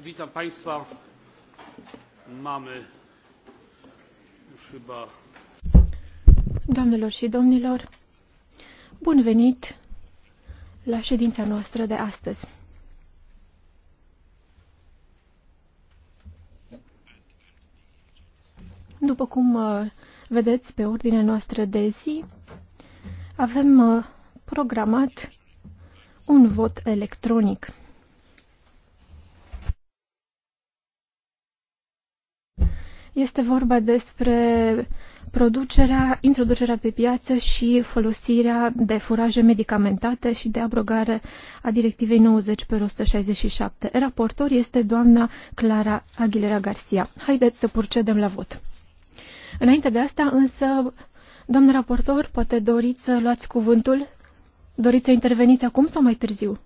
witam państwa mamy już chyba Domnilor și domnilor, bun venit la ședința noastră de astăzi. După cum uh, vedeți pe ordinea noastră de zi, avem uh, programat un vot electronic. Este vorba despre producerea, introducerea pe piață și folosirea de furaje medicamentate și de abrogare a directivei 90 pe 167. Raportor este doamna Clara Aguilera Garcia. Haideți să procedem la vot. Înainte de asta, însă, doamnă raportor, poate doriți să luați cuvântul? Doriți să interveniți acum sau mai târziu?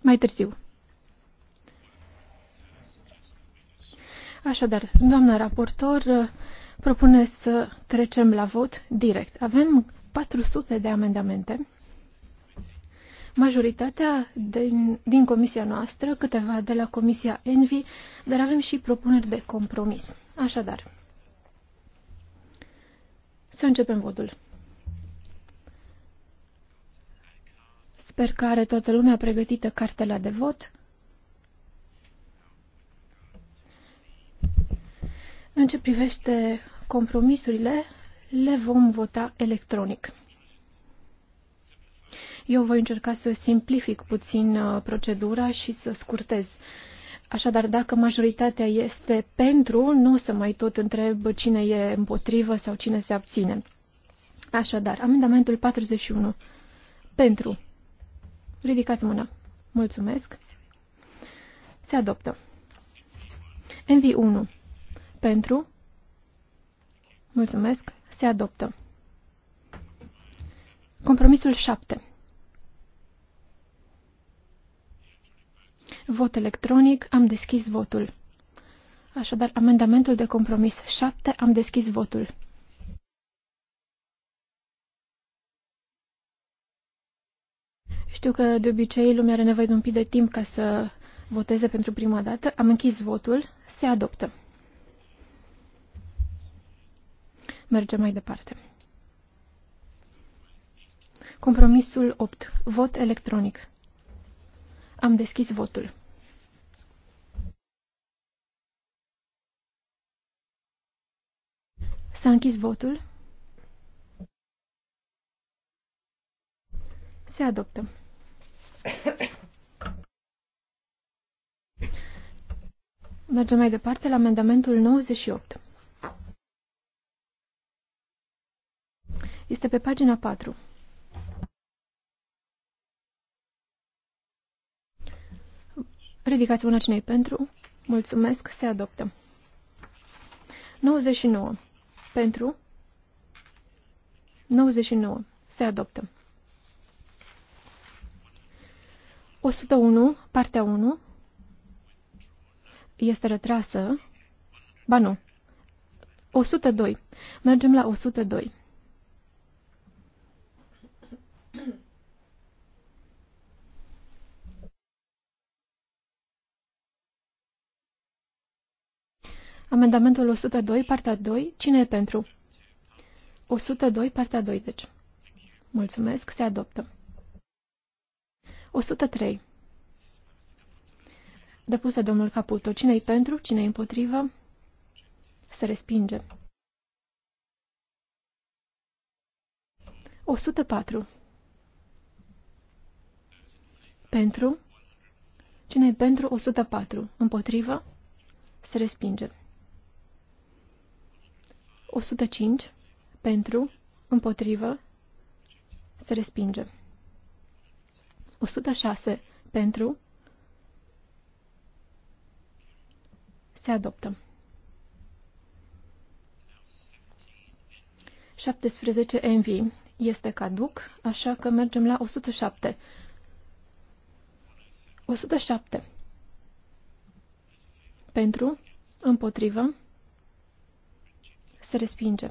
Mai târziu. Așadar, doamna raportor uh, propune să trecem la vot direct. Avem 400 de amendamente. Majoritatea din, din comisia noastră, câteva de la comisia Envi, dar avem și propuneri de compromis. Așadar, să începem votul. Sper că are toată lumea pregătită cartela de vot. În ce privește compromisurile, le vom vota electronic. Eu voi încerca să simplific puțin uh, procedura și să scurtez. Așadar, dacă majoritatea este pentru, nu o să mai tot întreb cine e împotrivă sau cine se abține. Așadar, amendamentul 41. Pentru. Ridicați mâna. Mulțumesc. Se adoptă. MV1. Pentru? Mulțumesc. Se adoptă. Compromisul 7. Vot electronic. Am deschis votul. Așadar, amendamentul de compromis 7. Am deschis votul. Știu că de obicei lumea are nevoie de un pic de timp ca să voteze pentru prima dată. Am închis votul. Se adoptă. Mergem mai departe. Compromisul 8. Vot electronic. Am deschis votul. S-a închis votul. Se adoptă. Mergem mai departe la amendamentul 98. Este pe pagina 4. Ridicați mâna cinei pentru. Mulțumesc. Se adoptă. 99. Pentru. 99. Se adoptă. 101, partea 1, este retrasă. Ba nu. 102. Mergem la 102. Amendamentul 102, partea 2. Cine e pentru? 102, partea 2, deci. Mulțumesc, se adoptă. 103. Depuse domnul Caputo. cine e pentru, cine e împotrivă? Se respinge. 104. Pentru. cine e pentru 104? Împotrivă? Se respinge. 105 pentru, împotrivă, se respinge. 106 pentru, se adoptă. 17 envy este caduc, așa că mergem la 107. 107. Pentru, împotrivă, se respinge.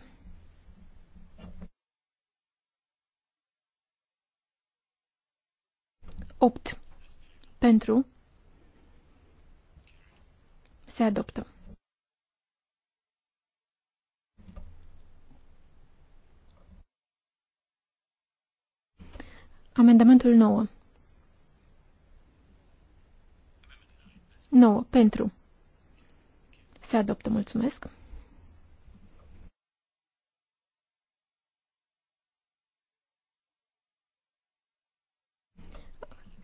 Opt. Pentru. Se adoptă. Amendamentul 9. 9. Pentru. Se adoptă. Mulțumesc.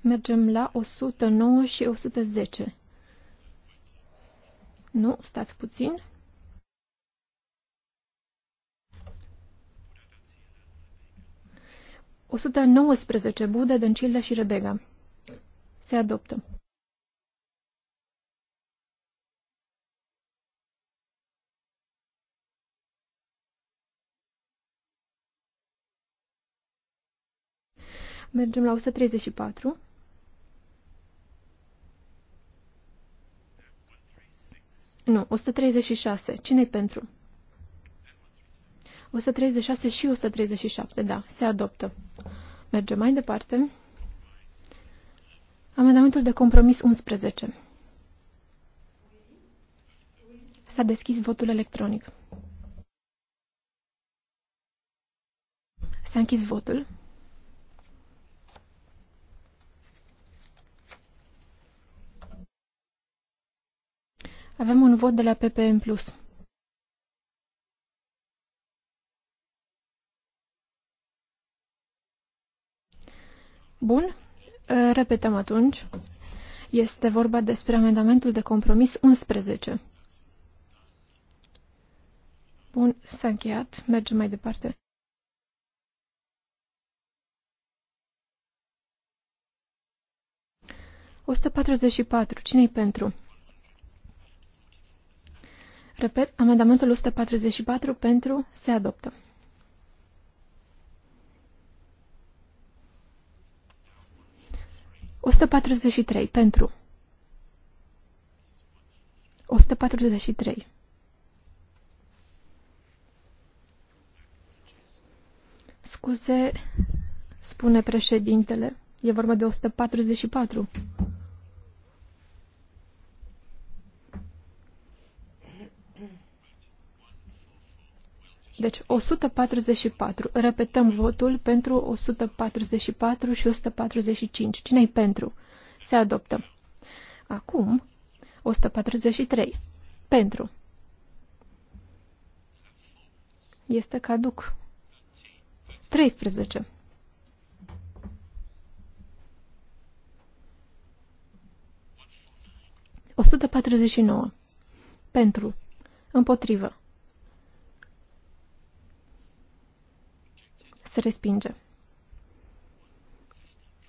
Mergem la 109 și 110. Nu, stați puțin. O 119. Budă, Dăncilă și Rebega. Se adoptă. Mergem la 134. Nu, 136. Cine-i pentru? 136 și 137, da, se adoptă. Mergem mai departe. Amendamentul de compromis 11. S-a deschis votul electronic. S-a închis votul. Avem un vot de la PP în plus. Bun, ă, repetăm atunci. Este vorba despre amendamentul de compromis 11. Bun, s-a încheiat. Mergem mai departe. patru. Cine-i pentru? Repet, amendamentul 144 pentru se adoptă. trei pentru 143 Scuze, spune președintele, e vorba de 144. Deci 144. Repetăm votul pentru 144 și 145. Cine-i pentru? Se adoptă. Acum 143. Pentru. Este caduc. 13. nouă. Pentru. Împotrivă. Se respinge.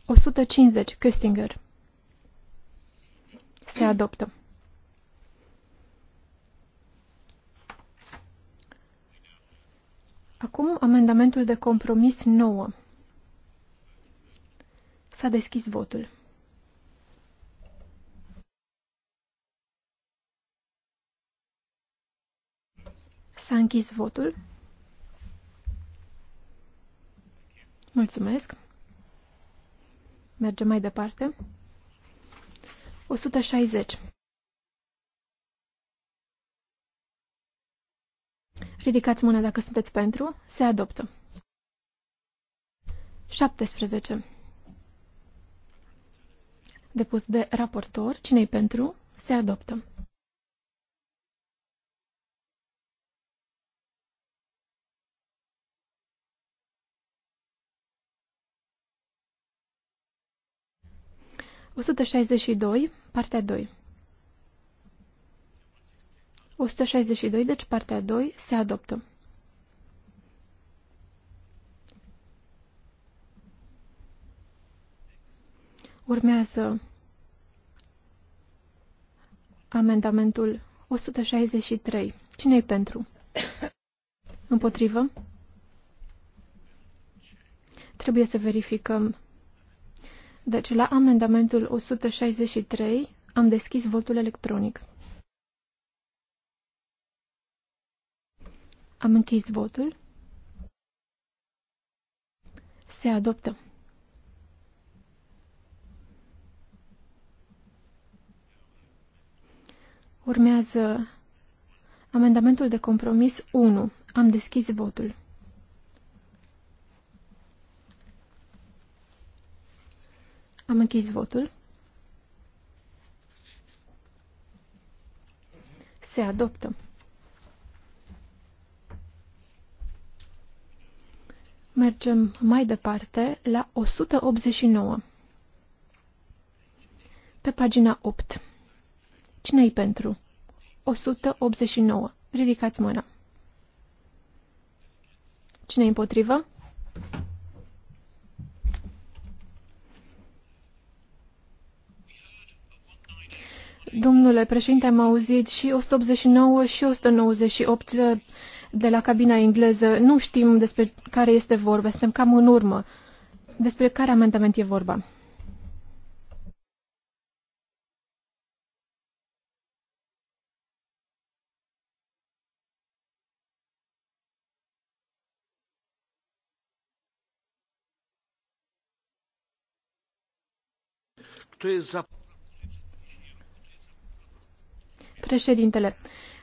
150. Köstinger. Se adoptă. Acum amendamentul de compromis 9. S-a deschis votul. S-a închis votul. Mulțumesc. Mergem mai departe. 160. Ridicați mâna dacă sunteți pentru. Se adoptă. 17. Depus de raportor. Cine-i pentru? Se adoptă. 162, partea 2. 162, deci partea 2, se adoptă. Urmează amendamentul 163. cine e pentru? Împotrivă? Trebuie să verificăm deci, la amendamentul 163 am deschis votul electronic. Am închis votul. Se adoptă. Urmează amendamentul de compromis 1. Am deschis votul. Am închis votul. Se adoptă. Mergem mai departe la 189. Pe pagina 8. Cine-i pentru? 189. Ridicați mâna. Cine-i împotrivă? Domnule președinte, am auzit și 189 și 198 de la cabina engleză. Nu știm despre care este vorba, suntem cam în urmă. Despre care amendament e vorba? Kto jest za Președintele,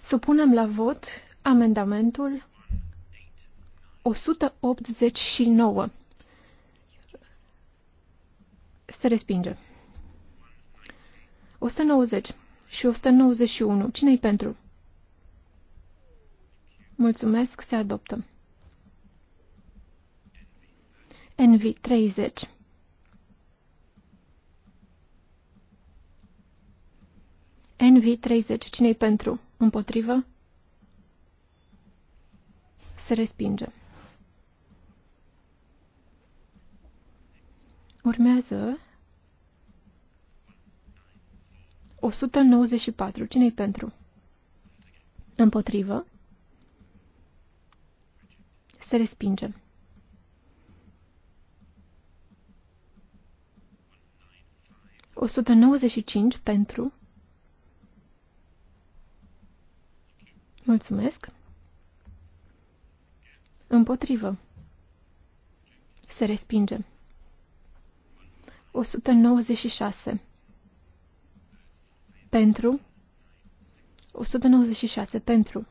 supunem la vot amendamentul 189. Se respinge. 190 și 191. Cine-i pentru? Mulțumesc, se adoptă. NV 30. NV30. Cine-i pentru? Împotrivă? Se respinge. Urmează 194. Cine-i pentru? Împotrivă? Se respinge. O 195 pentru Mulțumesc. Împotrivă. Se respinge. 196. Pentru. 196. Pentru.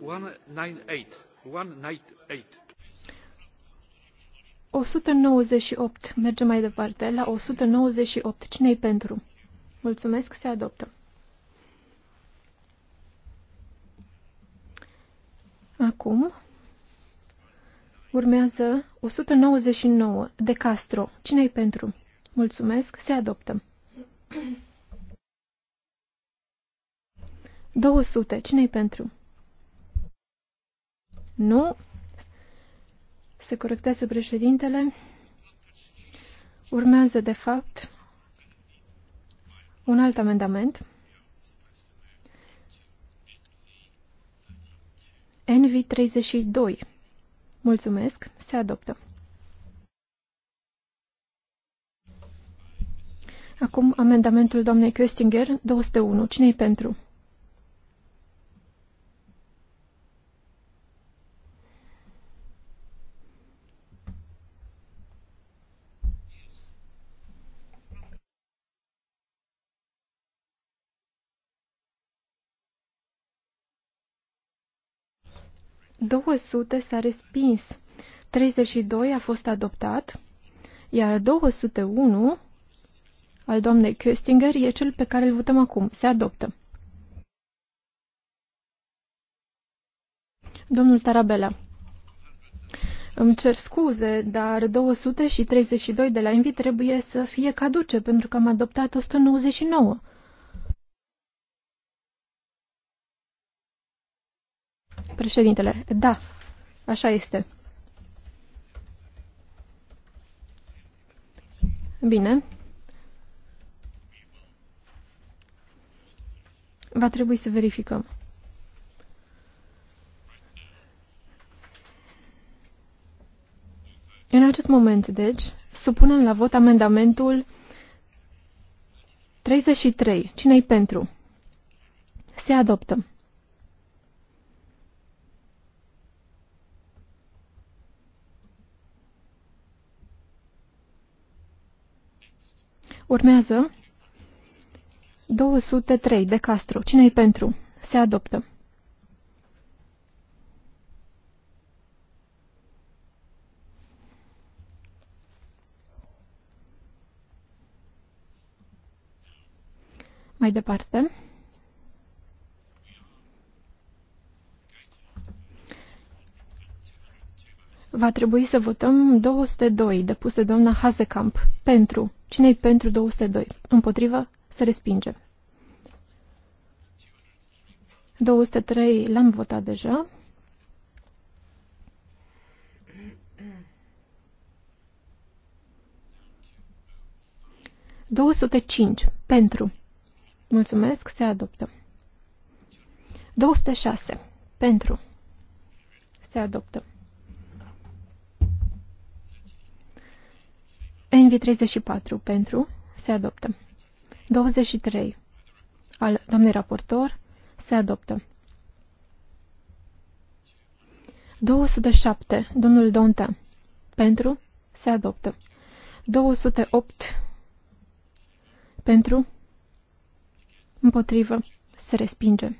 198. Mergem mai departe. La 198. Cine-i pentru? Mulțumesc, se adoptă. Acum urmează 199 de Castro. Cine-i pentru? Mulțumesc, se adoptă. 200. Cine-i pentru? Nu. Se corectează președintele. Urmează, de fapt, un alt amendament. NV 32. Mulțumesc. Se adoptă. Acum amendamentul doamnei Köstinger 201. Cine-i pentru? 200 s-a respins, 32 a fost adoptat, iar 201 al doamnei Köstinger e cel pe care îl votăm acum. Se adoptă. Domnul Tarabella. Îmi cer scuze, dar 232 de la invit trebuie să fie caduce, pentru că am adoptat 199. Președintele, da, așa este. Bine. Va trebui să verificăm. În acest moment, deci, supunem la vot amendamentul 33. Cine-i pentru? Se adoptă. Urmează 203 de Castro. cine e pentru? Se adoptă. Mai departe. Va trebui să votăm 202, depus de doamna Hazekamp. Pentru. Cine-i pentru 202? Împotrivă? Se respinge. 203 l-am votat deja. 205 pentru. Mulțumesc, se adoptă. 206 pentru. Se adoptă. Envi 34 pentru se adoptă. 23 al doamnei raportor se adoptă. 207 domnul Donta pentru se adoptă. 208 pentru împotrivă se respinge.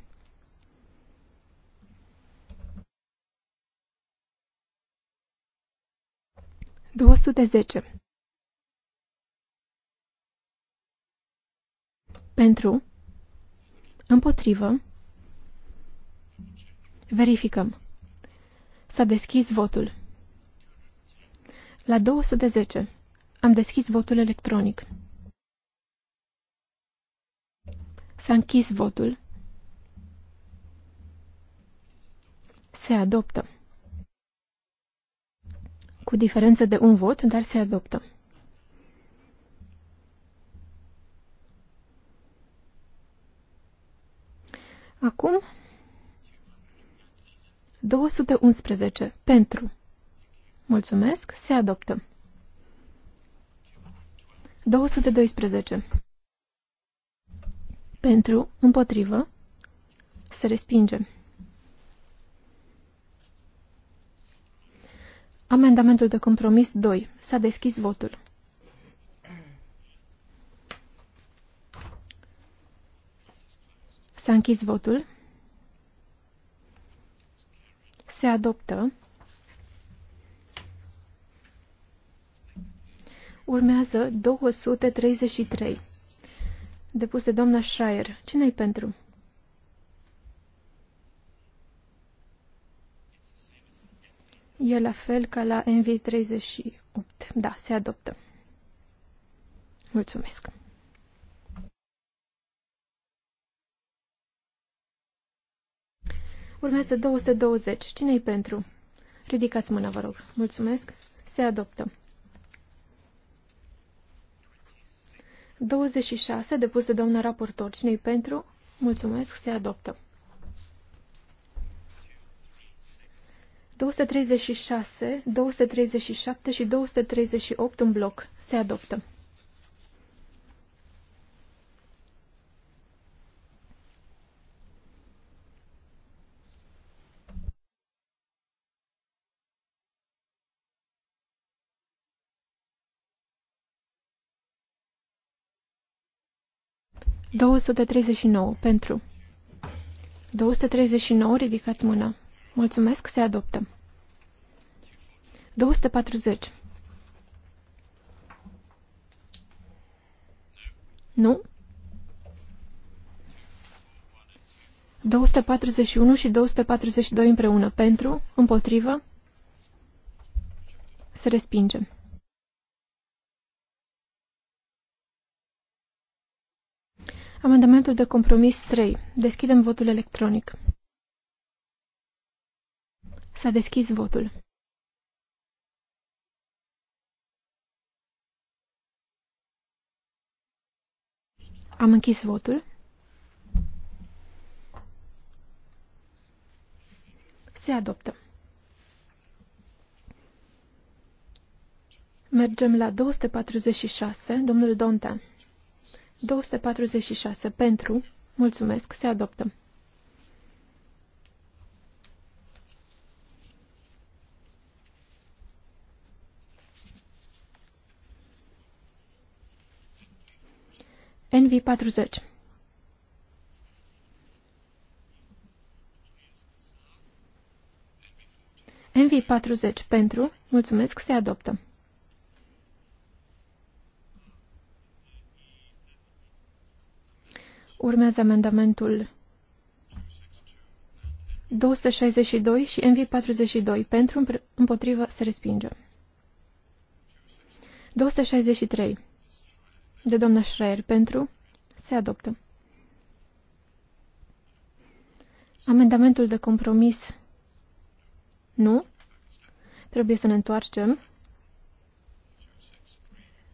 Două sute zece Pentru. Împotrivă. Verificăm. S-a deschis votul. La 210. Am deschis votul electronic. S-a închis votul. Se adoptă. Cu diferență de un vot, dar se adoptă. Acum, 211. Pentru. Mulțumesc. Se adoptă. 212. Pentru. Împotrivă. Se respinge. Amendamentul de compromis 2. S-a deschis votul. S-a închis votul. Se adoptă. Urmează 233. Depus de doamna Schreier. cine e pentru? E la fel ca la NV38. Da, se adoptă. Mulțumesc. Urmează 220. Cine-i pentru? Ridicați mâna, vă rog. Mulțumesc. Se adoptă. 26, depus de doamna raportor. Cine-i pentru? Mulțumesc. Se adoptă. 236, 237 și 238 în bloc. Se adoptă. 239. Pentru. 239. Ridicați mâna. Mulțumesc. Se adoptă. 240. Nu? 241 și 242 împreună. Pentru, împotrivă, se respinge. Amendamentul de compromis 3. Deschidem votul electronic. S-a deschis votul. Am închis votul. Se adoptă. Mergem la 246, domnul Dontan. 246 pentru, mulțumesc, se adoptă. NV40 NV40 pentru, mulțumesc, se adoptă. Urmează amendamentul 262 și MV42. Pentru împotrivă se respinge. 263 de doamna Schreier. Pentru se adoptă. Amendamentul de compromis nu. Trebuie să ne întoarcem.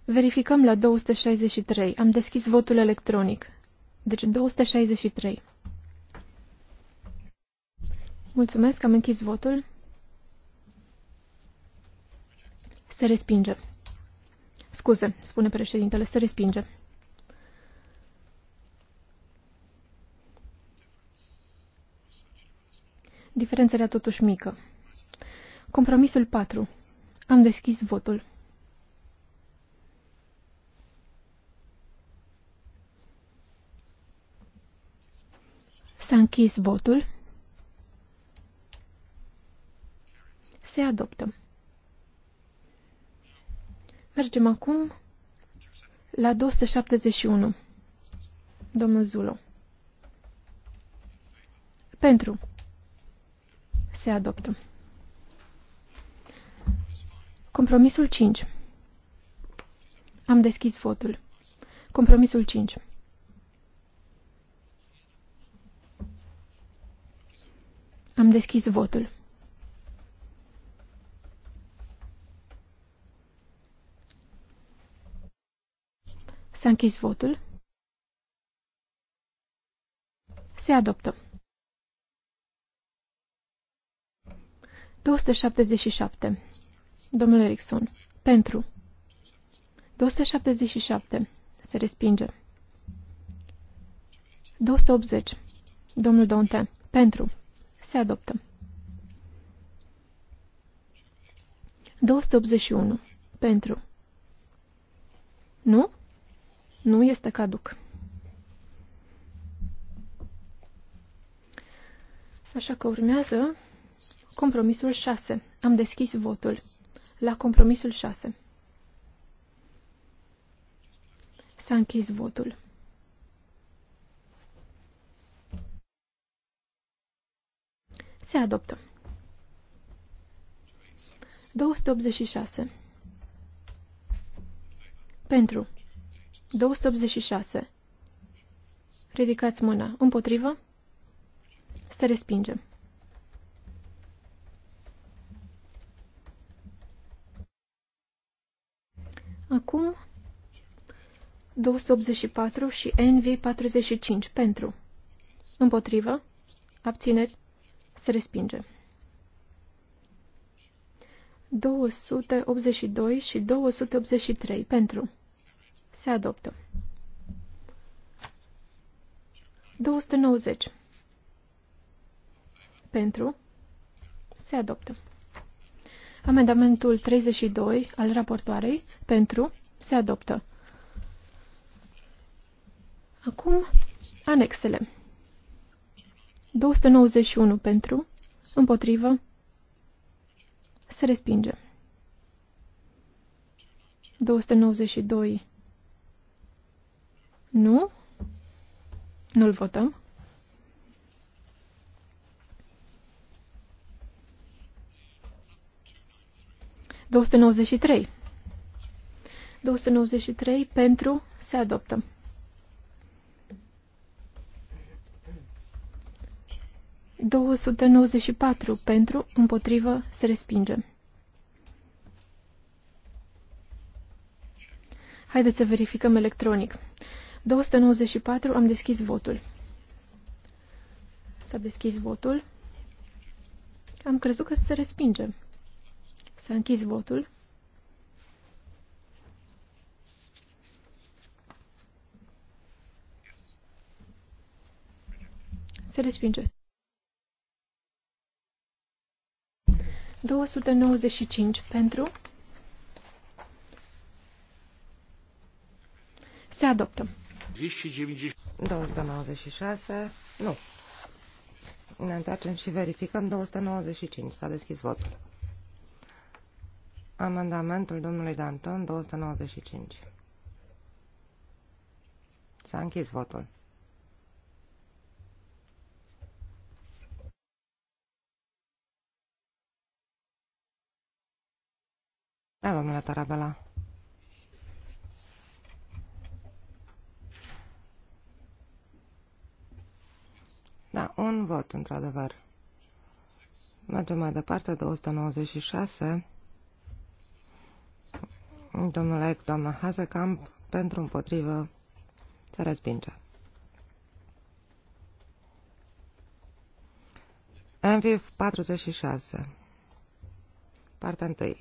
Verificăm la 263. Am deschis votul electronic. Deci 263. Mulțumesc, am închis votul. Se respinge. Scuze, spune președintele, se respinge. Diferența era totuși mică. Compromisul 4. Am deschis votul. S-a închis votul. Se adoptă. Mergem acum la 271. Domnul Zulo. Pentru. Se adoptă. Compromisul 5. Am deschis votul. Compromisul 5. Am deschis votul. S-a închis votul. Se adoptă. 277. Domnul Erickson. Pentru. 277. Se respinge. 280. Domnul Donte. Pentru. Se adoptă. 281. Pentru. Nu? Nu este caduc. Așa că urmează compromisul 6. Am deschis votul. La compromisul 6. S-a închis votul. Se adoptă. 286. Pentru. 286. Ridicați mâna. Împotrivă? Să respingem. Acum 284 și NV 45 pentru. Împotrivă? Abțineri? Se respinge. 282 și 283 pentru. Se adoptă. 290 pentru. Se adoptă. Amendamentul 32 al raportoarei pentru. Se adoptă. Acum, anexele. 291 pentru, împotrivă, se respinge. 292 nu, nu-l votăm. trei. 293 pentru se adoptă. 294 pentru, împotrivă, se respinge. Haideți să verificăm electronic. 294, am deschis votul. S-a deschis votul. Am crezut că se respinge. S-a închis votul. Se respinge. 295 pentru. Se adoptă. 296. Nu. Ne întoarcem și verificăm. 295. S-a deschis votul. Amendamentul domnului Danton, 295. S-a închis votul. Da, domnule Tarabela. Da, un vot, într-adevăr. Mergem mai departe, 296. Domnul Ec, doamna Hazekamp, pentru împotrivă, se respinge. MVIV 46. Partea 1.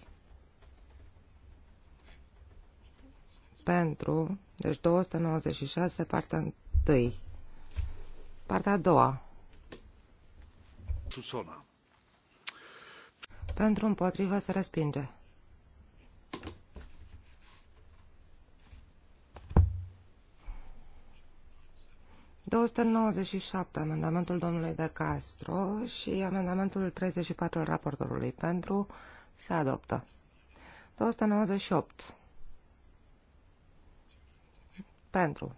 pentru, deci 296, partea 1. Partea a doua. Tuzona. Pentru împotriva se respinge. 297 amendamentul domnului De Castro și amendamentul 34 al raportorului pentru se adoptă. 298 pentru.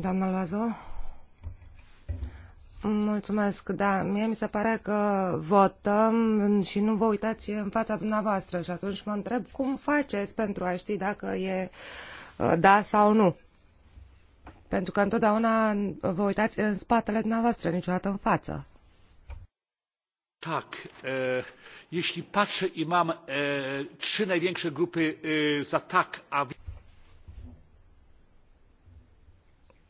Doamna Loazo? Mulțumesc, da. Mie mi se pare că votăm și nu vă uitați în fața dumneavoastră și atunci mă întreb cum faceți pentru a ști dacă e uh, da sau nu. Pentru că întotdeauna vă uitați în spatele dumneavoastră, niciodată în față tak jeśli patrzę i mam trzy największe grupy za tak a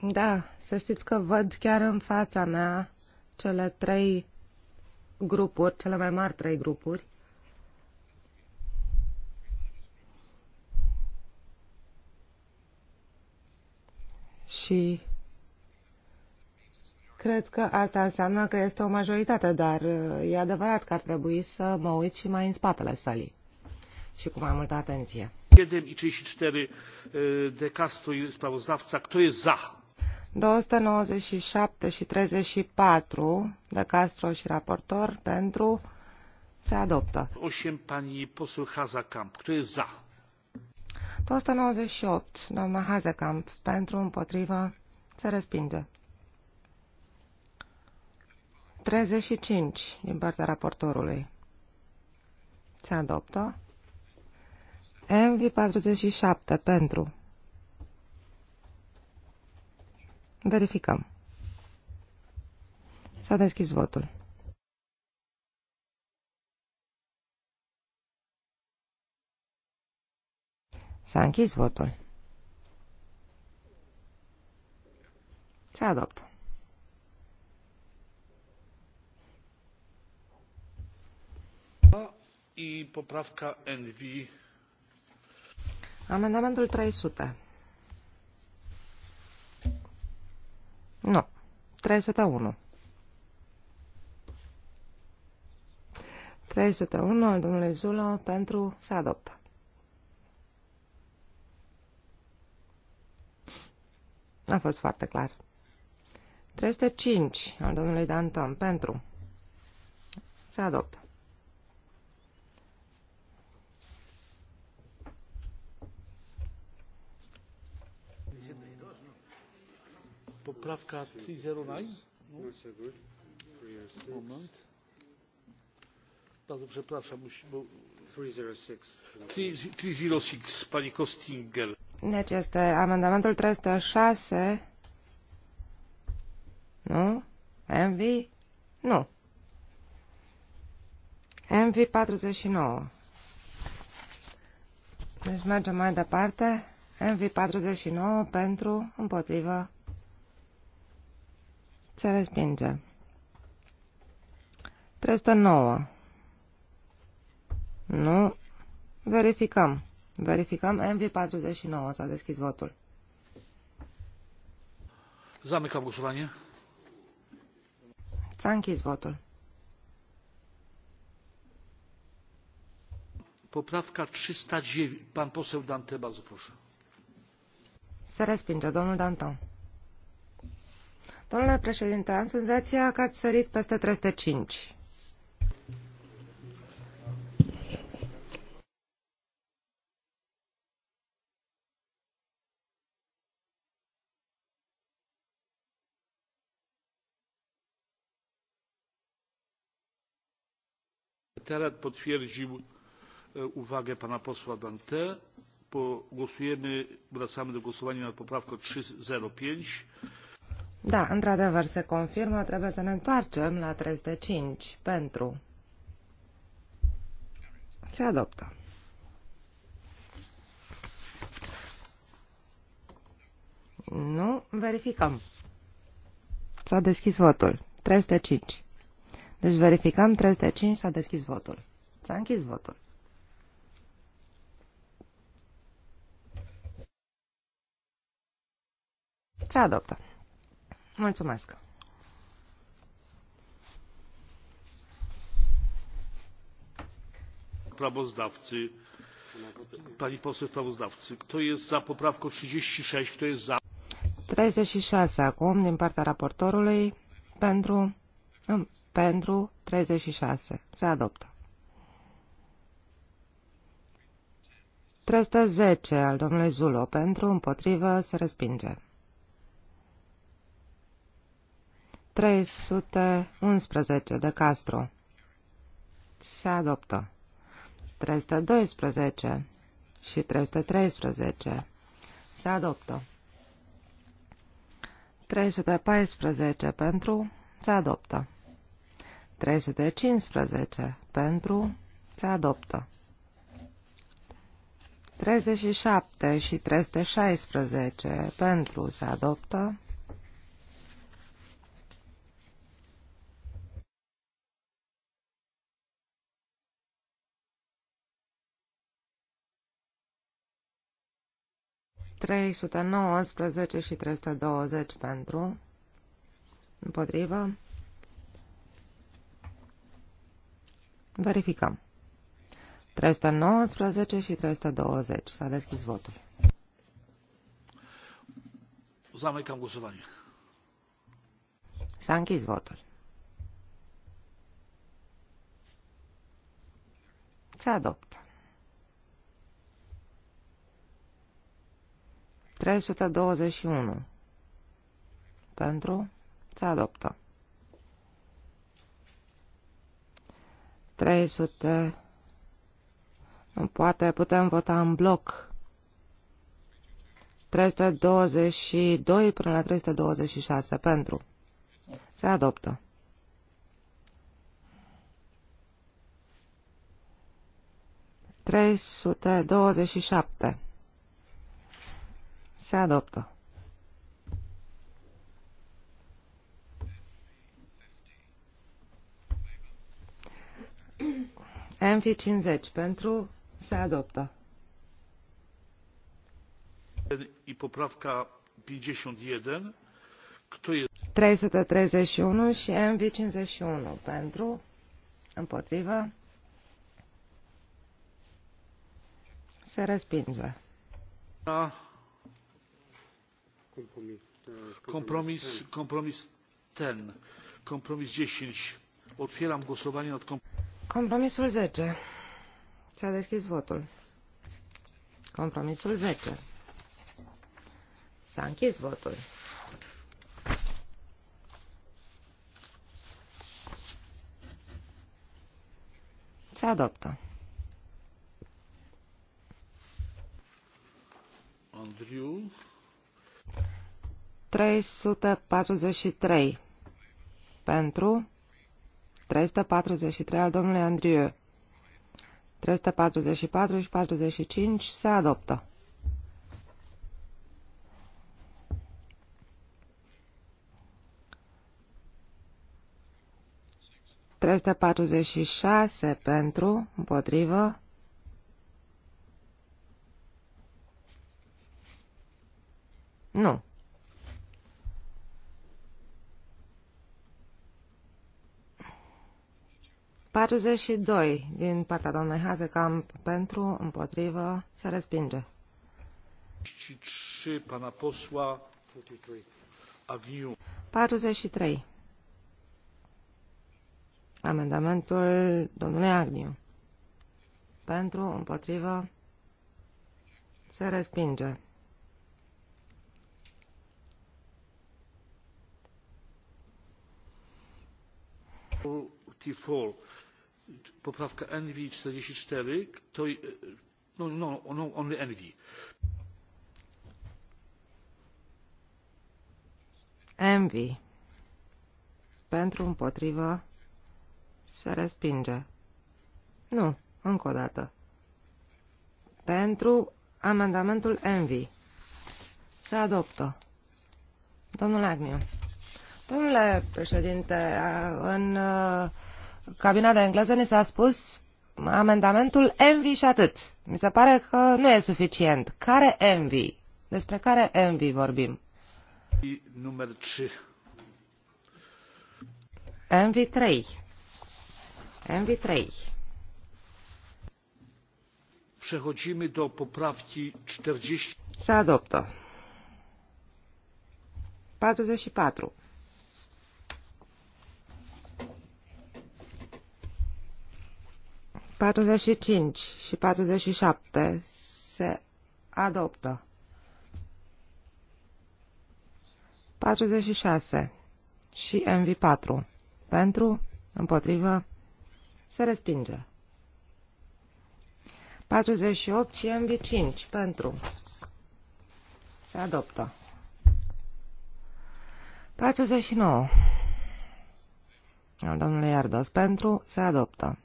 Da, să știți că văd chiar în fața mea cele trei grupuri, cele mai mari trei grupuri. Și Cred că asta înseamnă că este o majoritate, dar uh, e adevărat că ar trebui să mă uit și mai în spatele sălii și cu mai multă atenție. 7 uh, de Castro i Kto za? 297 și 34 de Castro și raportor pentru se adoptă. 8 pani posul Hazakamp. Kto este za? 298 doamna Hazekamp pentru împotrivă se respinge. 35 din partea raportorului. Se adoptă. MV47 pentru. Verificăm. S-a deschis votul. S-a închis votul. Se adoptă. i poprawka envi. Amendamentul 300. Nu. 301. 301 al domnului Zulă pentru să adoptă. A fost foarte clar. 305 al domnului Danton pentru să adoptă. poprawka 309. Moment. Bardzo przepraszam, bo... 306. 306, pani Kostinger. Deci este amendamentul 306. Nu? MV? Nu. MV 49. Deci mergem mai departe. MV49 pentru, împotrivă, se respinge. 309. Nu. Verificăm. Verificăm. MV49. S-a deschis votul. Zamykam głosowanie. S-a închis votul. Poprawka 309. Pan poseł Dante, bardzo proszę. Se respinge, domnul Danton. Domnule președinte, am senzația că ați sărit peste 305. Teraz potwierdził uwagę pana posła dantin. głosujemy wracamy do głosowania nad poprawką 305. Da, într-adevăr, se confirmă, trebuie să ne întoarcem la 305 pentru. Se adoptă. Nu, verificăm. S-a deschis votul. 305. Deci verificăm 305, s-a deschis votul. S-a închis votul. Se adoptă. Mulțumesc! sprawozdawcy pani poseł sprawozdawcy kto jest za poprawką 36. kto jest za 36 acum din partea raportorului pentru pentru 36 se adoptă 310 al domnului Zulo pentru împotrivă se respinge 311 de Castro. Se adoptă. 312 și 313. Se adoptă. 314 pentru. Se adoptă. 315 pentru. Se adoptă. 37 și 316 pentru se adoptă, 319 și 320 pentru, împotrivă. Verificăm. 319 și 320. S-a deschis votul. Zamykam głosowanie. S-a închis votul. Se adoptă. 321. Pentru. Se adoptă. 300. nu Poate putem vota în bloc. 322 până la 326. Pentru. Se adoptă. 327 se adoptă. MV50 pentru se adoptă. I poprawka 51. Kto jest? 331 și MV51 pentru împotrivă se respinge. Da. Kompromis. Kompromis, uh, ten. Kompromis 10. Otwieram głosowanie nad kompromisem. Compromisul 10. S-a deschis votul. Kompromisul 10. S-a închis votul. Se adoptă. Andriu. 343 pentru 343 al domnului Andrieu. 344 și 45 se adoptă. Treste 46 pentru, împotrivă. Nu, 42 din partea doamnei Hazekamp pentru, împotrivă, se respinge. 43 pana posua Agniu. 43. Amendamentul domnului Agniu. Pentru, împotrivă, se respinge. Tifol poprawkę envi czterdzieści cztery kto no no no only envi envi pentru împotrivă se respinge nu încă o dată pentru amendamentul envi se adoptă domnul Agnew Domnule președinte, în uh, cabina de engleză ni s-a spus amendamentul Envy și atât. Mi se pare că nu e suficient. Care Envy? Despre care Envy vorbim? Număr 3. Envy 3. Envy 3. Przechodzimy do poprawki 40. Se adoptă. 44. 45 și 47 se adoptă. 46 și MV4 pentru, împotrivă, se respinge. 48 și MV5 pentru, se adoptă. 49 al domnului Iardos pentru, se adoptă.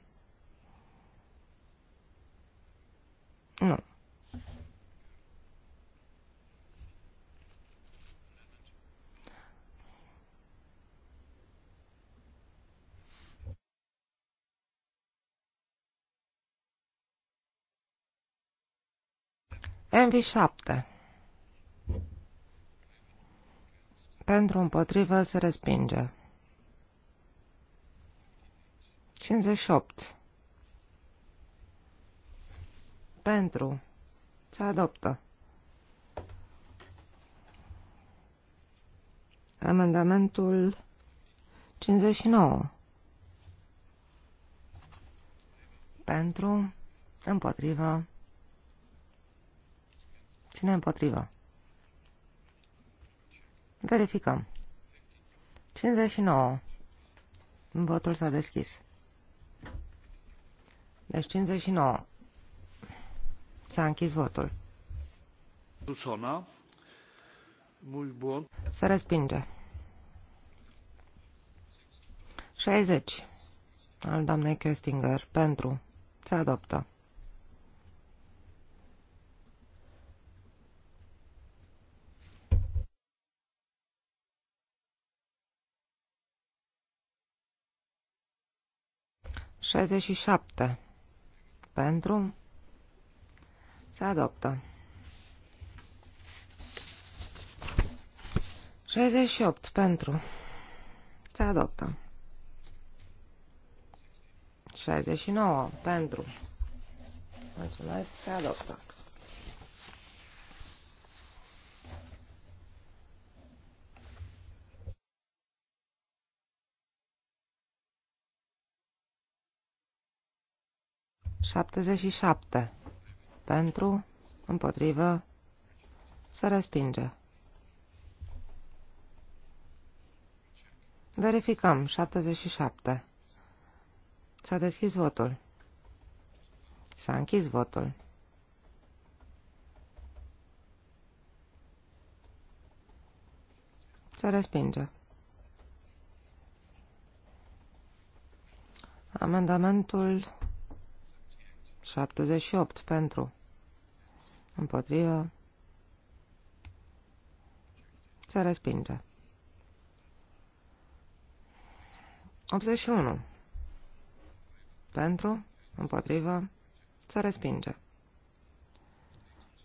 Nu. MV7 Pentru împotrivă se respinge. 58 pentru, se adoptă. Amendamentul 59. Pentru, împotrivă. Cine împotrivă? Verificăm. 59. Votul s-a deschis. Deci 59. S-a închis votul. Se respinge. 60 al doamnei Köstinger pentru. Se adoptă. Șaizeci și șapte. Pentru se adoptă. 68 pentru. Se adoptă. 69 pentru. Mulțumesc, se adoptă. 77 pentru, împotrivă, se respinge. Verificăm. 77. S-a deschis votul. S-a închis votul. Se respinge. Amendamentul 78 pentru împotrivă, se respinge. 81. Pentru, împotrivă, se respinge.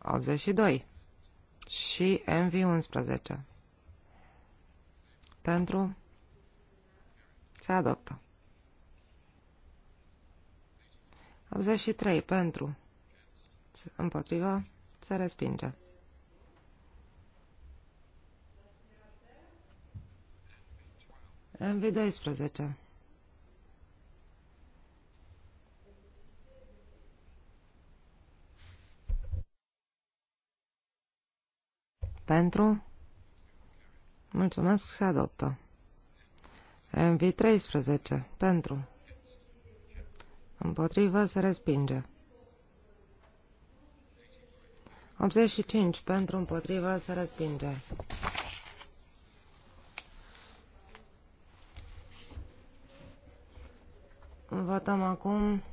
82. Și MV11. Pentru, se adoptă. 83. Pentru, împotrivă, se respinge. MV12. Pentru? Mulțumesc, se adoptă. MV13. Pentru. Împotrivă se respinge. 85 pentru împotriva se respinge. Votăm acum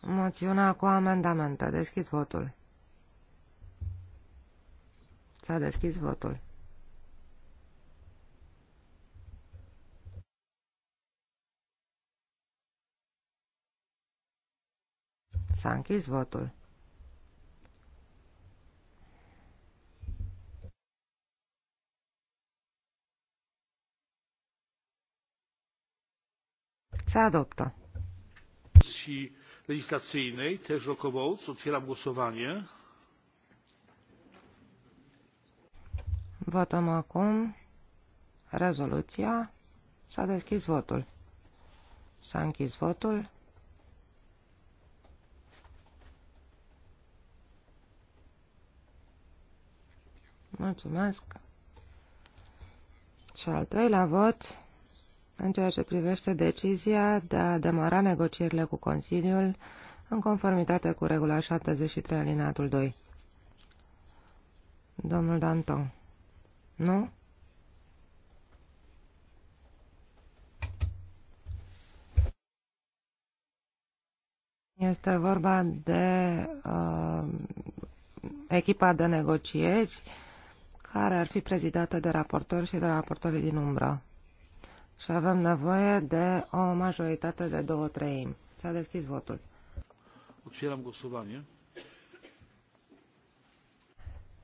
moțiunea cu amendamente. Deschid votul. S-a deschis votul. S-a închis votul. Se adoptă. Komisji Legislacyjnej, też Rokowołc. Otwieram głosowanie. Votăm acum rezoluția. S-a deschis votul. S-a închis votul. Mulțumesc. Și al treilea vot, în ceea ce privește decizia de a demara negocierile cu Consiliul în conformitate cu regula 73 alineatul 2. Domnul Danton. Nu? Este vorba de uh, echipa de negocieri care ar fi prezidată de raportori și de raportorii din umbră. Și avem nevoie de o majoritate de două treimi. S-a deschis votul. Otwieram głosowanie.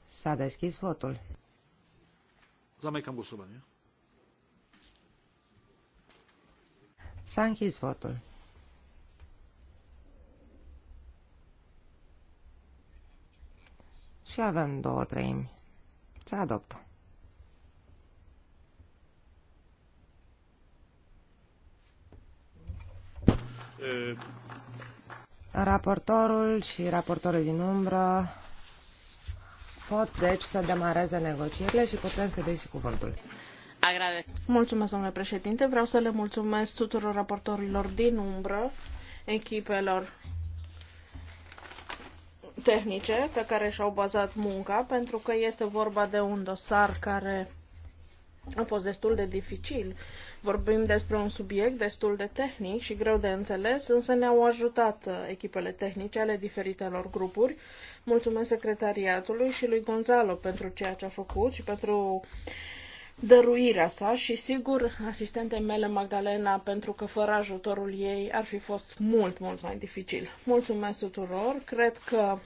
S-a deschis votul. Zamykam głosowanie. S-a închis votul. Și avem două treimi. Se adoptă. Raportorul și raportorul din umbră pot deci să demareze negocierile și putem să dai și cuvântul. Agrade. Mulțumesc, domnule președinte. Vreau să le mulțumesc tuturor raportorilor din umbră, echipelor tehnice pe care și-au bazat munca, pentru că este vorba de un dosar care a fost destul de dificil. Vorbim despre un subiect destul de tehnic și greu de înțeles, însă ne-au ajutat uh, echipele tehnice ale diferitelor grupuri. Mulțumesc secretariatului și lui Gonzalo pentru ceea ce a făcut și pentru uh, dăruirea sa și, sigur, asistentei mele, Magdalena, pentru că fără ajutorul ei ar fi fost mult, mult mai dificil. Mulțumesc tuturor! Cred că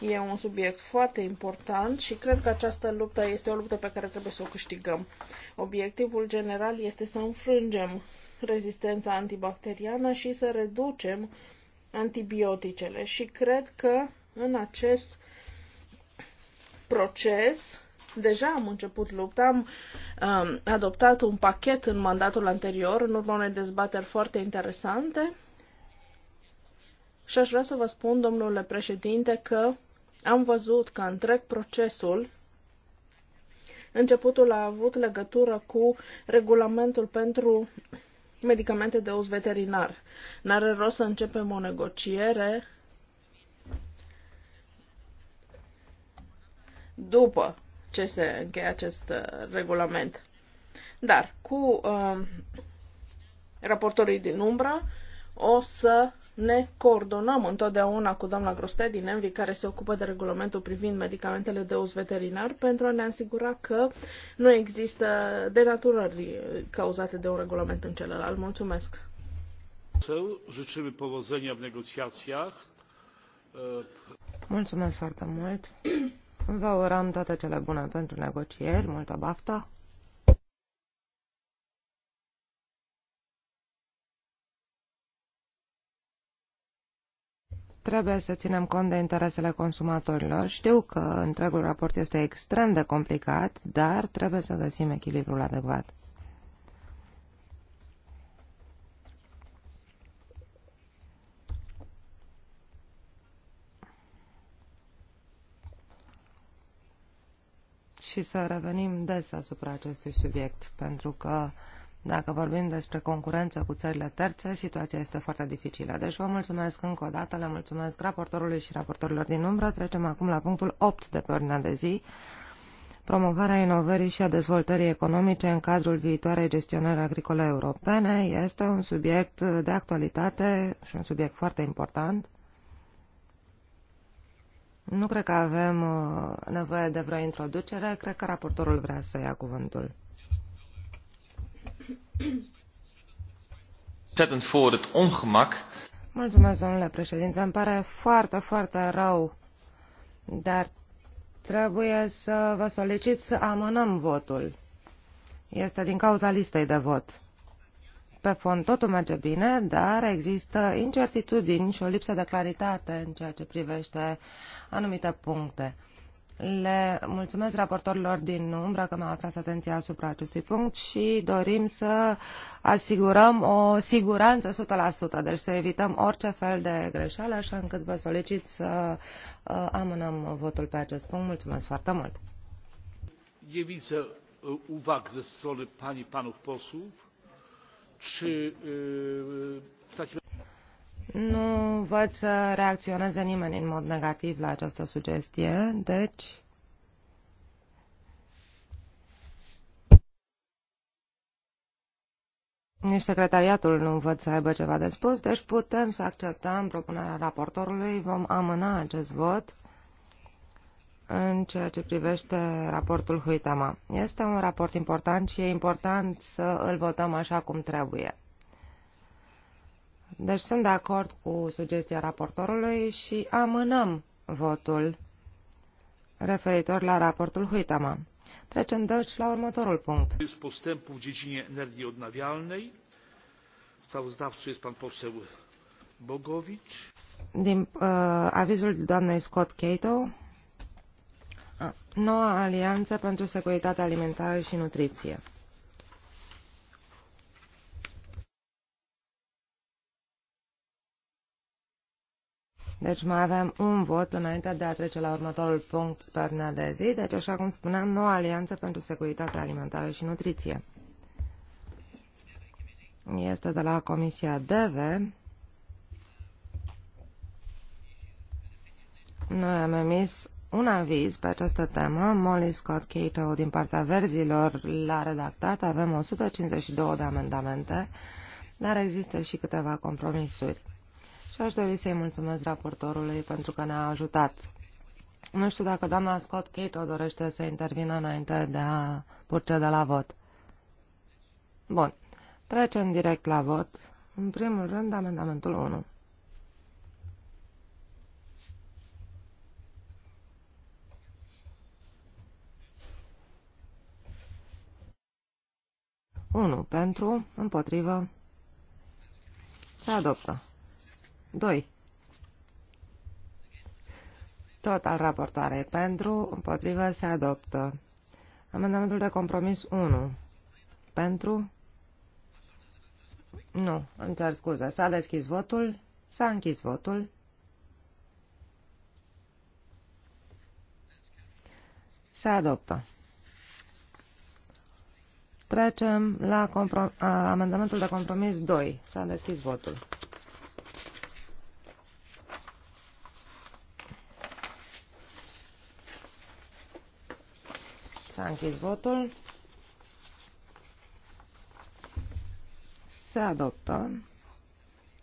e un subiect foarte important și cred că această luptă este o luptă pe care trebuie să o câștigăm. Obiectivul general este să înfrângem rezistența antibacteriană și să reducem antibioticele și cred că în acest proces Deja am început lupta, am uh, adoptat un pachet în mandatul anterior, în urma unei dezbateri foarte interesante. Și aș vrea să vă spun, domnule președinte, că am văzut că întreg procesul Începutul a avut legătură cu regulamentul pentru medicamente de uz veterinar. N-are rost să începem o negociere după ce se încheie acest uh, regulament. Dar cu uh, raportorii din umbră o să ne coordonăm întotdeauna cu doamna Groste din Envi, care se ocupă de regulamentul privind medicamentele de uz veterinar, pentru a ne asigura că nu există denaturări cauzate de un regulament în celălalt. Mulțumesc! Mulțumesc foarte mult! Vă urăm toate cele bune pentru negocieri, multă baftă. Trebuie să ținem cont de interesele consumatorilor. Știu că întregul raport este extrem de complicat, dar trebuie să găsim echilibrul adecvat. și să revenim des asupra acestui subiect, pentru că dacă vorbim despre concurență cu țările terțe, situația este foarte dificilă. Deci vă mulțumesc încă o dată, le mulțumesc raportorului și raportorilor din umbră. Trecem acum la punctul 8 de pe ordinea de zi, promovarea inovării și a dezvoltării economice în cadrul viitoarei gestionări agricole europene. Este un subiect de actualitate și un subiect foarte important nu cred că avem uh, nevoie de vreo introducere. Cred că raportorul vrea să ia cuvântul. Mulțumesc, domnule președinte. Îmi pare foarte, foarte rău, dar trebuie să vă solicit să amânăm votul. Este din cauza listei de vot. Pe fond totul merge bine, dar există incertitudini și o lipsă de claritate în ceea ce privește anumite puncte. Le mulțumesc raportorilor din umbră că mi-au atras atenția asupra acestui punct și dorim să asigurăm o siguranță 100%, deci să evităm orice fel de greșeală, așa încât vă solicit să uh, amânăm votul pe acest punct. Mulțumesc foarte mult! Nie widzę uh, uwag ze strony pani i panów posłów nu văd să reacționeze nimeni în mod negativ la această sugestie, deci... Nici secretariatul nu văd să aibă ceva de spus, deci putem să acceptăm propunerea raportorului, vom amâna acest vot în ceea ce privește raportul Huitama. Este un raport important și e important să îl votăm așa cum trebuie. Deci sunt de acord cu sugestia raportorului și amânăm votul referitor la raportul Huitama. Trecem deci la următorul punct. Postępul w dziedzinie energii odnawialnej. Sprawozdawcą jest pan poseł Bogowicz. Din uh, avizul doamnei Scott Cato, noua alianță pentru securitate alimentară și nutriție. Deci mai avem un vot înainte de a trece la următorul punct pe ordinea de zi. Deci, așa cum spuneam, noua alianță pentru securitate alimentară și nutriție. Este de la Comisia DV. Noi am emis un aviz pe această temă. Molly Scott Cato din partea verzilor l-a redactat. Avem 152 de amendamente, dar există și câteva compromisuri. Și aș dori să-i mulțumesc raportorului pentru că ne-a ajutat. Nu știu dacă doamna Scott Cato dorește să intervină înainte de a proceda la vot. Bun. Trecem direct la vot. În primul rând, amendamentul 1. 1 pentru, împotrivă, se adoptă. 2. Tot al raportoarei pentru, împotrivă, se adoptă. Amendamentul de compromis 1. Pentru? Nu, îmi cer scuze. S-a deschis votul, s-a închis votul. Se adoptă. Trecem la amendamentul de compromis 2. S-a deschis votul. S-a închis votul. Se adoptă.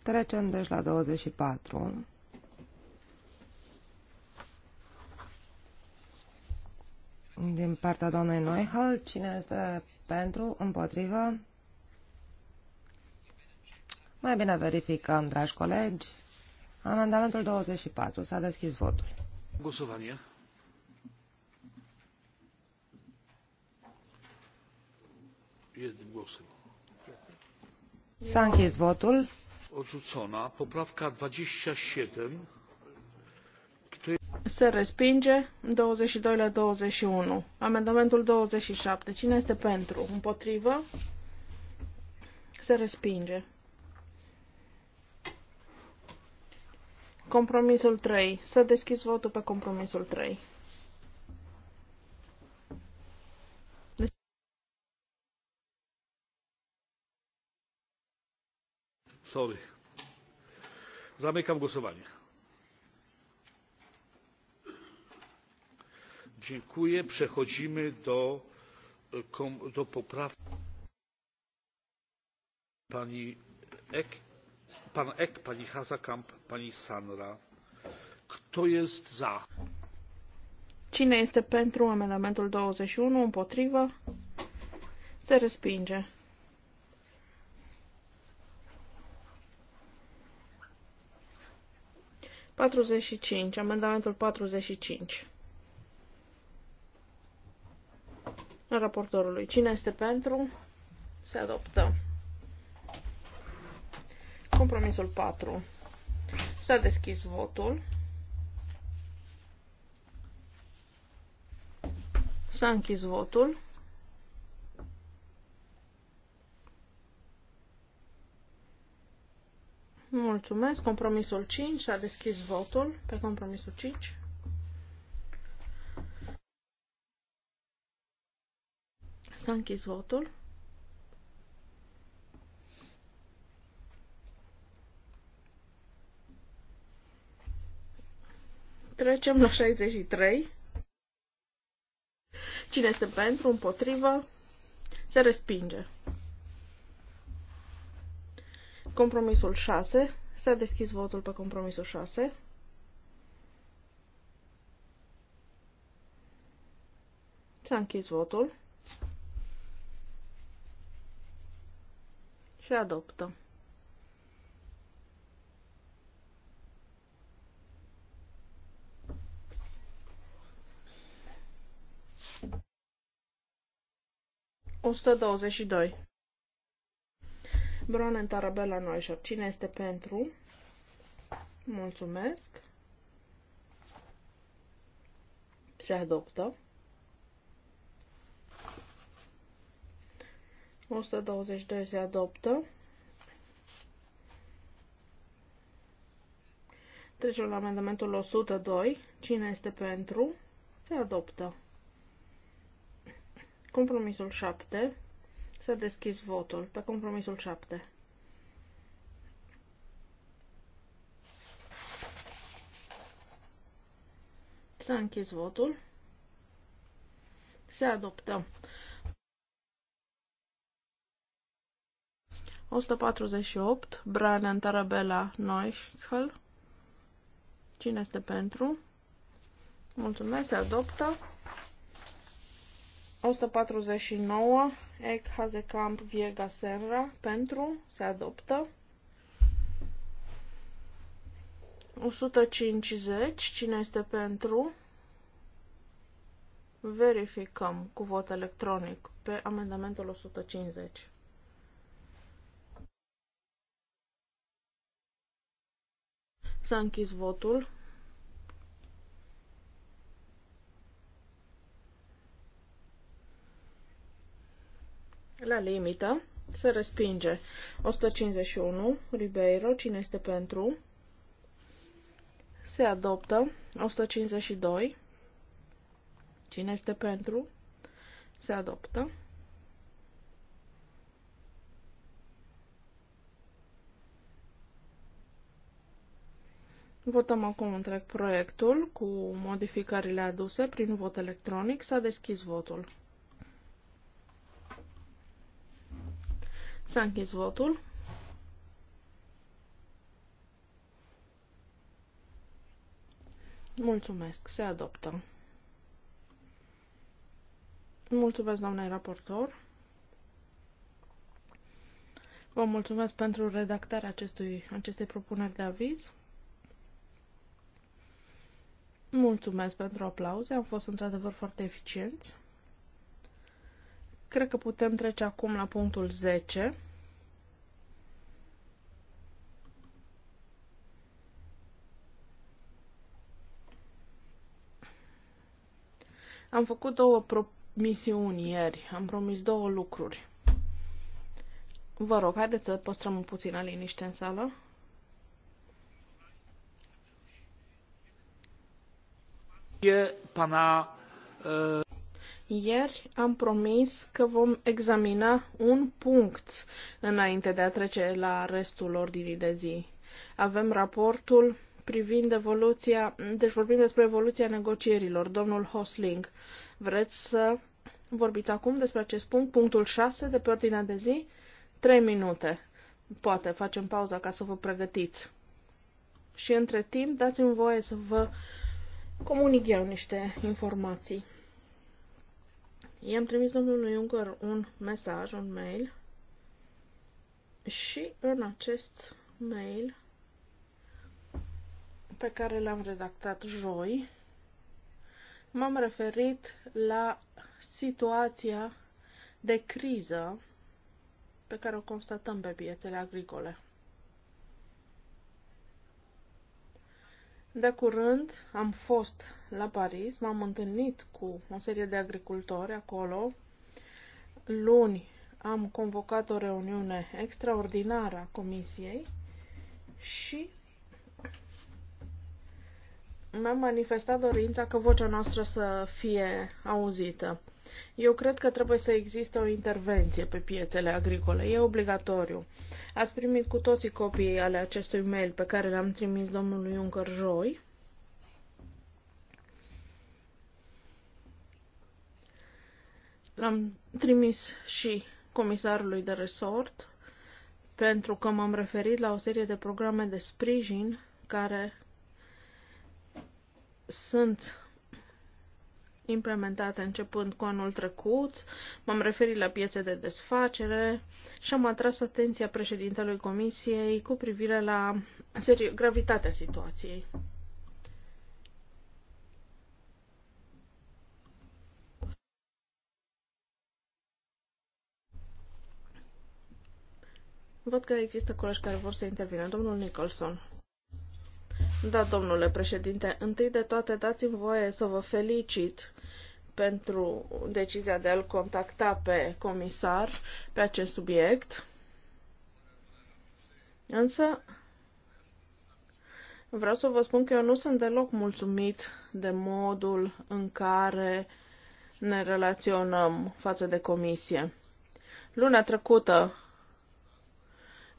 Trecem deci la 24. din partea doamnei Neuhal. Cine este pentru, împotrivă? Mai bine verificăm, dragi colegi. Amendamentul 24. S-a deschis votul. Gosovania. S-a închis votul. Odrzucona. Poprawka 27. Se respinge 22 la 21. Amendamentul 27. Cine este pentru? Împotrivă? Se respinge. Compromisul 3. Să deschis votul pe compromisul 3. Sorry. Zamykam głosowanie. Dziękuję. Przechodzimy do, do poprawki pani Ek, pan Ek, pani Hazakamp, pani Sanra. Kto jest za? Cine este pentru amendamentul 21? Împotrivă? Se respinge. Patruzeci și cinci, amendamentul patruzeci și cinci. raportorului. Cine este pentru? Se adoptă. Compromisul 4. S-a deschis votul. S-a închis votul. Mulțumesc. Compromisul 5. S-a deschis votul pe compromisul 5. S-a închis votul. Trecem la 63. Cine este pentru, împotrivă, se respinge. Compromisul 6. S-a deschis votul pe compromisul 6. S-a închis votul. Se adoptă. Osta în tarabela Tarabella Noișor. Cine este pentru? Mulțumesc. Se adoptă. 122 se adoptă. Trecem la amendamentul 102. Cine este pentru? Se adoptă. Compromisul 7. S-a deschis votul pe compromisul 7. S-a închis votul. Se adoptă. 148, Branan Tarabella Neuschel. Cine este pentru? Mulțumesc, se adoptă. 149, Ec Camp Viega Serra, pentru, se adoptă. 150, cine este pentru? Verificăm cu vot electronic pe amendamentul 150. S-a închis votul. La limită se respinge 151 Ribeiro, cine este pentru? Se adoptă 152. Cine este pentru? Se adoptă. Votăm acum întreg proiectul cu modificările aduse prin vot electronic. S-a deschis votul. S-a închis votul. Mulțumesc, se adoptă. Mulțumesc, doamne raportor. Vă mulțumesc pentru redactarea acestui, acestei propuneri de aviz. Mulțumesc pentru aplauze, am fost într-adevăr foarte eficienți. Cred că putem trece acum la punctul 10. Am făcut două promisiuni ieri, am promis două lucruri. Vă rog, haideți să păstrăm puțină liniște în sală. Ieri am promis că vom examina un punct înainte de a trece la restul ordinii de zi. Avem raportul privind evoluția, deci vorbim despre evoluția negocierilor, domnul Hosling. Vreți să vorbiți acum despre acest punct, punctul 6 de pe ordinea de zi? 3 minute. Poate facem pauza ca să vă pregătiți. Și între timp dați-mi voie să vă comunic eu niște informații. I-am trimis domnului Juncker un mesaj, un mail și în acest mail pe care l-am redactat joi, m-am referit la situația de criză pe care o constatăm pe piețele agricole. De curând am fost la Paris, m-am întâlnit cu o serie de agricultori acolo. Luni am convocat o reuniune extraordinară a comisiei și mi-am manifestat dorința că vocea noastră să fie auzită. Eu cred că trebuie să existe o intervenție pe piețele agricole. E obligatoriu. Ați primit cu toții copiii ale acestui mail pe care l-am trimis domnului Juncker joi. L-am trimis și comisarului de resort pentru că m-am referit la o serie de programe de sprijin care sunt implementate începând cu anul trecut, m-am referit la piețe de desfacere și am atras atenția președintelui Comisiei cu privire la serio, gravitatea situației. Văd că există colegi care vor să intervină. Domnul Nicholson. Da, domnule președinte, întâi de toate dați-mi voie să vă felicit pentru decizia de a-l contacta pe comisar pe acest subiect. Însă, vreau să vă spun că eu nu sunt deloc mulțumit de modul în care ne relaționăm față de comisie. Luna trecută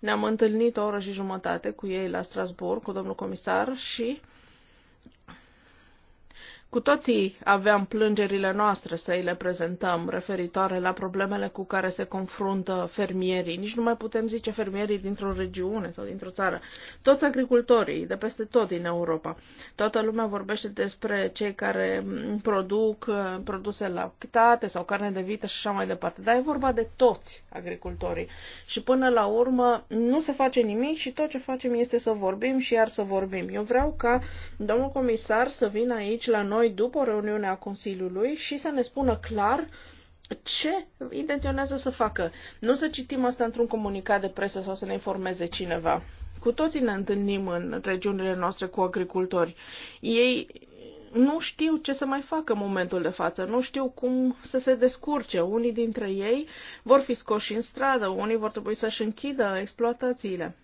ne-am întâlnit o oră și jumătate cu ei la Strasbourg, cu domnul comisar și uh, cu toții aveam plângerile noastre să îi le prezentăm referitoare la problemele cu care se confruntă fermierii. Nici nu mai putem zice fermierii dintr-o regiune sau dintr-o țară. Toți agricultorii de peste tot din Europa. Toată lumea vorbește despre cei care produc uh, produse lactate sau carne de vită și așa mai departe. Dar e vorba de toți agricultorii. Și până la urmă nu se face nimic și tot ce facem este să vorbim și iar să vorbim. Eu vreau ca domnul comisar să vină aici la noi noi după reuniunea Consiliului și să ne spună clar ce intenționează să facă. Nu să citim asta într-un comunicat de presă sau să ne informeze cineva. Cu toții ne întâlnim în regiunile noastre cu agricultori. Ei nu știu ce să mai facă în momentul de față, nu știu cum să se descurce. Unii dintre ei vor fi scoși în stradă, unii vor trebui să-și închidă exploatațiile.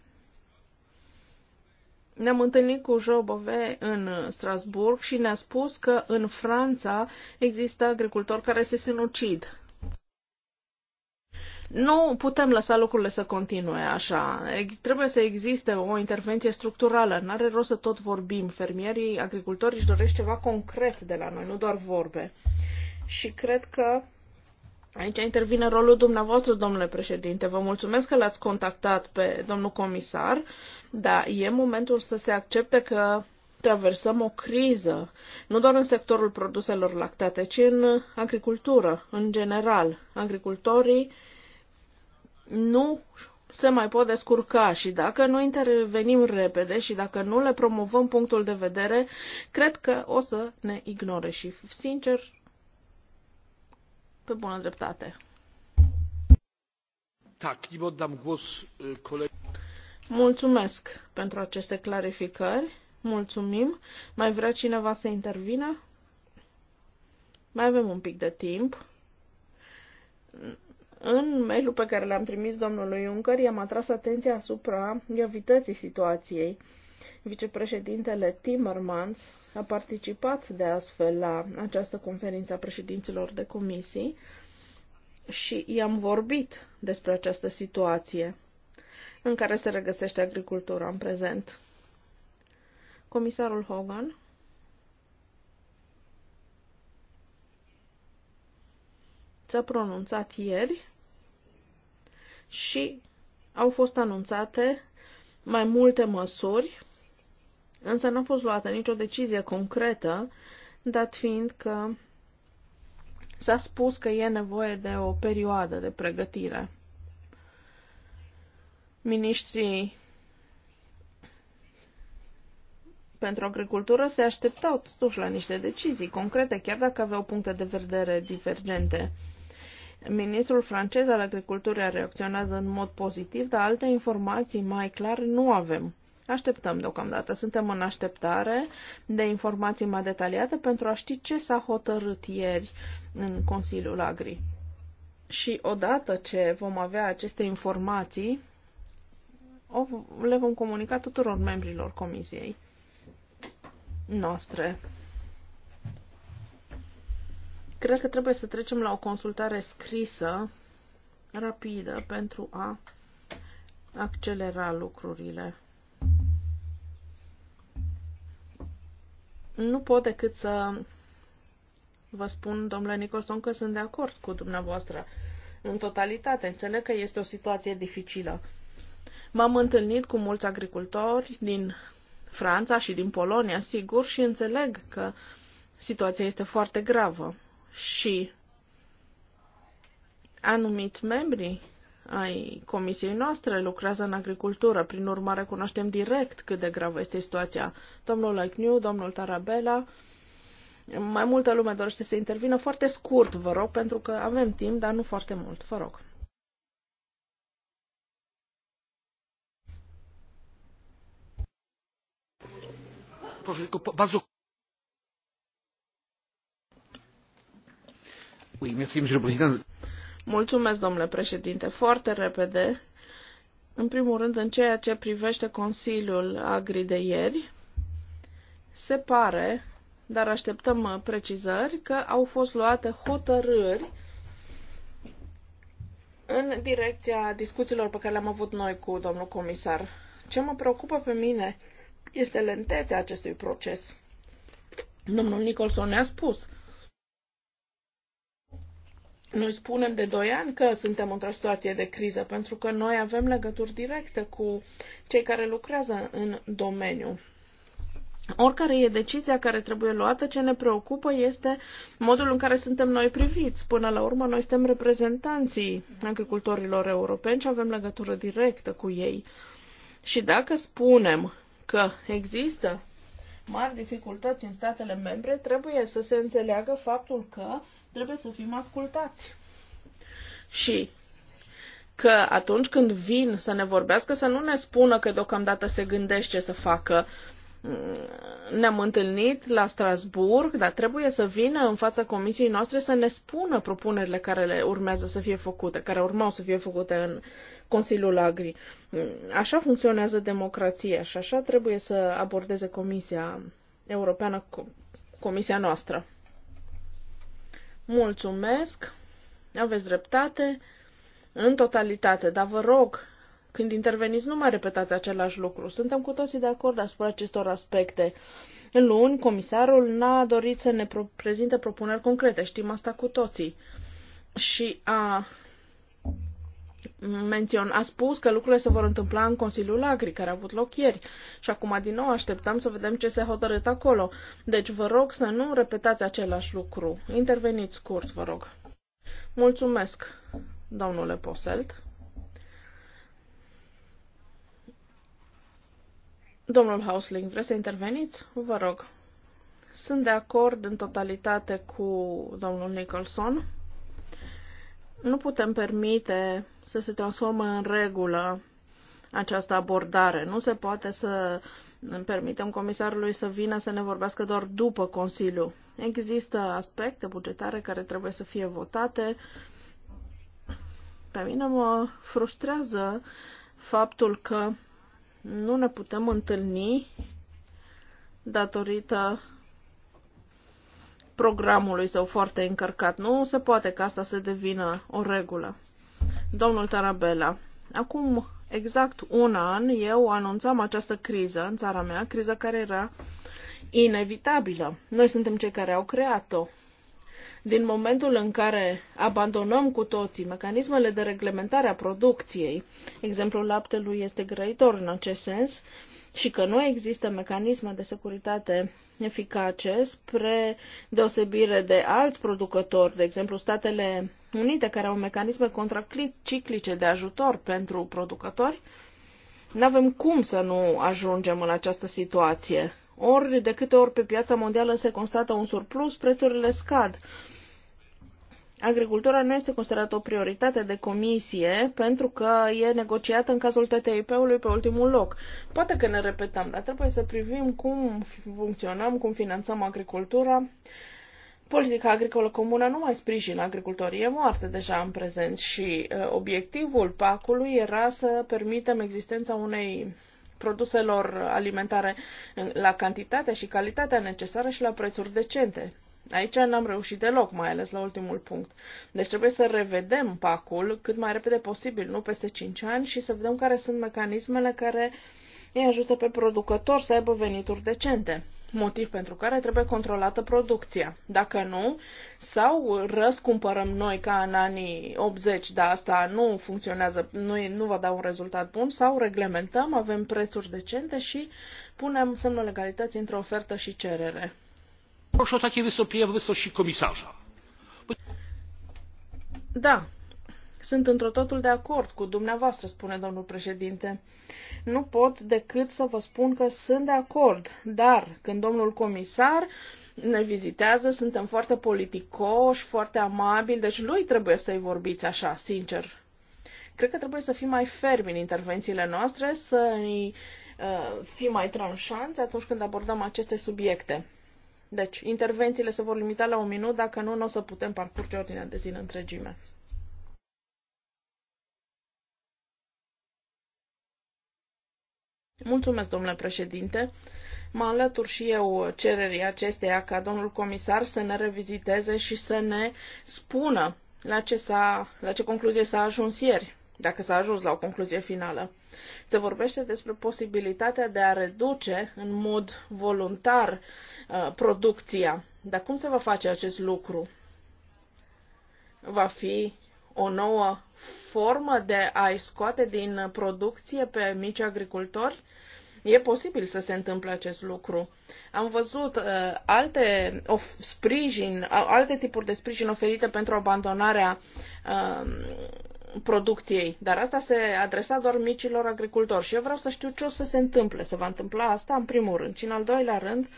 Ne-am întâlnit cu Jobove în Strasburg și ne-a spus că în Franța există agricultori care se sinucid. Nu putem lăsa lucrurile să continue așa. Trebuie să existe o intervenție structurală. N-are rost să tot vorbim. Fermierii, agricultorii își doresc ceva concret de la noi, nu doar vorbe. Și cred că aici intervine rolul dumneavoastră, domnule președinte. Vă mulțumesc că l-ați contactat pe domnul comisar da, e momentul să se accepte că traversăm o criză, nu doar în sectorul produselor lactate, ci în agricultură, în general. Agricultorii nu se mai pot descurca și dacă nu intervenim repede și dacă nu le promovăm punctul de vedere, cred că o să ne ignore și, sincer, pe bună dreptate. Tak, nim oddam głos kolegi. Mulțumesc pentru aceste clarificări. Mulțumim. Mai vrea cineva să intervină? Mai avem un pic de timp. În mailul pe care l-am trimis domnului Juncker, i-am atras atenția asupra gravității situației. Vicepreședintele Timmermans a participat de astfel la această conferință a președinților de comisii și i-am vorbit despre această situație în care se regăsește agricultura în prezent. Comisarul Hogan s-a pronunțat ieri și au fost anunțate mai multe măsuri, însă n-a fost luată nicio decizie concretă, dat fiind că s-a spus că e nevoie de o perioadă de pregătire. Ministrii pentru agricultură se așteptau totuși la niște decizii concrete, chiar dacă aveau puncte de vedere divergente. Ministrul francez al agriculturii a reacționat în mod pozitiv, dar alte informații mai clare nu avem. Așteptăm deocamdată, suntem în așteptare de informații mai detaliate pentru a ști ce s-a hotărât ieri în Consiliul Agri. Și odată ce vom avea aceste informații, o, le vom comunica tuturor membrilor comisiei noastre. Cred că trebuie să trecem la o consultare scrisă, rapidă, pentru a accelera lucrurile. Nu pot decât să vă spun, domnule Nicholson, că sunt de acord cu dumneavoastră în totalitate. Înțeleg că este o situație dificilă M-am întâlnit cu mulți agricultori din Franța și din Polonia, sigur, și înțeleg că situația este foarte gravă și anumiți membri ai comisiei noastre lucrează în agricultură, prin urmare cunoaștem direct cât de gravă este situația. Domnul Lecniu, domnul Tarabella, mai multă lume dorește să intervină. Foarte scurt, vă rog, pentru că avem timp, dar nu foarte mult. Vă rog. bardzo. Mulțumesc, domnule președinte. Foarte repede, în primul rând, în ceea ce privește Consiliul Agri de ieri, se pare, dar așteptăm uh, precizări, că au fost luate hotărâri în direcția discuțiilor pe care le-am avut noi cu domnul comisar. Ce mă preocupă pe mine este lentețea acestui proces. Domnul Nicholson ne-a spus. Noi spunem de doi ani că suntem într-o situație de criză, pentru că noi avem legături directe cu cei care lucrează în domeniu. Oricare e decizia care trebuie luată, ce ne preocupă este modul în care suntem noi priviți. Până la urmă, noi suntem reprezentanții agricultorilor europeni și avem legătură directă cu ei. Și dacă spunem că există mari dificultăți în statele membre, trebuie să se înțeleagă faptul că trebuie să fim ascultați. Și că atunci când vin să ne vorbească, să nu ne spună că deocamdată se gândește ce să facă ne-am întâlnit la Strasburg, dar trebuie să vină în fața comisiei noastre să ne spună propunerile care le urmează să fie făcute, care urmau să fie făcute în Consiliul Agri. Așa funcționează democrația și așa trebuie să abordeze Comisia Europeană, Comisia noastră. Mulțumesc, aveți dreptate în totalitate, dar vă rog când interveniți, nu mai repetați același lucru. Suntem cu toții de acord asupra acestor aspecte. În luni, comisarul n-a dorit să ne prezinte propuneri concrete, știm asta cu toții. Și a mențion, a spus că lucrurile se vor întâmpla în Consiliul Agri, care a avut loc ieri. Și acum, din nou, așteptăm să vedem ce se hotărât acolo. Deci, vă rog să nu repetați același lucru. Interveniți scurt, vă rog. Mulțumesc, domnule Poselt. Domnul Hausling, vreți să interveniți? Vă rog. Sunt de acord în totalitate cu domnul Nicholson. Nu putem permite să se transformă în regulă această abordare. Nu se poate să permitem comisarului să vină să ne vorbească doar după Consiliu. Există aspecte bugetare care trebuie să fie votate. Pe mine mă frustrează faptul că nu ne putem întâlni datorită programului său foarte încărcat. Nu se poate ca asta să devină o regulă. Domnul Tarabella, acum exact un an eu anunțam această criză în țara mea, criză care era inevitabilă. Noi suntem cei care au creat-o. Din momentul în care abandonăm cu toții mecanismele de reglementare a producției, exemplul laptelui este grăitor în acest sens, și că nu există mecanisme de securitate eficace spre deosebire de alți producători, de exemplu Statele Unite, care au mecanisme contraciclice de ajutor pentru producători, nu avem cum să nu ajungem în această situație. Ori de câte ori pe piața mondială se constată un surplus, prețurile scad agricultura nu este considerată o prioritate de comisie pentru că e negociată în cazul TTIP-ului pe ultimul loc. Poate că ne repetăm, dar trebuie să privim cum funcționăm, cum finanțăm agricultura. Politica agricolă comună nu mai sprijină agricultorii, e moarte deja în prezent și uh, obiectivul pacului era să permitem existența unei produselor alimentare la cantitatea și calitatea necesară și la prețuri decente. Aici n-am reușit deloc, mai ales la ultimul punct. Deci trebuie să revedem pacul cât mai repede posibil, nu peste 5 ani, și să vedem care sunt mecanismele care îi ajută pe producător să aibă venituri decente, motiv pentru care trebuie controlată producția. Dacă nu, sau răscumpărăm noi ca în anii 80, dar asta nu funcționează, nu, nu va da un rezultat bun, sau reglementăm, avem prețuri decente și punem semnul legalității între ofertă și cerere. Proszę o takie wystąpienia wobec komisarza. Da, sunt într totul de acord cu dumneavoastră, spune domnul președinte. Nu pot decât să vă spun că sunt de acord, dar când domnul comisar ne vizitează, suntem foarte politicoși, foarte amabili, deci lui trebuie să-i vorbiți așa, sincer. Cred că trebuie să fim mai fermi în intervențiile noastre, să uh, fim mai tranșanți atunci când abordăm aceste subiecte. Deci, intervențiile se vor limita la un minut, dacă nu, nu o să putem parcurge ordinea de zi în întregime. Mulțumesc, domnule președinte. Mă alătur și eu cererii acesteia ca domnul comisar să ne reviziteze și să ne spună la ce, la ce concluzie s-a ajuns ieri, dacă s-a ajuns la o concluzie finală. Se vorbește despre posibilitatea de a reduce în mod voluntar uh, producția. Dar cum se va face acest lucru? Va fi o nouă formă de a-i scoate din producție pe mici agricultori? E posibil să se întâmple acest lucru. Am văzut uh, alte of- sprijin, alte tipuri de sprijin oferite pentru abandonarea uh, producției, dar asta se adresa doar micilor agricultori și eu vreau să știu ce o să se întâmple. Se va întâmpla asta în primul rând și în al doilea rând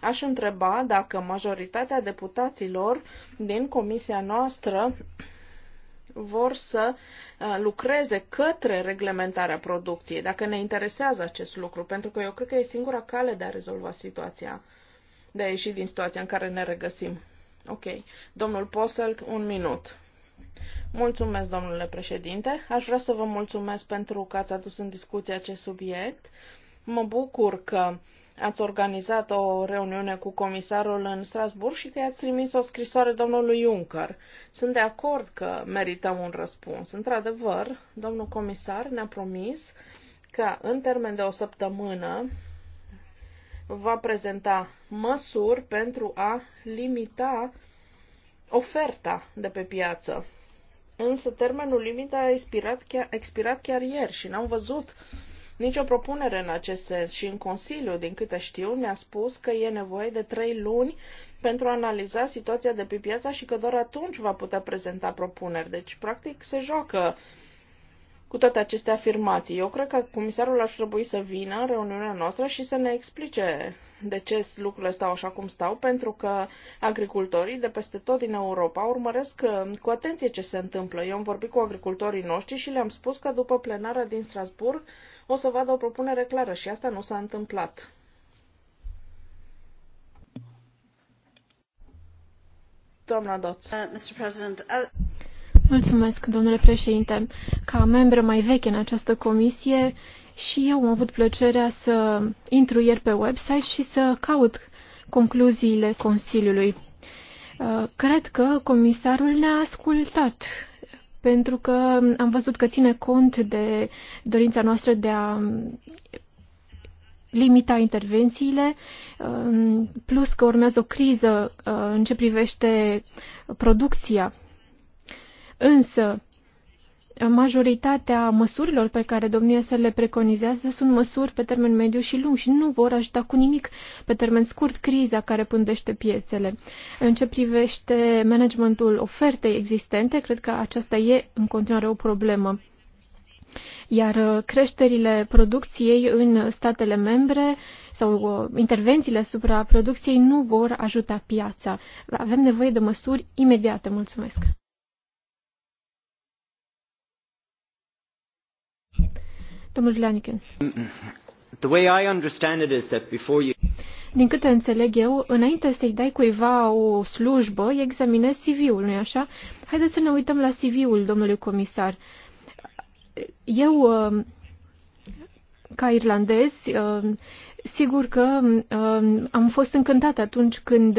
aș întreba dacă majoritatea deputaților din comisia noastră vor să uh, lucreze către reglementarea producției, dacă ne interesează acest lucru, pentru că eu cred că e singura cale de a rezolva situația, de a ieși din situația în care ne regăsim. Ok. Domnul Poselt, un minut. Mulțumesc, domnule președinte. Aș vrea să vă mulțumesc pentru că ați adus în discuție acest subiect. Mă bucur că ați organizat o reuniune cu comisarul în Strasburg și că i-ați trimis o scrisoare domnului Juncker. Sunt de acord că merităm un răspuns. Într-adevăr, domnul comisar ne-a promis că în termen de o săptămână va prezenta măsuri pentru a limita oferta de pe piață Însă termenul limită a expirat chiar, expirat chiar ieri și n-am văzut nicio propunere în acest sens și în Consiliu, din câte știu, ne-a spus că e nevoie de trei luni pentru a analiza situația de pe piața și că doar atunci va putea prezenta propuneri. Deci, practic, se joacă uh, cu toate aceste afirmații. Eu cred că comisarul ar trebui să vină în reuniunea noastră și să ne explice de ce lucrurile stau așa cum stau, pentru că agricultorii de peste tot din Europa urmăresc uh, cu atenție ce se întâmplă. Eu am vorbit cu agricultorii noștri și le-am spus că după plenara din Strasburg o să vadă o propunere clară și asta nu s-a întâmplat. Doamna Doț. Uh, Mr. President, uh... Mulțumesc, domnule președinte. Ca membră mai veche în această comisie, și eu am avut plăcerea să intru ieri pe website și să caut concluziile Consiliului. Uh, cred că comisarul ne-a ascultat, pentru că am văzut că ține cont de dorința noastră de a limita intervențiile, uh, plus că urmează o criză uh, în ce privește producția Însă, majoritatea măsurilor pe care domnia să le preconizează sunt măsuri pe termen mediu și lung și nu vor ajuta cu nimic pe termen scurt criza care pândește piețele. În ce privește managementul ofertei existente, cred că aceasta e în continuare o problemă. Iar uh, creșterile producției în statele membre sau uh, intervențiile asupra producției nu vor ajuta piața. Avem nevoie de măsuri imediate. Mulțumesc! Din câte înțeleg eu, înainte să-i dai cuiva o slujbă, examinezi CV-ul, nu-i așa? Haideți să ne uităm la CV-ul domnului comisar. Eu, uh, ca irlandez, uh, sigur că uh, am fost încântată atunci când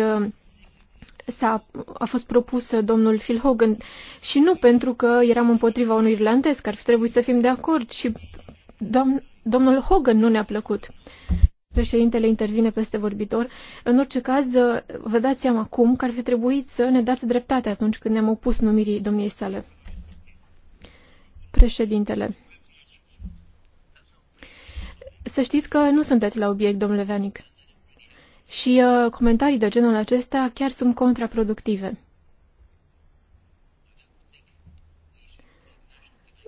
s-a, a fost propus domnul Phil Hogan și nu pentru că eram împotriva unui irlandez, că ar fi trebuit să fim de acord, ci Doamn, domnul Hogan nu ne-a plăcut. Președintele intervine peste vorbitor. În orice caz, vă dați seama acum că ar fi trebuit să ne dați dreptate atunci când ne-am opus numirii domniei sale. Președintele. Să știți că nu sunteți la obiect, domnule Veanic. Și uh, comentarii de genul acesta chiar sunt contraproductive.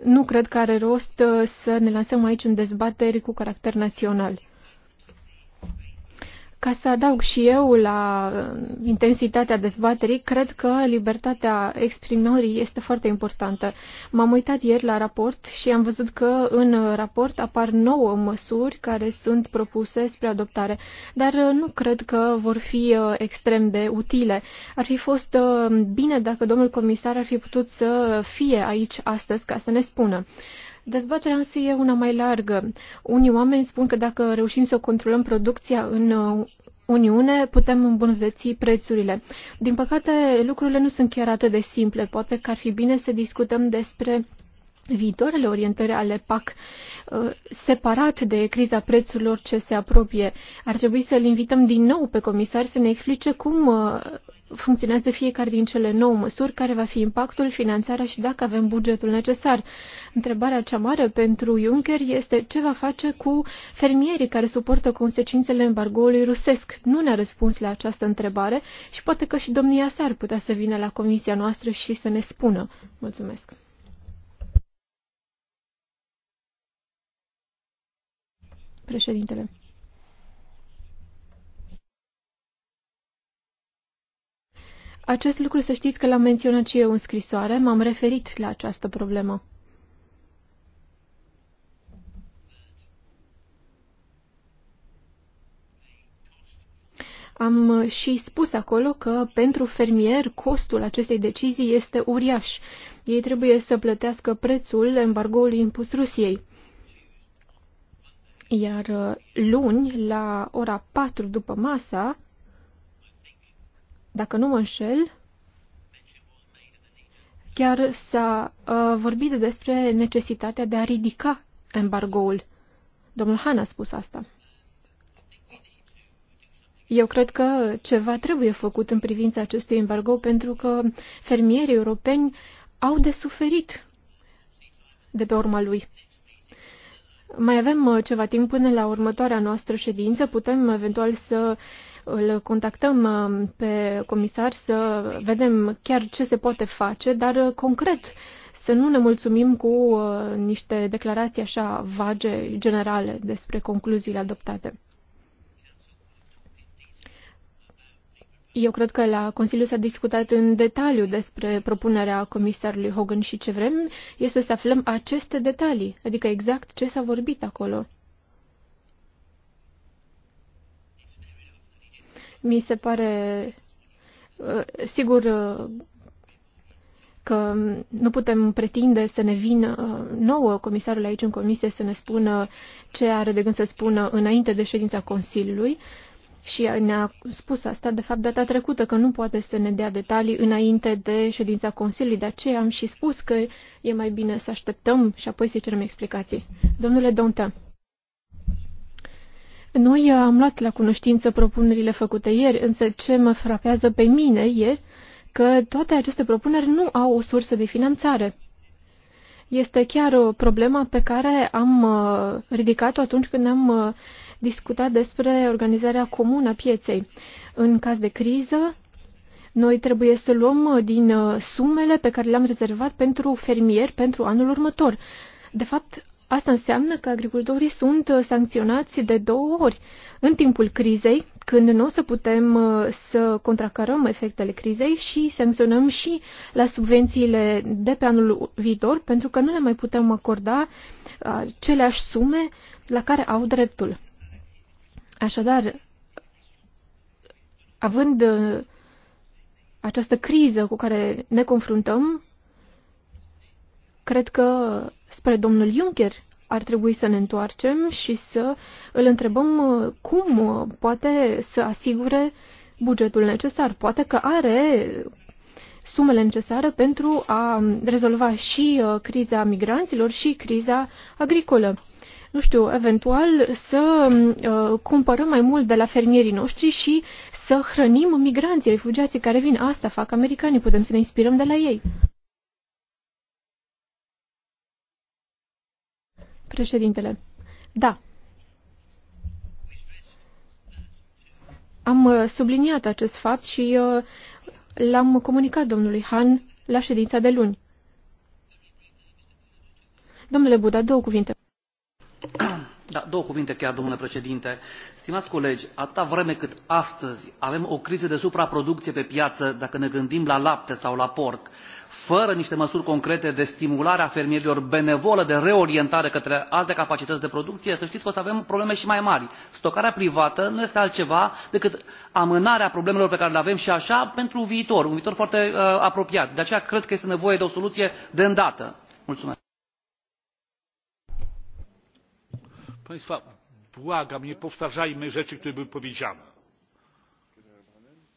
nu cred că are rost uh, să ne lansăm aici în dezbateri cu caracter național. Ca să adaug și eu la uh, intensitatea dezbaterii, cred că libertatea exprimării este foarte importantă. M-am uitat ieri la raport și am văzut că în raport apar nouă măsuri care sunt propuse spre adoptare, dar uh, nu cred că vor fi uh, extrem de utile. Ar fi fost bine dacă domnul comisar ar fi putut să fie aici astăzi ca să ne spună. Dezbaterea însă e una mai largă. Unii oameni spun că dacă reușim să controlăm producția în uh, Uniune, putem îmbunătăți prețurile. Din păcate, lucrurile nu sunt chiar atât de simple. Poate că ar fi bine să discutăm despre viitoarele orientări ale PAC uh, separat de criza prețurilor ce se apropie. Ar trebui să-l invităm din nou pe comisar să ne explice cum uh, funcționează fiecare din cele nou măsuri, care va fi impactul, finanțarea și dacă avem bugetul necesar. Întrebarea cea mare pentru Juncker este ce va face cu fermierii care suportă consecințele embargoului rusesc. Nu ne-a răspuns la această întrebare și poate că și domnia sa ar putea să vină la comisia noastră și să ne spună. Mulțumesc! Președintele. Acest lucru să știți că l-am menționat și eu în scrisoare, m-am referit la această problemă. Am uh, și spus acolo că pentru fermier costul acestei decizii este uriaș. Ei trebuie să plătească prețul embargoului impus Rusiei. Iar uh, luni, la ora 4 după masa, dacă nu mă înșel, chiar s-a uh, vorbit despre necesitatea de a ridica embargoul. Domnul Han a spus asta. Eu cred că ceva trebuie făcut în privința acestui embargo pentru că fermierii europeni au de suferit de pe urma lui. Mai avem uh, ceva timp până la următoarea noastră ședință, putem eventual să îl contactăm uh, pe comisar să vedem chiar ce se poate face, dar uh, concret să nu ne mulțumim cu uh, niște declarații așa vage, generale despre concluziile adoptate. Eu cred că la Consiliu s-a discutat în detaliu despre propunerea comisarului Hogan și ce vrem este să aflăm aceste detalii, adică exact ce s-a vorbit acolo. Mi se pare, uh, sigur, uh, că nu putem pretinde să ne vină uh, nouă comisarul aici în comisie să ne spună ce are de gând să spună înainte de ședința Consiliului, și ne-a spus asta, de fapt, data trecută, că nu poate să ne dea detalii înainte de ședința Consiliului. De aceea am și spus că e mai bine să așteptăm și apoi să cerem explicații. Domnule Donta. Noi am luat la cunoștință propunerile făcute ieri, însă ce mă frapează pe mine e că toate aceste propuneri nu au o sursă de finanțare. Este chiar o problemă pe care am uh, ridicat-o atunci când am uh, discutat despre organizarea comună a pieței. În caz de criză, noi trebuie să luăm uh, din sumele pe care le-am rezervat pentru fermieri pentru anul următor. De fapt, Asta înseamnă că agricultorii sunt uh, sancționați de două ori. În timpul crizei, când nu o să putem uh, să contracarăm efectele crizei și sancționăm și la subvențiile de pe anul viitor, pentru că nu le mai putem acorda uh, aceleași sume la care au dreptul. Așadar, având această criză cu care ne confruntăm, Cred că spre domnul Juncker ar trebui să ne întoarcem și să îl întrebăm uh, cum uh, poate să asigure bugetul necesar. Poate că are sumele necesare pentru a rezolva și uh, criza migranților și criza agricolă. Nu știu, eventual să cumpărăm mai mult de la fermierii noștri și să hrănim migranții, refugiații care vin. Asta fac americanii, putem să ne inspirăm de la ei. Președintele, da. Am uh, subliniat acest fapt și uh, l-am comunicat domnului Han la ședința de luni. Domnule Buda, două cuvinte. Da, două cuvinte chiar, domnule președinte. Stimați colegi, atâta vreme cât astăzi avem o criză de supraproducție pe piață, dacă ne gândim la lapte sau la porc, fără niște măsuri concrete de stimulare a fermierilor benevolă, de reorientare către alte capacități de producție, să știți că o să avem probleme și mai mari. Stocarea privată nu este altceva decât amânarea problemelor pe care le avem și așa pentru viitor, un viitor foarte uh, apropiat. De aceea cred că este nevoie de o soluție de îndată. Mulțumesc. Państwa, błagam, nie powtarzajmy rzeczy, które były powiedziane.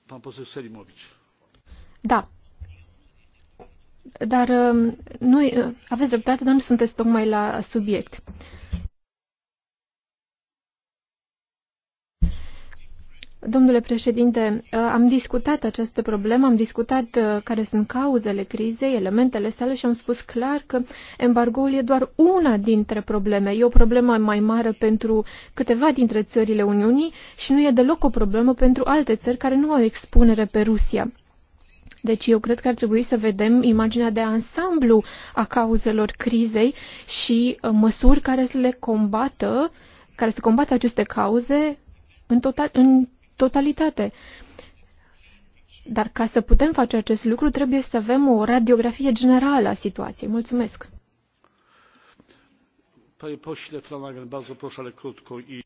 Pan poseł Selimowicz. Da, dar um, nu, uh, aveți dreptate, dar nu sunteți tocmai la subiect. Domnule președinte, uh, am discutat această problemă, am discutat uh, care sunt cauzele crizei, elementele sale și am spus clar că embargoul e doar una dintre probleme. E o problemă mai mare pentru câteva dintre țările Uniunii și nu e deloc o problemă pentru alte țări care nu au expunere pe Rusia. Deci eu cred că ar trebui să vedem imaginea de ansamblu a cauzelor crizei și uh, măsuri care să le combată, care să combată aceste cauze în, total, în totalitate. Dar ca să putem face acest lucru, trebuie să avem o radiografie generală a situației. Mulțumesc! Panie pośle Flanagan, bardzo proszę, ale krótko i...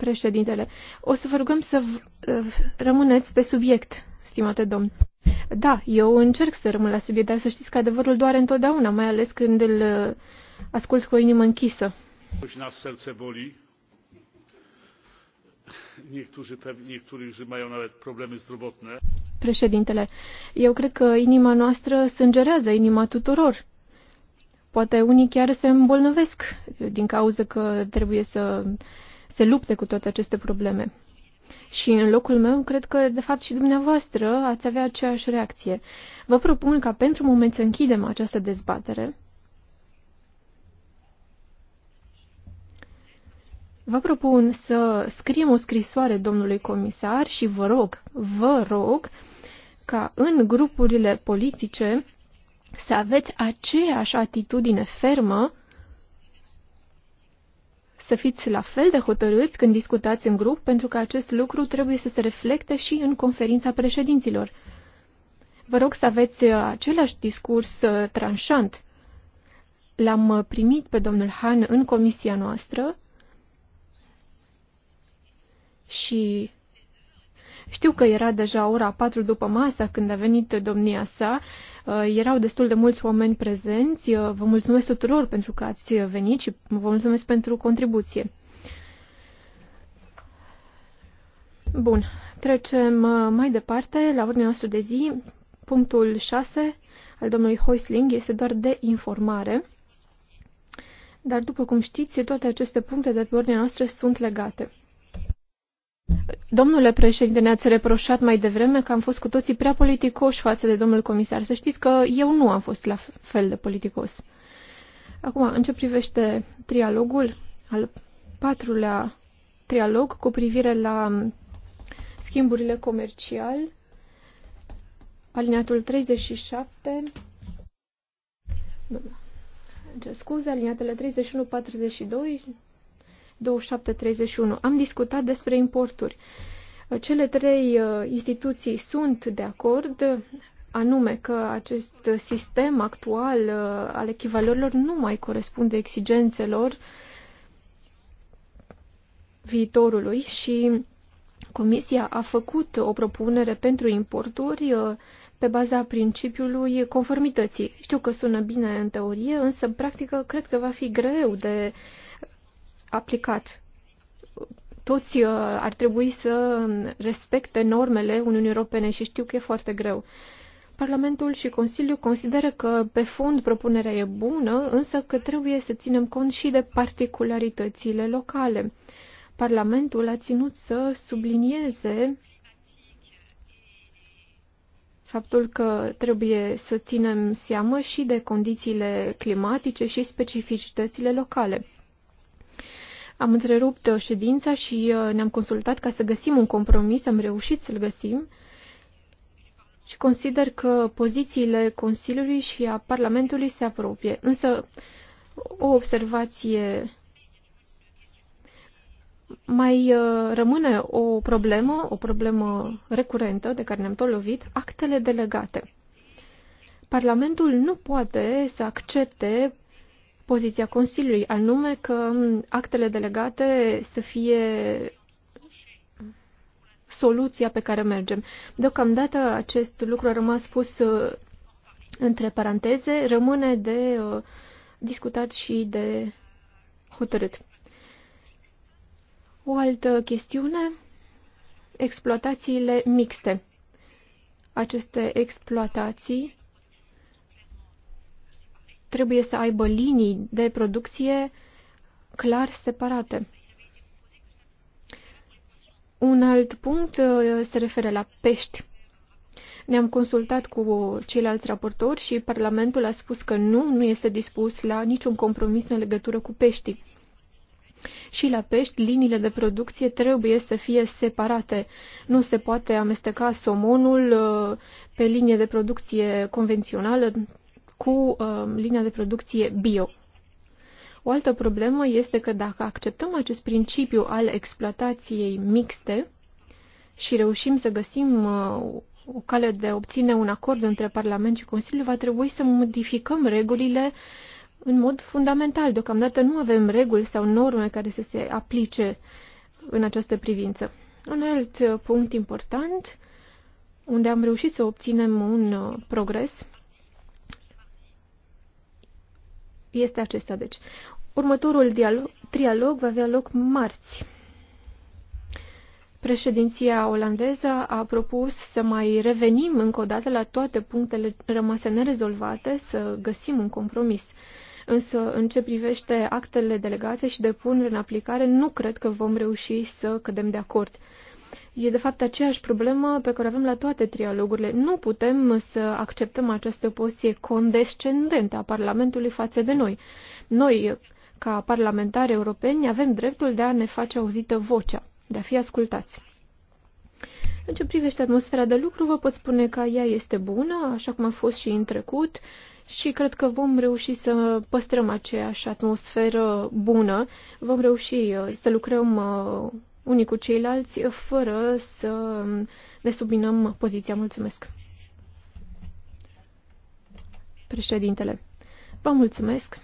Președintele, o să vă rugăm să uh, rămâneți pe subiect, stimate domn. Da, eu încerc să rămân la subiect, dar să știți că adevărul doare întotdeauna, mai ales când îl uh, ascult cu o inimă închisă. nas serce boli. Niektórzy, niektórzy mają nawet problemy zdrowotne. Președintele, eu cred că inima noastră sângerează, inima tuturor. Poate unii chiar se îmbolnăvesc din cauza că trebuie să se lupte cu toate aceste probleme. Și în locul meu, cred că, de fapt, și dumneavoastră ați avea aceeași reacție. Vă propun ca pentru moment să închidem această dezbatere. Vă propun să scriem o scrisoare domnului comisar și vă rog, vă rog, ca în grupurile politice să aveți aceeași atitudine fermă să fiți la fel de hotărâți când discutați în grup, pentru că acest lucru trebuie să se reflecte și în conferința președinților. Vă rog să aveți uh, același discurs uh, tranșant. L-am uh, primit pe domnul Han în comisia noastră și știu că era deja ora 4 după masa când a venit domnia sa. Uh, erau destul de mulți oameni prezenți. Uh, vă mulțumesc tuturor pentru că ați venit și vă mulțumesc pentru contribuție. Bun, trecem uh, mai departe la ordinea noastră de zi. Punctul 6 al domnului Hoisling este doar de informare. Dar, după cum știți, toate aceste puncte de pe ordinea noastră sunt legate. Domnule președinte, ne-ați reproșat mai devreme că am fost cu toții prea politicoși față de domnul comisar. Să știți că eu nu am fost la fel de politicos. Acum, în ce privește trialogul, al patrulea trialog cu privire la schimburile comerciale, alineatul 37, nu, scuze, alineatele 31-42, 2731. Am discutat despre importuri. Cele trei uh, instituții sunt de acord, anume că acest sistem actual uh, al echivalorilor nu mai corespunde exigențelor viitorului și Comisia a făcut o propunere pentru importuri uh, pe baza principiului conformității. Știu că sună bine în teorie, însă în practică cred că va fi greu de uh, aplicat. Toți uh, ar trebui să respecte normele Uniunii Europene și știu că e foarte greu. Parlamentul și Consiliul consideră că pe fond propunerea e bună, însă că trebuie să ținem cont și de particularitățile locale. Parlamentul a ținut să sublinieze faptul că trebuie să ținem seamă și de condițiile climatice și specificitățile locale. Am întrerupt uh, ședința și uh, ne-am consultat ca să găsim un compromis, am reușit să-l găsim și consider că pozițiile Consiliului și a Parlamentului se apropie. Însă, o observație mai uh, rămâne o problemă, o problemă recurentă de care ne-am tot lovit, actele delegate. Parlamentul nu poate să accepte poziția Consiliului, anume că actele delegate să fie soluția pe care mergem. Deocamdată acest lucru a rămas pus uh, între paranteze, rămâne de uh, discutat și de hotărât. O altă chestiune, exploatațiile mixte. Aceste exploatații trebuie să aibă linii de producție clar separate. Un alt punct uh, se referă la pești. Ne-am consultat cu ceilalți raportori și Parlamentul a spus că nu, nu este dispus la niciun compromis în legătură cu peștii. Și la pești, liniile de producție trebuie să fie separate. Nu se poate amesteca somonul uh, pe linie de producție convențională, cu um, linia de producție bio. O altă problemă este că dacă acceptăm acest principiu al exploatației mixte și reușim să găsim uh, o cale de a obține un acord între Parlament și Consiliu, va trebui să modificăm regulile în mod fundamental. Deocamdată nu avem reguli sau norme care să se aplice în această privință. Un alt uh, punct important unde am reușit să obținem un uh, progres este acesta, deci. Următorul dialog, trialog va avea loc marți. Președinția olandeză a propus să mai revenim încă o dată la toate punctele rămase nerezolvate, să găsim un compromis. Însă, în ce privește actele delegației și de punere în aplicare, nu cred că vom reuși să cădem de acord. E de fapt aceeași problemă pe care o avem la toate trialogurile. Nu putem să acceptăm această poziție condescendentă a Parlamentului față de noi. Noi, ca parlamentari europeni, avem dreptul de a ne face auzită vocea, de a fi ascultați. În ce privește atmosfera de lucru, vă pot spune că ea este bună, așa cum a fost și în trecut, și cred că vom reuși să păstrăm aceeași atmosferă bună, vom reuși uh, să lucrăm uh, unii cu ceilalți, fără să ne subminăm poziția. Mulțumesc! Președintele, vă mulțumesc!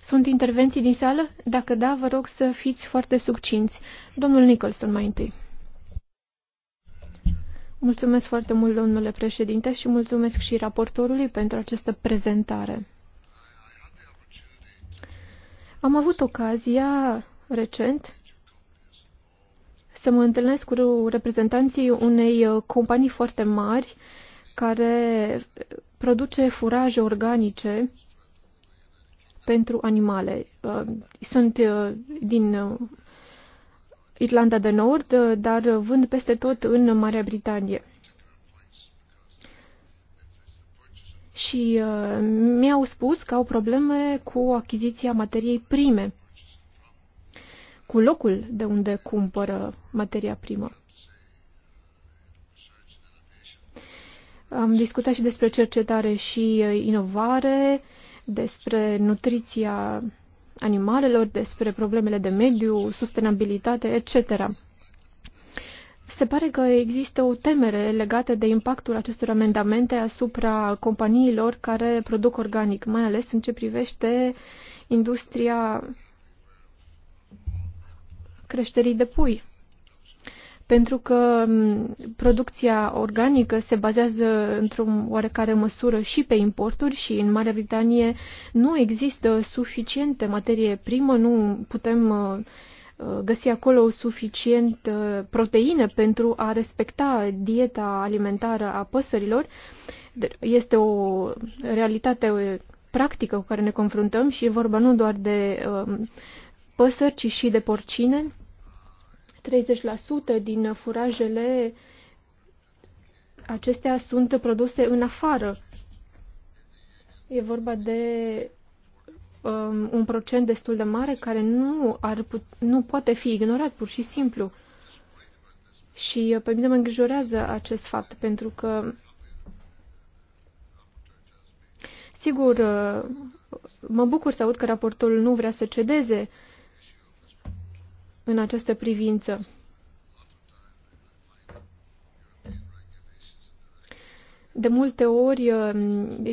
Sunt intervenții din sală? Dacă da, vă rog să fiți foarte succinți. Domnul Nicholson mai întâi. Mulțumesc foarte mult, domnule președinte, și mulțumesc și raportorului pentru această prezentare. Am avut ocazia recent să mă întâlnesc cu reprezentanții unei uh, companii foarte mari care produce furaje organice pentru animale. Uh, sunt uh, din Irlanda de Nord, dar vând peste tot în Marea Britanie. Și mi-au spus că au probleme cu achiziția materiei prime cu locul de unde cumpără materia primă. Am discutat și despre cercetare și inovare, despre nutriția animalelor, despre problemele de mediu, sustenabilitate, etc. Se pare că există o temere legată de impactul acestor amendamente asupra companiilor care produc organic, mai ales în ce privește industria creșterii de pui. Pentru că producția organică se bazează într-o oarecare măsură și pe importuri și în Marea Britanie nu există suficiente materie primă, nu putem uh, uh, găsi acolo suficient uh, proteine pentru a respecta dieta alimentară a păsărilor. Deci, este o realitate practică cu care ne confruntăm și e vorba nu doar de păsări, ci și de porcine. 30% din furajele acestea sunt produse în afară. E vorba de um, un procent destul de mare care nu, ar put, nu poate fi ignorat pur și simplu. Și uh, pe mine mă îngrijorează acest fapt, pentru că, sigur, uh, mă bucur să aud că raportorul nu vrea să cedeze uh, în această privință. De multe ori, eh,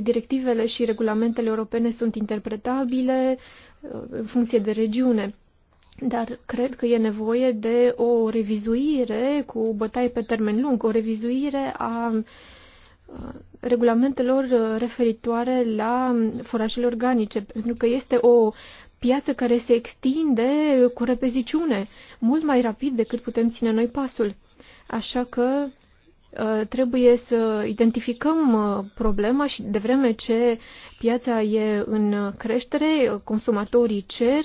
directivele și regulamentele europene sunt interpretabile eh, în funcție de regiune, dar cred că e nevoie de o revizuire cu bătaie pe termen lung, o revizuire a eh, regulamentelor referitoare la forajele organice, pentru că este o piață care se extinde cu repeziciune, mult mai rapid decât putem ține noi pasul. Așa că ă, trebuie să identificăm ă, problema și de vreme ce piața e în creștere, consumatorii cer,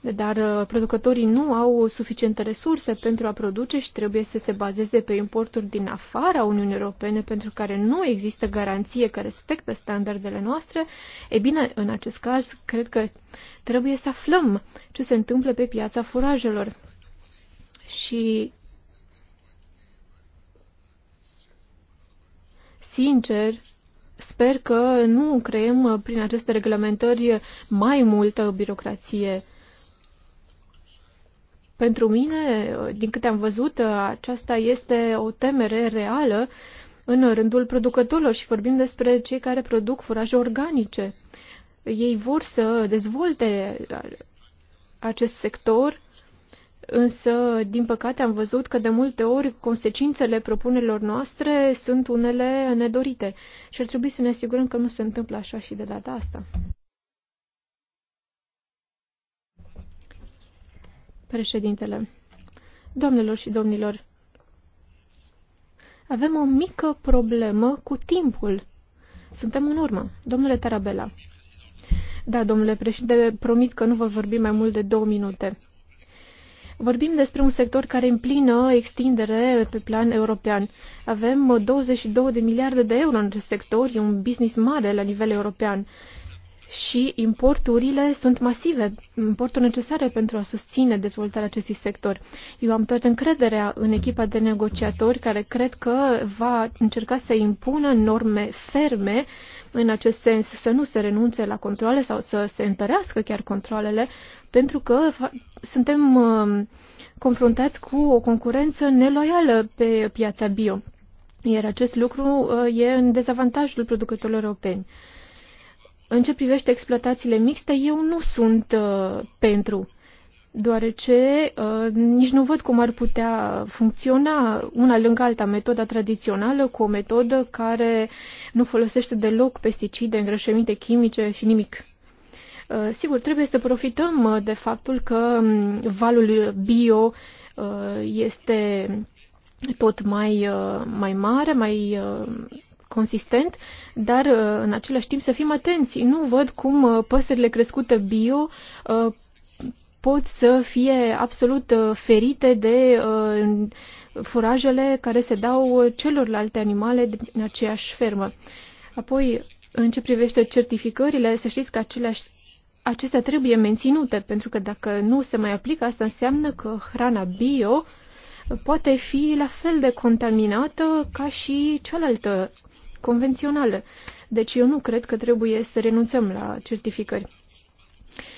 dar uh, producătorii nu au suficiente resurse pentru a produce și trebuie să se bazeze pe importuri din afara Uniunii Europene pentru care nu există garanție că respectă standardele noastre, e bine, în acest caz, cred că trebuie să aflăm ce se întâmplă pe piața furajelor. Și sincer, sper că nu creăm uh, prin aceste reglementări mai multă birocrație pentru mine, din câte am văzut, aceasta este o temere reală în rândul producătorilor și vorbim despre cei care produc furaje organice. Ei vor să dezvolte acest sector, însă, din păcate, am văzut că de multe ori consecințele propunerilor noastre sunt unele nedorite și ar trebui să ne asigurăm că nu se întâmplă așa și de data asta. Președintele, doamnelor și domnilor, avem o mică problemă cu timpul. Suntem în urmă. Domnule Tarabela. Da, domnule președinte, promit că nu vă vorbi mai mult de două minute. Vorbim despre un sector care în extindere pe plan european. Avem 22 de miliarde de euro în sector, e un business mare la nivel european și importurile sunt masive, importuri necesare pentru a susține dezvoltarea acestui sector. Eu am toată încrederea în echipa de negociatori care cred că va încerca să impună norme ferme în acest sens, să nu se renunțe la controle sau să se întărească chiar controlele, pentru că suntem um, confruntați cu o concurență neloială pe piața bio. Iar acest lucru uh, e în dezavantajul producătorilor europeni. În ce privește exploatațiile mixte, eu nu sunt uh, pentru, deoarece uh, nici nu văd cum ar putea funcționa una lângă alta metoda tradițională cu o metodă care nu folosește deloc pesticide, îngrășăminte chimice și nimic. Uh, sigur, trebuie să profităm uh, de faptul că um, valul bio uh, este tot mai, mai mare, mai consistent, dar uh, în același timp să fim atenți. Nu văd cum uh, păsările crescute bio uh, pot să fie absolut ferite de furajele care se dau celorlalte animale din aceeași fermă. Apoi, în ce privește certificările, să știți că aceleași, acestea trebuie menținute, pentru că dacă nu se mai aplică, asta înseamnă că hrana bio poate fi la fel de contaminată ca și cealaltă convenționale. Deci eu nu cred că trebuie să renunțăm la certificări.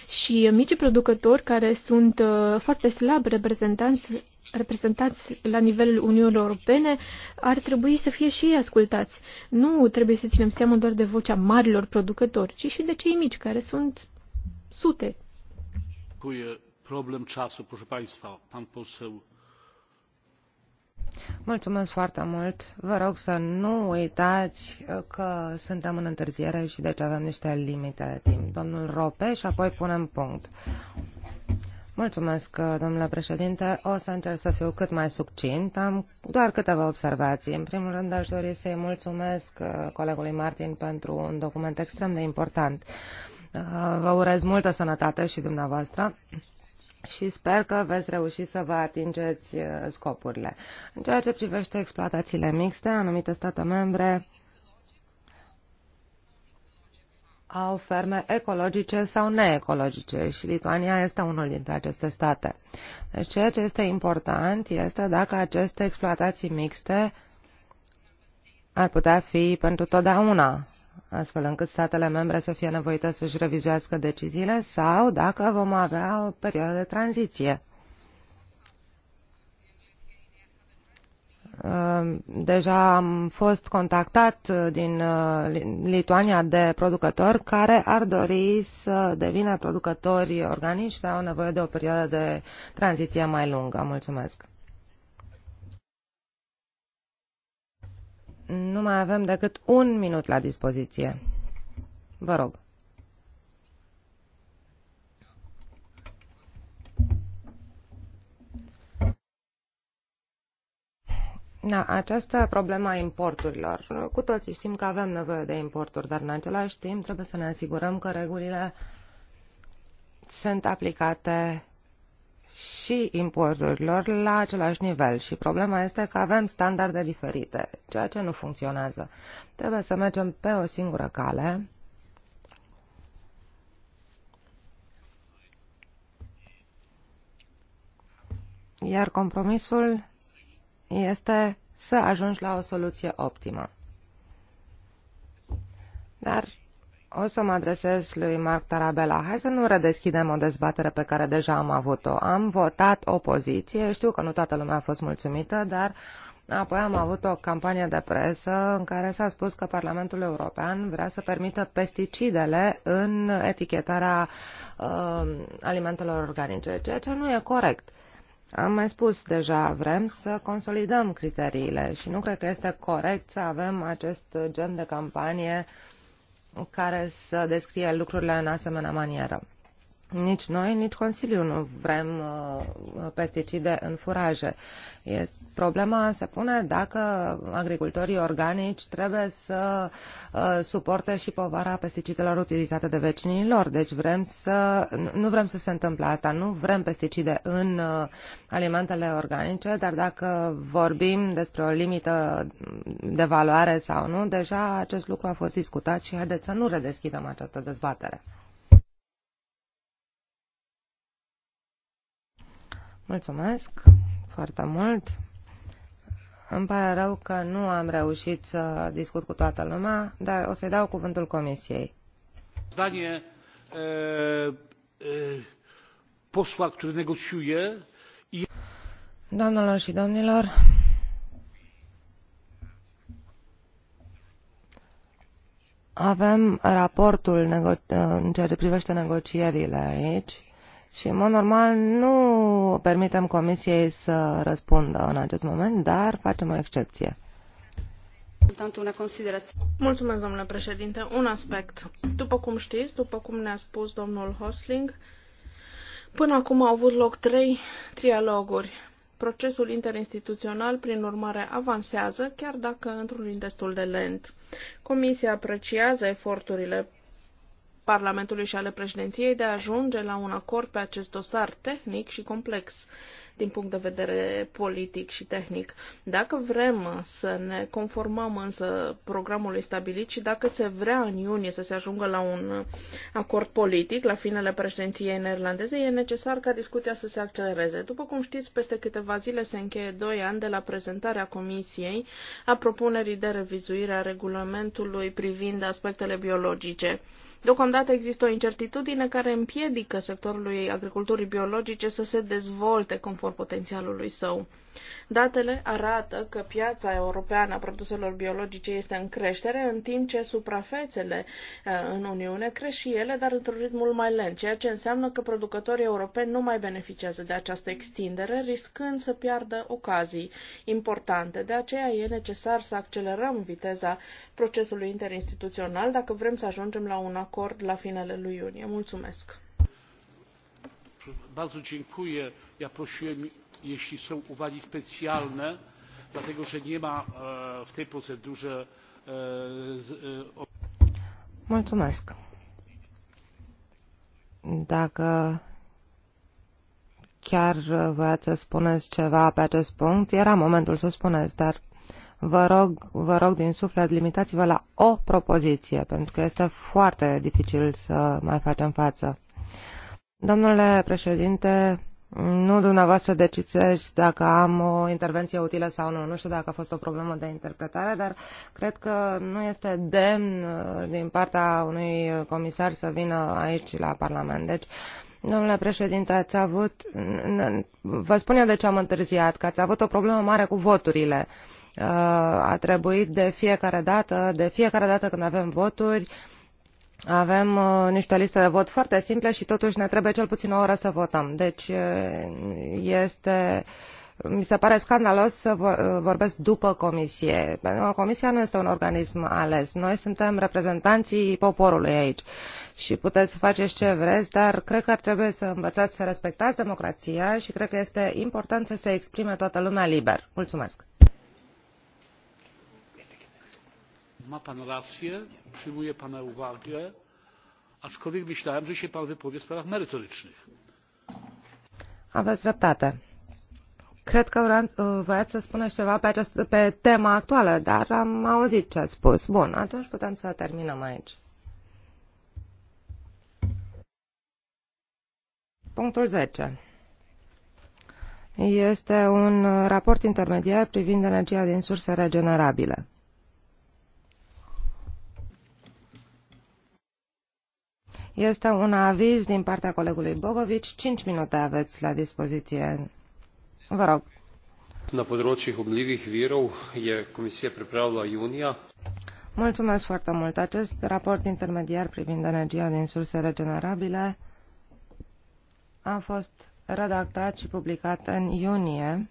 Și micii producători care sunt uh, foarte slab reprezentanți reprezentați la nivelul Uniunii Europene ar trebui să fie și ei ascultați. Nu trebuie să ținem seama doar de vocea marilor producători, ci și de cei mici, care sunt sute. Uh, problem czasu, proszę Państwa. Pan poseł Mulțumesc foarte mult. Vă rog să nu uitați uh, că suntem în întârziere și deci avem niște limite de timp. Domnul Rope și apoi punem punct. Mulțumesc, uh, domnule președinte. O să încerc să fiu cât mai succint. Am doar câteva observații. În primul rând, aș dori să-i mulțumesc uh, colegului Martin pentru un document extrem de important. Vă urez multă sănătate și dumneavoastră și sper că veți reuși să vă atingeți uh, scopurile. În ceea ce privește exploatațiile mixte, anumite state membre au ferme ecologice sau neecologice și Lituania este unul dintre aceste state. Deci ceea ce este important este dacă aceste exploatații mixte ar putea fi pentru totdeauna astfel încât statele membre să fie nevoite să-și revizuiască deciziile sau dacă vom avea o perioadă de tranziție. Deja am fost contactat din uh, Lituania de producători care ar dori să devină producători organici, dar au nevoie de o perioadă de tranziție mai lungă. Mulțumesc! Nu mai avem decât un minut la dispoziție. Vă rog. Da, această problemă a importurilor. Cu toții știm că avem nevoie de importuri, dar în același timp trebuie să ne asigurăm că regulile sunt aplicate și importurilor la același nivel și problema este că avem standarde diferite, ceea ce nu funcționează. Trebuie să mergem pe o singură cale iar compromisul este să ajungi la o soluție optimă. Dar o să mă adresez lui Marc Tarabella. Hai să nu redeschidem o dezbatere pe care deja am avut-o. Am votat opoziție, știu că nu toată lumea a fost mulțumită, dar apoi am avut o campanie de presă în care s-a spus că Parlamentul European vrea să permită pesticidele în etichetarea uh, alimentelor organice, ceea ce nu e corect. Am mai spus deja, vrem să consolidăm criteriile și nu cred că este corect să avem acest gen de campanie uh, care să descrie lucrurile în asemenea manieră. Nici noi, nici Consiliul nu vrem uh, pesticide în furaje. Este, problema se pune dacă agricultorii organici trebuie să uh, suporte și povara pesticidelor utilizate de vecinii lor. Deci vrem să, nu vrem să se întâmple asta. Nu vrem pesticide în uh, alimentele organice, dar dacă vorbim despre o limită de valoare sau nu, deja acest lucru a fost discutat și haideți să nu redeschidem această dezbatere. Mulțumesc foarte mult. Îmi pare rău că nu am reușit să discut cu toată lumea, dar o să-i dau cuvântul Comisiei. Zdanie e, e, posła, który negocjuje i... Doamnelor și domnilor, avem raportul în ceea ce privește negocierile aici și, în mod normal, nu permitem Comisiei să răspundă în acest moment, dar facem o excepție. Mulțumesc, domnule președinte. Un aspect. După cum știți, după cum ne-a spus domnul Hosling, până acum au avut loc trei trialoguri. Procesul interinstituțional, prin urmare, avansează, chiar dacă într-un destul de lent. Comisia apreciază eforturile Parlamentului și ale președinției de a ajunge la un acord pe acest dosar tehnic și complex din punct de vedere politic și tehnic. Dacă vrem să ne conformăm însă programului stabilit și dacă se vrea în iunie să se ajungă la un acord politic la finele președinției neerlandeze, e necesar ca discuția să se accelereze. După cum știți, peste câteva zile se încheie doi ani de la prezentarea Comisiei a propunerii de revizuire a regulamentului privind aspectele biologice. Deocamdată există o incertitudine care împiedică sectorului agriculturii biologice să se dezvolte conform conform potențialului său. Datele arată că piața europeană a produselor biologice este în creștere, în timp ce suprafețele eh, în Uniune cresc și ele, dar într-un ritm mult mai lent, ceea ce înseamnă că producătorii europeni nu mai beneficiază de această extindere, riscând să piardă ocazii importante. De aceea e necesar să accelerăm viteza procesului interinstituțional dacă vrem să ajungem la un acord la finele lui iunie. Mulțumesc! bardzo dziękuję. ja prosiłem jeśli są uwagi specjalne dlatego że nie ma w tej procedurze Mulțumesc. Dacă chiar voiați să spuneți ceva pe acest punct, era momentul să spuneți, dar vă rog, vă rog din suflet, limitați-vă la o propoziție, pentru că este foarte dificil să mai facem față. Domnule președinte, nu dumneavoastră decideți dacă am o intervenție utilă sau nu. Nu știu dacă a fost o problemă de interpretare, dar cred că nu este demn uh, din partea unui comisar să vină aici la Parlament. Deci, Domnule președinte, ați avut, vă spun eu de ce am întârziat, că ați avut o problemă mare cu voturile. Uh, a trebuit de fiecare dată, de fiecare dată când avem voturi, avem uh, niște liste de vot foarte simple și totuși ne trebuie cel puțin o oră să votăm. Deci uh, este, mi se pare scandalos să uh, vorbesc după comisie, pentru că comisia nu este un organism ales. Noi suntem reprezentanții poporului aici și puteți să faceți ce vreți, dar cred că ar trebui să învățați să respectați democrația și cred că este important să se exprime toată lumea liber. Mulțumesc! ma pan rację przyjmuję pana uwagę aczkolwiek myślałem że się pan wypowie w sprawach merytorycznych. aveți dreptate. Cred că voiați să spuneți ceva pe, această, pe tema actuală, dar am auzit ce ați spus. Bun, atunci putem să terminăm aici. Punctul 10. Este un raport intermediar privind energia din surse regenerabile. Este un aviz din partea colegului Bogovici. cinci minute aveți la dispoziție. Vă rog. Na področjih obljivih virov je komisija pripravila junija. Mulțumesc foarte mult. Acest raport intermediar privind energia din surse regenerabile a fost redactat și publicat în iunie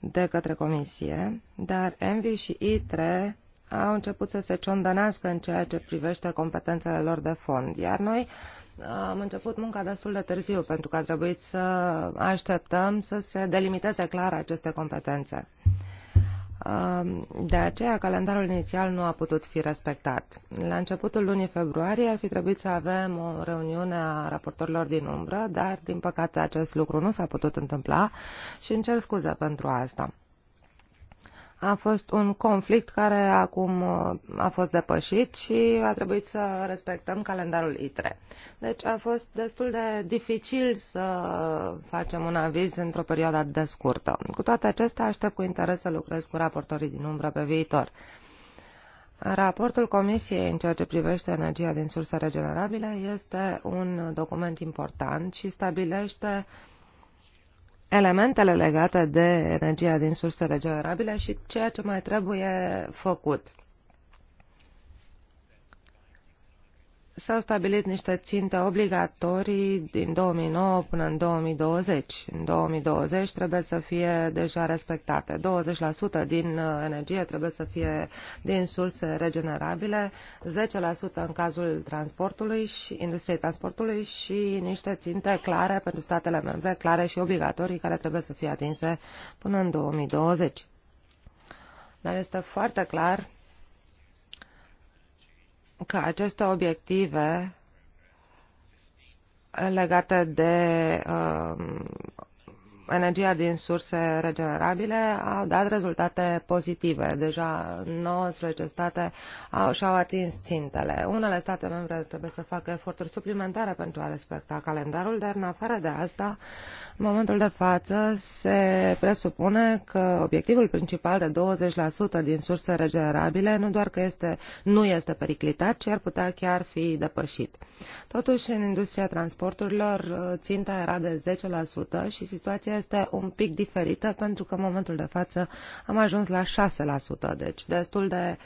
de către Comisie, dar Envi și ITRE au început să se ciondănească în ceea ce privește competențele lor de fond, iar noi uh, am început munca destul de târziu pentru că a trebuit să așteptăm să se delimiteze clar aceste competențe. Uh, de aceea, calendarul inițial nu a putut fi respectat. La începutul lunii februarie ar fi trebuit să avem o reuniune a raportorilor din umbră, dar, din păcate, acest lucru nu s-a putut întâmpla și îmi cer scuze pentru asta. A fost un conflict care acum uh, a fost depășit și a trebuit să respectăm calendarul ITRE. Deci a fost destul de dificil să facem un aviz într-o perioadă de scurtă. Cu toate acestea, aștept cu interes să lucrez cu raportorii din umbră pe viitor. Raportul Comisiei în ceea ce privește energia din surse regenerabile este un document important și stabilește uh, elementele legate de energia din surse regenerabile și ceea ce mai trebuie făcut. s-au stabilit niște ținte obligatorii din 2009 până în 2020. În 2020 trebuie să fie deja respectate. 20% din uh, energie trebuie să fie din surse regenerabile, 10% în cazul transportului și industriei transportului și niște ținte clare pentru statele membre, clare și obligatorii, care trebuie să fie atinse până în 2020. Dar este foarte clar că aceste obiective legate de uh, energia din surse regenerabile au dat rezultate pozitive. Deja 19 state au, și-au atins țintele. Unele state membre trebuie să facă eforturi suplimentare pentru a respecta calendarul, dar în afară de asta, în momentul de față, se presupune că obiectivul principal de 20% din surse regenerabile nu doar că este, nu este periclitat, ci ar putea chiar fi depășit. Totuși, în industria transporturilor, ținta era de 10% și situația este un pic diferită pentru că în momentul de față am ajuns la 6%, deci destul de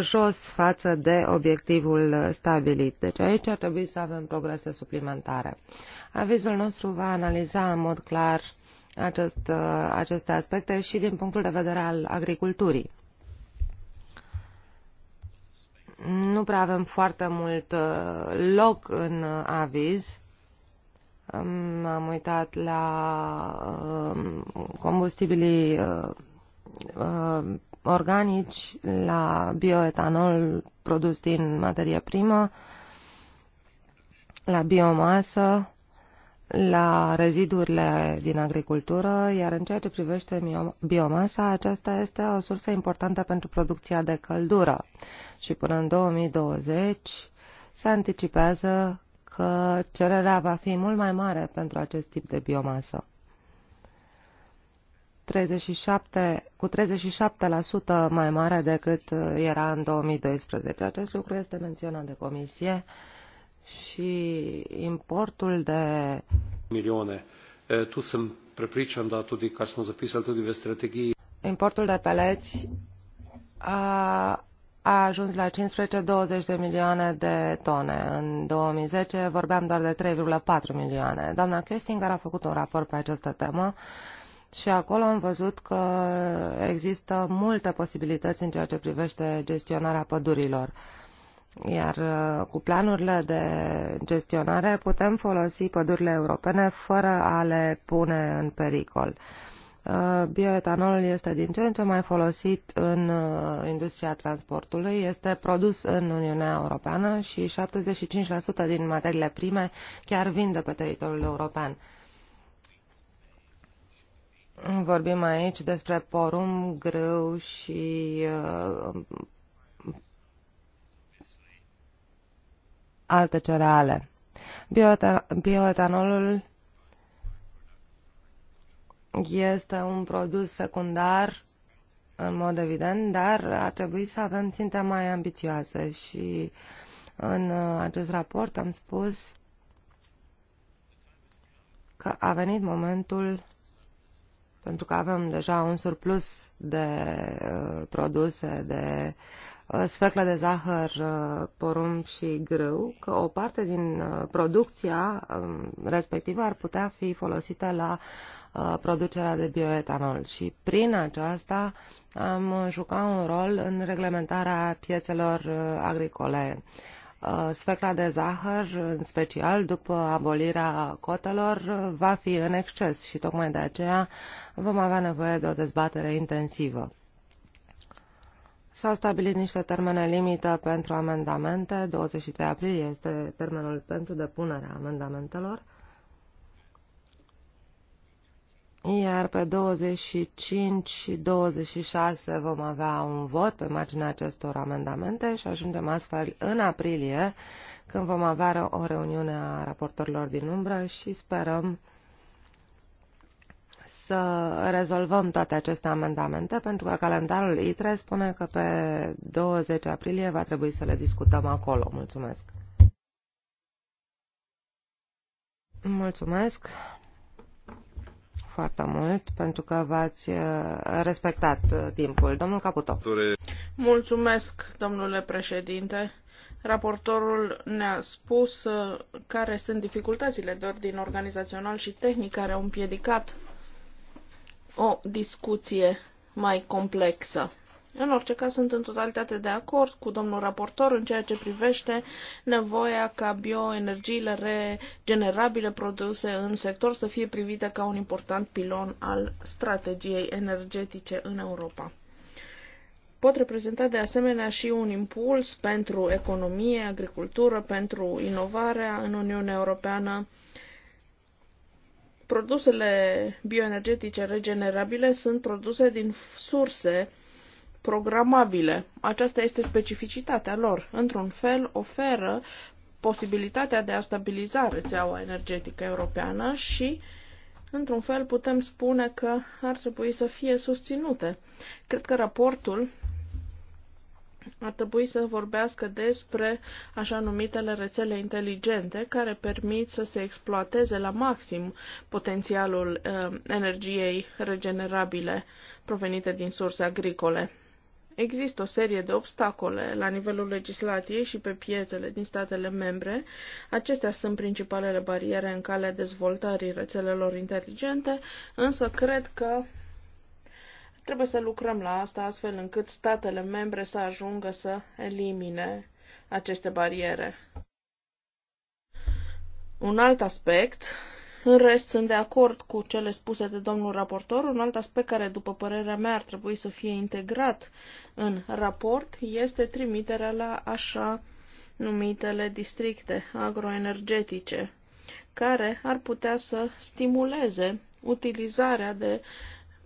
jos față de obiectivul stabilit. Deci aici ar trebui să avem progrese suplimentare. Avizul nostru va analiza în mod clar acest, aceste aspecte și din punctul de vedere al agriculturii. Nu prea avem foarte mult uh, loc în uh, aviz M-am uitat la um, combustibilii uh, uh, organici, la bioetanol produs din materie primă, la biomasă, la rezidurile din agricultură, iar în ceea ce privește biomasa, aceasta este o sursă importantă pentru producția de căldură și până în 2020 se anticipează că cererea va fi mult mai mare pentru acest tip de biomasă. 37, cu 37% mai mare decât uh, era în 2012. Acest lucru este menționat de comisie și importul de milioane. Tu sunt dar da tudi, kar smo zapisă, tudi de strategii. Importul de peleți a a ajuns la 15-20 de milioane de tone. În 2010 vorbeam doar de 3,4 milioane. Doamna Köstinger a făcut un raport pe această temă și acolo am văzut că există multe posibilități în ceea ce privește gestionarea pădurilor. Iar uh, cu planurile de gestionare putem folosi pădurile europene fără a le pune în pericol. Uh, Uh, bioetanolul este din ce în ce mai folosit în uh, industria transportului, este produs în Uniunea Europeană și 75% din materiile prime chiar vin de pe teritoriul european. Vorbim aici despre porum, grâu și uh, alte cereale. Bioetanolul este un produs secundar, în mod evident, dar ar trebui să avem ținte mai ambițioase și în uh, acest raport am spus că a venit momentul pentru că avem deja un surplus de uh, produse, de uh, Uh, sfeclă de zahăr, uh, porumb și grâu, că o parte din uh, producția um, respectivă ar putea fi folosită la producerea de bioetanol și prin aceasta am jucat un rol în reglementarea piețelor agricole. Sfecla de zahăr, în special după abolirea cotelor, va fi în exces și tocmai de aceea vom avea nevoie de o dezbatere intensivă. S-au stabilit niște termene limită pentru amendamente. 23 aprilie este termenul pentru depunerea amendamentelor. Iar pe 25 și 26 vom avea un vot pe marginea acestor amendamente și ajungem astfel în aprilie, când vom avea o reuniune a raportorilor din umbră și sperăm să rezolvăm toate aceste amendamente, pentru că calendarul ITRE spune că pe 20 aprilie va trebui să le discutăm acolo. Mulțumesc! Mulțumesc foarte mult pentru că v-ați uh, respectat uh, timpul. Domnul Caputo. Mulțumesc, domnule președinte. Raportorul ne-a spus uh, care sunt dificultățile de ordin organizațional și tehnic care au împiedicat o discuție mai complexă. În orice caz, sunt în totalitate de acord cu domnul raportor în ceea ce privește nevoia ca bioenergiile regenerabile produse în sector să fie privite ca un important pilon al strategiei energetice în Europa. Pot reprezenta de asemenea și un impuls pentru economie, agricultură, pentru inovarea în Uniunea Europeană Produsele bioenergetice regenerabile sunt produse din surse programabile. Aceasta este specificitatea lor. Într-un fel, oferă posibilitatea de a stabiliza rețeaua energetică europeană și, într-un fel, putem spune că ar trebui să fie susținute. Cred că raportul ar trebui să vorbească despre așa numitele rețele inteligente care permit să se exploateze la maxim potențialul uh, energiei regenerabile provenite din surse agricole. Există o serie de obstacole la nivelul legislației și pe piețele din statele membre. Acestea sunt principalele bariere în calea dezvoltării rețelelor inteligente, însă cred că Trebuie să lucrăm la asta astfel încât statele membre să ajungă să elimine aceste bariere. Un alt aspect, în rest sunt de acord cu cele spuse de domnul raportor, un alt aspect care, după părerea mea, ar trebui să fie integrat în raport este trimiterea la așa numitele districte agroenergetice, care ar putea să stimuleze utilizarea de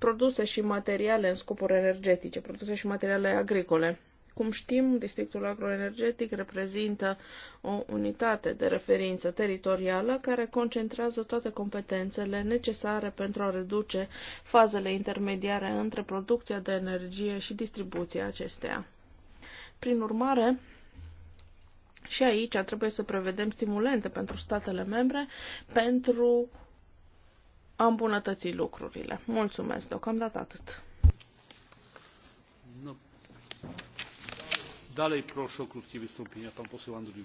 produse și materiale în scopuri energetice, produse și materiale agricole. Cum știm, districtul agroenergetic reprezintă o unitate de referință teritorială care concentrează toate competențele necesare pentru a reduce fazele intermediare între producția de energie și distribuția acesteia. Prin urmare, și aici trebuie să prevedem stimulente pentru statele membre pentru a îmbunătăți lucrurile. Mulțumesc, deocamdată atât. No. Dalej proszę o krótkie wystąpienie. pan poseł Andriu.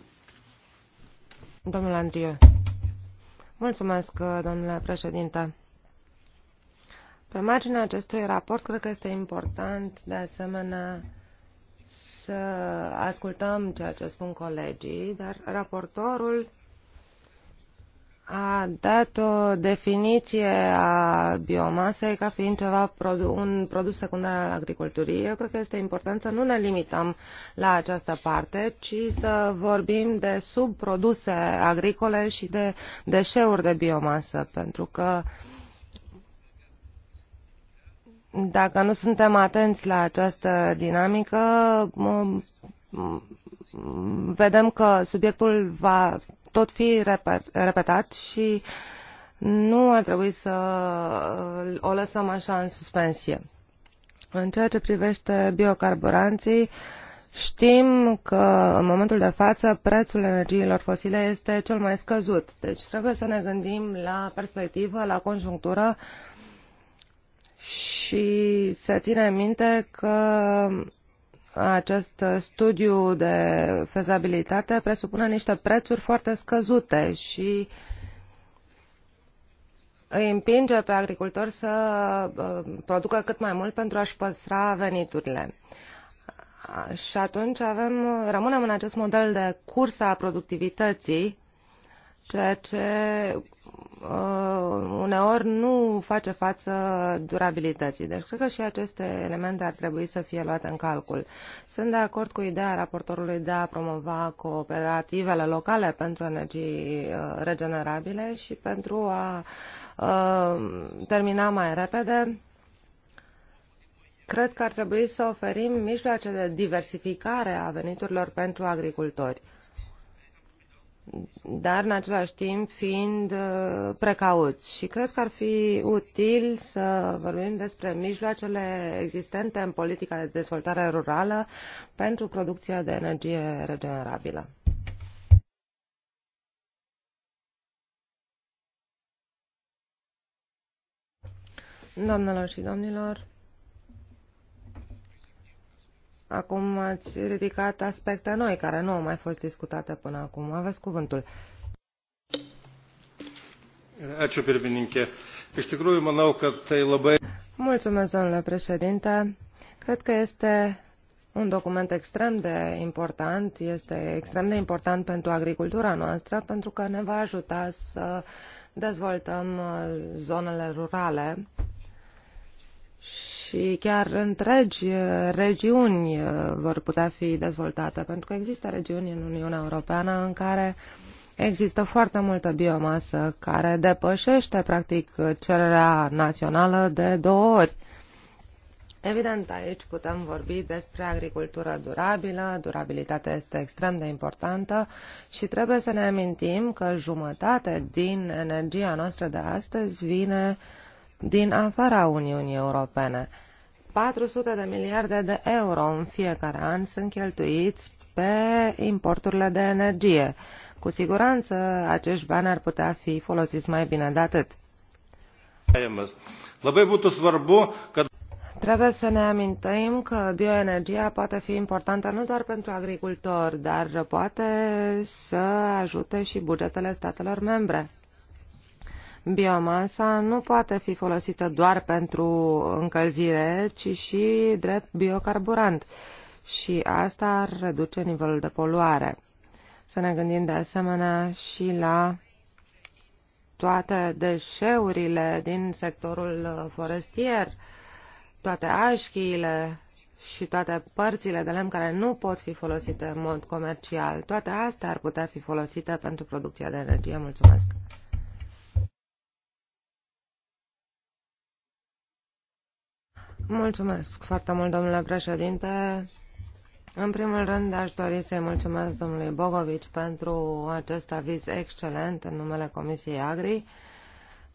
Domnul Andriu. Mulțumesc, domnule președinte. Pe marginea acestui raport, cred că este important, de asemenea, să ascultăm ceea ce spun colegii, dar raportorul a dat o definiție a biomasei ca fiind ceva produ- un produs secundar al agriculturii. Eu cred că este important să nu ne limităm la această parte, ci să vorbim de subproduse agricole și de deșeuri de biomasă, pentru că dacă nu suntem atenți la această dinamică, vedem că subiectul va tot fi repetat și nu ar trebui să uh, o lăsăm așa în suspensie. În ceea ce privește biocarburanții, știm că în momentul de față prețul energiilor fosile este cel mai scăzut. Deci trebuie să ne gândim la perspectivă, la conjunctură și să ținem minte că acest studiu de fezabilitate presupune niște prețuri foarte scăzute și îi împinge pe agricultori să uh, producă cât mai mult pentru a-și păstra veniturile. Și atunci avem, rămânem în acest model de cursă a productivității ceea ce uh, uneori nu face față durabilității. Deci cred că și aceste elemente ar trebui să fie luate în calcul. Sunt de acord cu ideea raportorului de a promova cooperativele locale pentru energii uh, regenerabile și pentru a uh, termina mai repede Cred că ar trebui să oferim mijloace de diversificare a veniturilor pentru agricultori dar în același timp fiind uh, precauți. Și cred că ar fi util să vorbim despre mijloacele existente în politica de dezvoltare rurală pentru producția de energie regenerabilă. Doamnelor și domnilor, Acum ați ridicat aspecte noi care nu au mai fost discutate până acum. Aveți cuvântul. Ačiū pirmininkė. Iš tikrųjų, manau, kad tai labai. Mulțumesc, domnule președinte. Cred că este un document extrem de important, este extrem de important pentru agricultura noastră, pentru că ne va ajuta să dezvoltăm uh, zonele rurale și chiar întregi eh, regiuni eh, vor putea fi dezvoltate, pentru că există regiuni în Uniunea Europeană în care există foarte multă biomasă care depășește practic cererea națională de două ori. Evident, aici putem vorbi despre agricultură durabilă, durabilitatea este extrem de importantă și trebuie să ne amintim că jumătate din energia noastră de astăzi vine uh, din afara Uniunii Europene. 400 de miliarde de euro în fiecare an sunt cheltuiți pe importurile de energie. Cu siguranță acești bani ar putea fi folosiți mai bine de atât. Trebuie să ne amintim că bioenergia poate fi importantă nu doar pentru agricultori, dar poate să ajute și bugetele statelor membre biomasa nu poate fi folosită doar pentru încălzire, ci și drept biocarburant și asta ar reduce nivelul de poluare. Să ne gândim de asemenea și la toate deșeurile din sectorul forestier, toate așchiile și toate părțile de lemn care nu pot fi folosite în mod comercial. Toate astea ar putea fi folosite pentru producția de energie. Mulțumesc! Mulțumesc foarte mult, domnule președinte. În primul rând, aș dori să-i mulțumesc domnului Bogovici pentru acest aviz excelent în numele Comisiei Agri.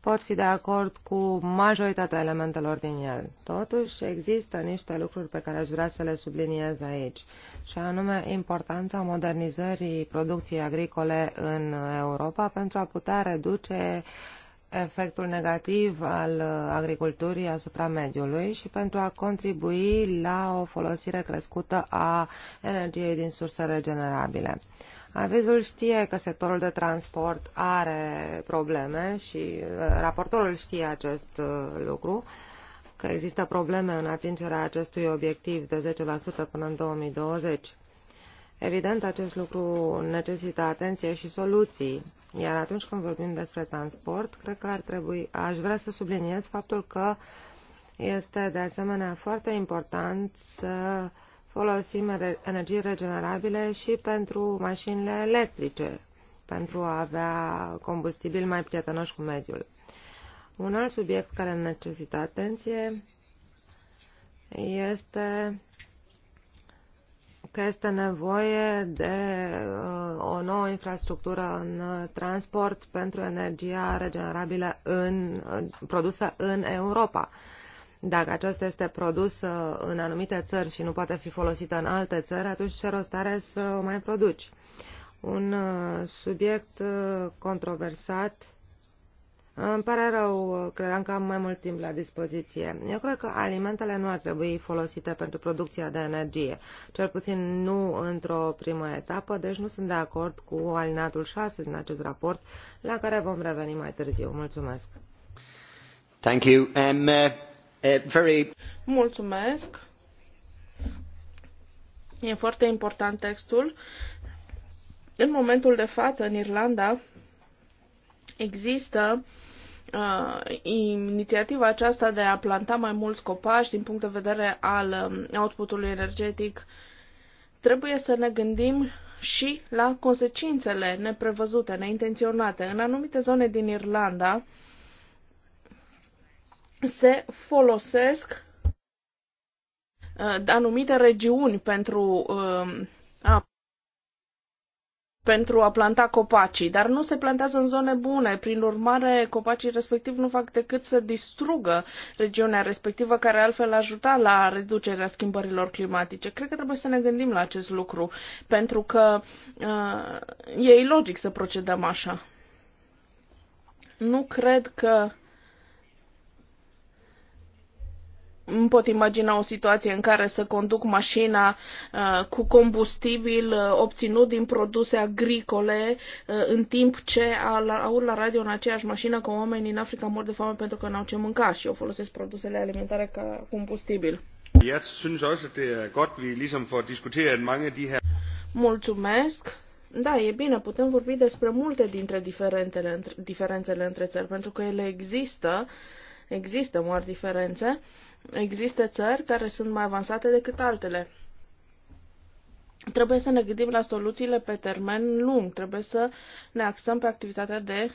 Pot fi de acord cu majoritatea elementelor din el. Totuși, există niște lucruri pe care aș vrea să le subliniez aici, și anume importanța modernizării producției agricole în Europa pentru a putea reduce uh, efectul negativ al uh, agriculturii asupra mediului și pentru a contribui la o folosire crescută a energiei din surse regenerabile. Avizul știe că sectorul de transport are probleme și uh, raportorul știe acest uh, lucru, că există probleme în atingerea acestui obiectiv de 10% până în 2020. Evident, acest lucru necesită atenție și soluții, iar atunci când vorbim despre transport, cred că ar trebui, aș vrea să subliniez faptul că este de asemenea foarte important să folosim energii regenerabile și pentru mașinile electrice, pentru a avea combustibil mai prietenoși cu mediul. Un alt subiect care necesită atenție este că este nevoie de uh, o nouă infrastructură în uh, transport pentru energia regenerabilă în, uh, produsă în Europa. Dacă aceasta este produsă în anumite țări și nu poate fi folosită în alte țări, atunci ce rost are să o mai produci? Un subiect controversat îmi pare rău, credeam că am mai mult timp la dispoziție. Eu cred că alimentele nu ar trebui folosite pentru producția de energie, cel puțin nu într-o primă etapă, deci nu sunt de acord cu alinatul 6 din acest raport, la care vom reveni mai târziu. Mulțumesc! Thank you. Um, uh, uh, very... Mulțumesc! E foarte important textul. În momentul de față, în Irlanda, Există uh, inițiativa aceasta de a planta mai mulți copaci din punct de vedere al um, outputului energetic. Trebuie să ne gândim și la consecințele neprevăzute, neintenționate. În anumite zone din Irlanda se folosesc uh, anumite regiuni pentru uh, um, a pentru a planta copacii, dar nu se plantează în zone bune. Prin urmare, copacii respectiv nu fac decât să distrugă regiunea respectivă, care altfel ajuta la reducerea schimbărilor climatice. Cred că trebuie să ne gândim la acest lucru, pentru că uh, e ilogic să procedăm așa. Nu cred că îmi pot imagina o situație în care să conduc mașina uh, cu combustibil uh, obținut din produse agricole, uh, în timp ce au la radio în aceeași mașină că oamenii în Africa mor de foame pentru că n-au ce mânca și eu folosesc produsele alimentare ca combustibil. Er Mulțumesc! Da, e bine, putem vorbi despre multe dintre diferentele, între, diferențele între țări, pentru că ele există, există mari diferențe Există țări care sunt mai avansate decât altele. Trebuie să ne gândim la soluțiile pe termen lung, trebuie să ne axăm pe activitatea de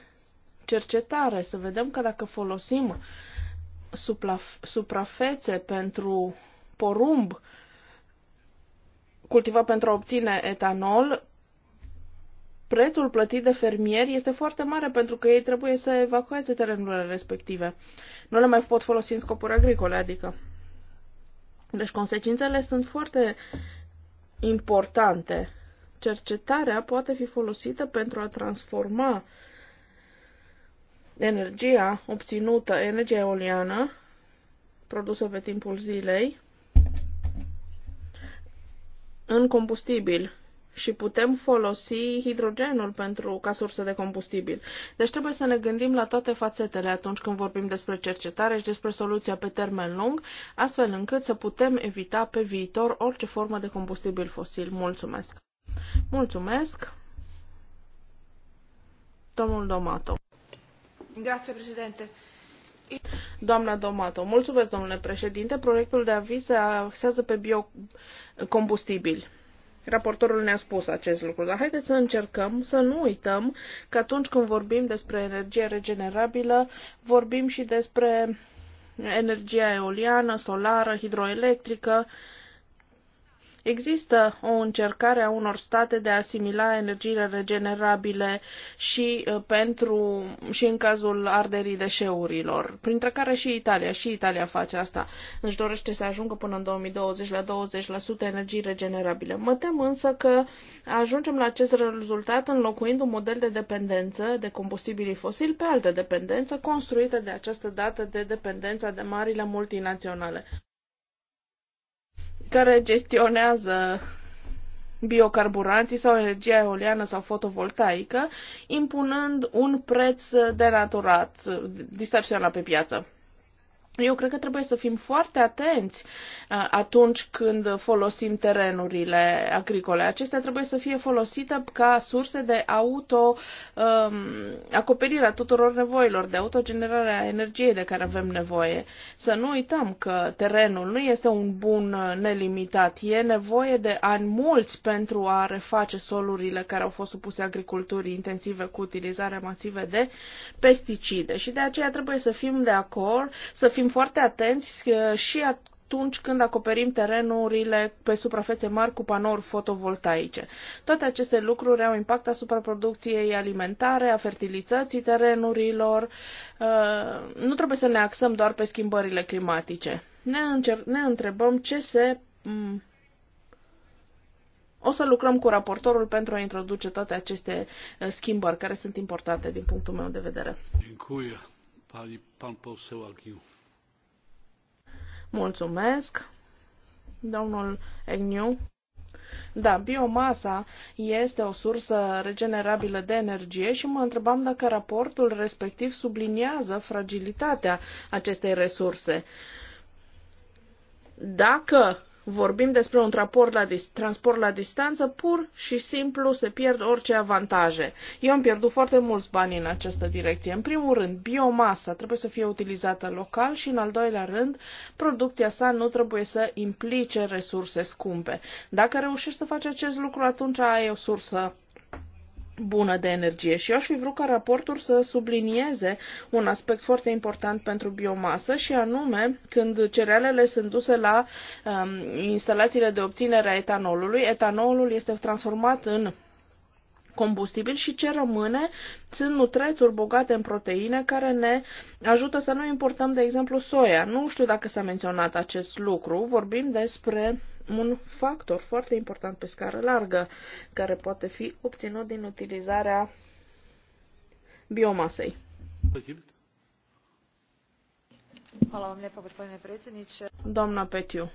cercetare, să vedem că dacă folosim suprafețe pentru porumb cultivat pentru a obține etanol, prețul plătit de fermieri este foarte mare pentru că ei trebuie să evacueze terenurile respective. Nu le mai pot folosi în scopuri agricole, adică. Deci consecințele sunt foarte importante. Cercetarea poate fi folosită pentru a transforma energia obținută, energia eoliană, produsă pe timpul zilei, în combustibil și putem folosi hidrogenul pentru, ca sursă de combustibil. Deci trebuie să ne gândim la toate fațetele atunci când vorbim despre cercetare și despre soluția pe termen lung, astfel încât să putem evita pe viitor orice formă de combustibil fosil. Mulțumesc! Mulțumesc! Domnul Domato. Grazie, președinte. Doamna Domato, mulțumesc, domnule președinte. Proiectul de aviz se axează pe biocombustibili. Raportorul ne-a spus acest lucru, dar haideți să încercăm să nu uităm că atunci când vorbim despre energie regenerabilă, vorbim și despre energia eoliană, solară, hidroelectrică, uh, Există o încercare a unor state de a asimila energiile regenerabile și, uh, pentru, și în cazul arderii deșeurilor, printre care și Italia. Și Italia face asta. Își dorește să ajungă până în 2020 la 20% energii regenerabile. Mă tem însă că ajungem la acest rezultat înlocuind un model de dependență de combustibilii fosili pe altă dependență construită de această dată de dependența de marile multinaționale care gestionează biocarburanții sau energia eoliană sau fotovoltaică, impunând un preț denaturat, distorsionat pe piață. Eu cred că trebuie să fim foarte atenți uh, atunci când folosim terenurile agricole. Acestea trebuie să fie folosite ca surse de auto um, acoperirea tuturor nevoilor, de autogenerare a energiei de care avem nevoie. Să nu uităm că terenul nu este un bun uh, nelimitat. E nevoie de ani mulți pentru a reface solurile care au fost supuse agriculturii intensive cu utilizarea masivă de pesticide. Și de aceea trebuie să fim de acord, să fim fim foarte atenți uh, și atunci când acoperim terenurile pe suprafețe mari cu panouri fotovoltaice. Toate aceste lucruri au impact asupra producției alimentare, a fertilității terenurilor. Uh, nu trebuie să ne axăm doar pe schimbările climatice. Ne, ne întrebăm ce se mm, o să lucrăm cu raportorul pentru a introduce toate aceste uh, schimbări care sunt importante din punctul meu de vedere. Dziękuję. Pani, pan poseł Mulțumesc, domnul Egniu. Da, biomasa este o sursă regenerabilă de energie și mă întrebam dacă raportul respectiv subliniază fragilitatea acestei resurse. Dacă vorbim despre un transport la dis- transport la distanță, pur și simplu se pierd orice avantaje. Eu am pierdut foarte mulți bani în această direcție. În primul rând, biomasa trebuie să fie utilizată local și, în al doilea rând, producția sa nu trebuie să implice resurse scumpe. Dacă reușești să faci acest lucru, atunci ai o sursă bună de energie și eu aș fi vrut ca raportul să sublinieze un aspect foarte important pentru biomasă și anume când cerealele sunt duse la um, instalațiile de obținere a etanolului, etanolul este transformat în combustibil și ce rămâne sunt nutrețuri bogate în proteine care ne ajută să nu importăm, de exemplu, soia. Nu știu dacă s-a menționat acest lucru, vorbim despre un factor foarte important pe scară largă, care poate fi obținut din utilizarea biomasei. Doamna Petiu.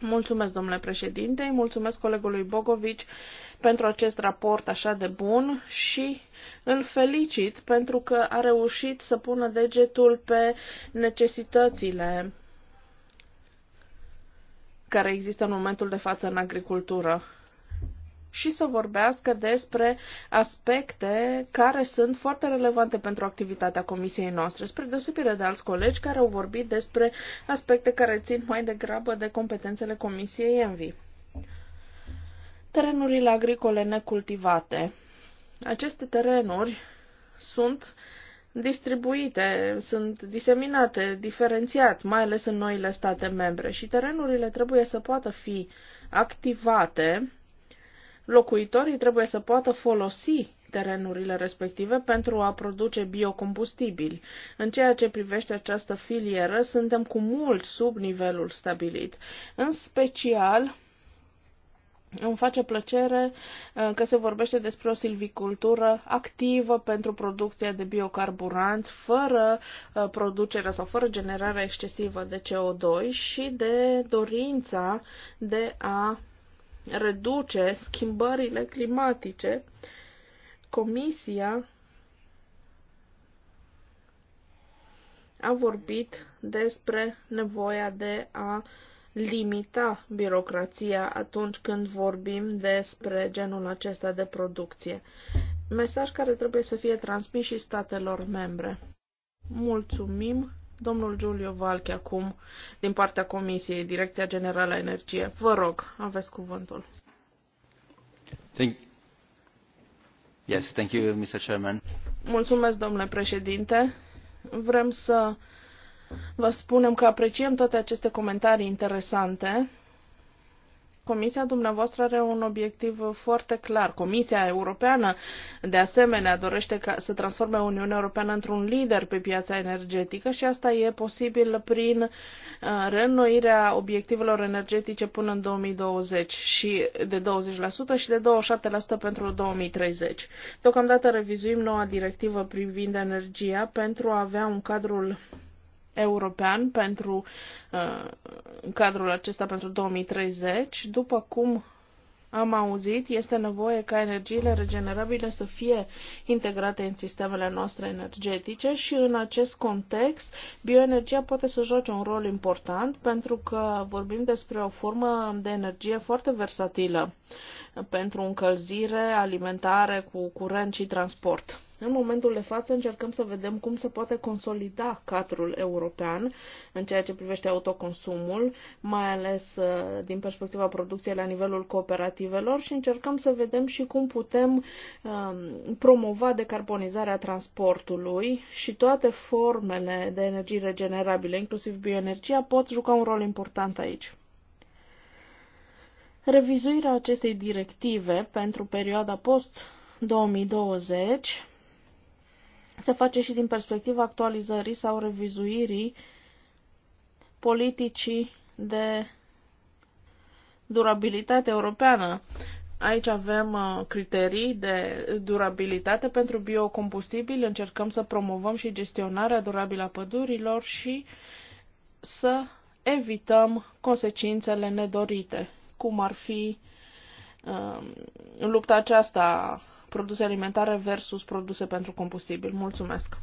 Mulțumesc, domnule președinte, mulțumesc colegului Bogovici pentru acest raport așa de bun și îl felicit pentru că a reușit să pună degetul pe necesitățile care există în momentul de față în agricultură și să vorbească despre aspecte care sunt foarte relevante pentru activitatea comisiei noastre, spre deosebire de alți colegi care au vorbit despre aspecte care țin mai degrabă de competențele comisiei ENVI. Terenurile agricole necultivate. Aceste terenuri sunt uh, distribuite, sunt diseminate, diferențiat, mai ales în noile state membre și terenurile trebuie să poată fi activate, locuitorii trebuie să poată folosi terenurile respective pentru a produce biocombustibili. În ceea ce privește această filieră, suntem cu mult sub nivelul stabilit, în special îmi face plăcere uh, că se vorbește despre o silvicultură activă pentru producția de biocarburanți, fără uh, producerea sau fără generarea excesivă de CO2 și de dorința de a reduce schimbările climatice. Comisia a vorbit despre nevoia de a uh, limita birocrația atunci când vorbim despre genul acesta de producție. Mesaj care trebuie să fie transmis și statelor membre. Mulțumim! Domnul Giulio Valchi acum, din partea Comisiei, Direcția Generală a Energie. Vă rog, aveți cuvântul. Thank yes, thank you, Mr. Chairman. Mulțumesc, domnule președinte. Vrem să Vă spunem că apreciem toate aceste comentarii interesante. Comisia dumneavoastră are un obiectiv foarte clar. Comisia Europeană, de asemenea, dorește ca să transforme Uniunea Europeană într-un lider pe piața energetică și asta e posibil prin uh, reînnoirea obiectivelor energetice până în 2020 și de 20% și de 27% pentru 2030. Deocamdată revizuim noua directivă privind energia pentru a avea un cadrul european pentru, uh, în cadrul acesta pentru 2030. După cum am auzit, este nevoie ca energiile regenerabile să fie integrate în sistemele noastre energetice și în acest context bioenergia poate să joace un rol important pentru că vorbim despre o formă de energie foarte versatilă pentru încălzire, alimentare cu curent și transport. În momentul de față încercăm să vedem cum se poate consolida cadrul european în ceea ce privește autoconsumul, mai ales uh, din perspectiva producției la nivelul cooperativelor și încercăm să vedem și cum putem um, promova decarbonizarea transportului și toate formele de energii regenerabile, inclusiv bioenergia, pot juca un rol important aici. Revizuirea acestei directive pentru perioada post-2020 se face și din perspectiva actualizării sau revizuirii politicii de durabilitate europeană. Aici avem uh, criterii de durabilitate pentru biocombustibili, încercăm să promovăm și gestionarea durabilă a pădurilor și să evităm consecințele nedorite cum ar fi uh, lupta aceasta produse alimentare versus produse pentru combustibil. Mulțumesc!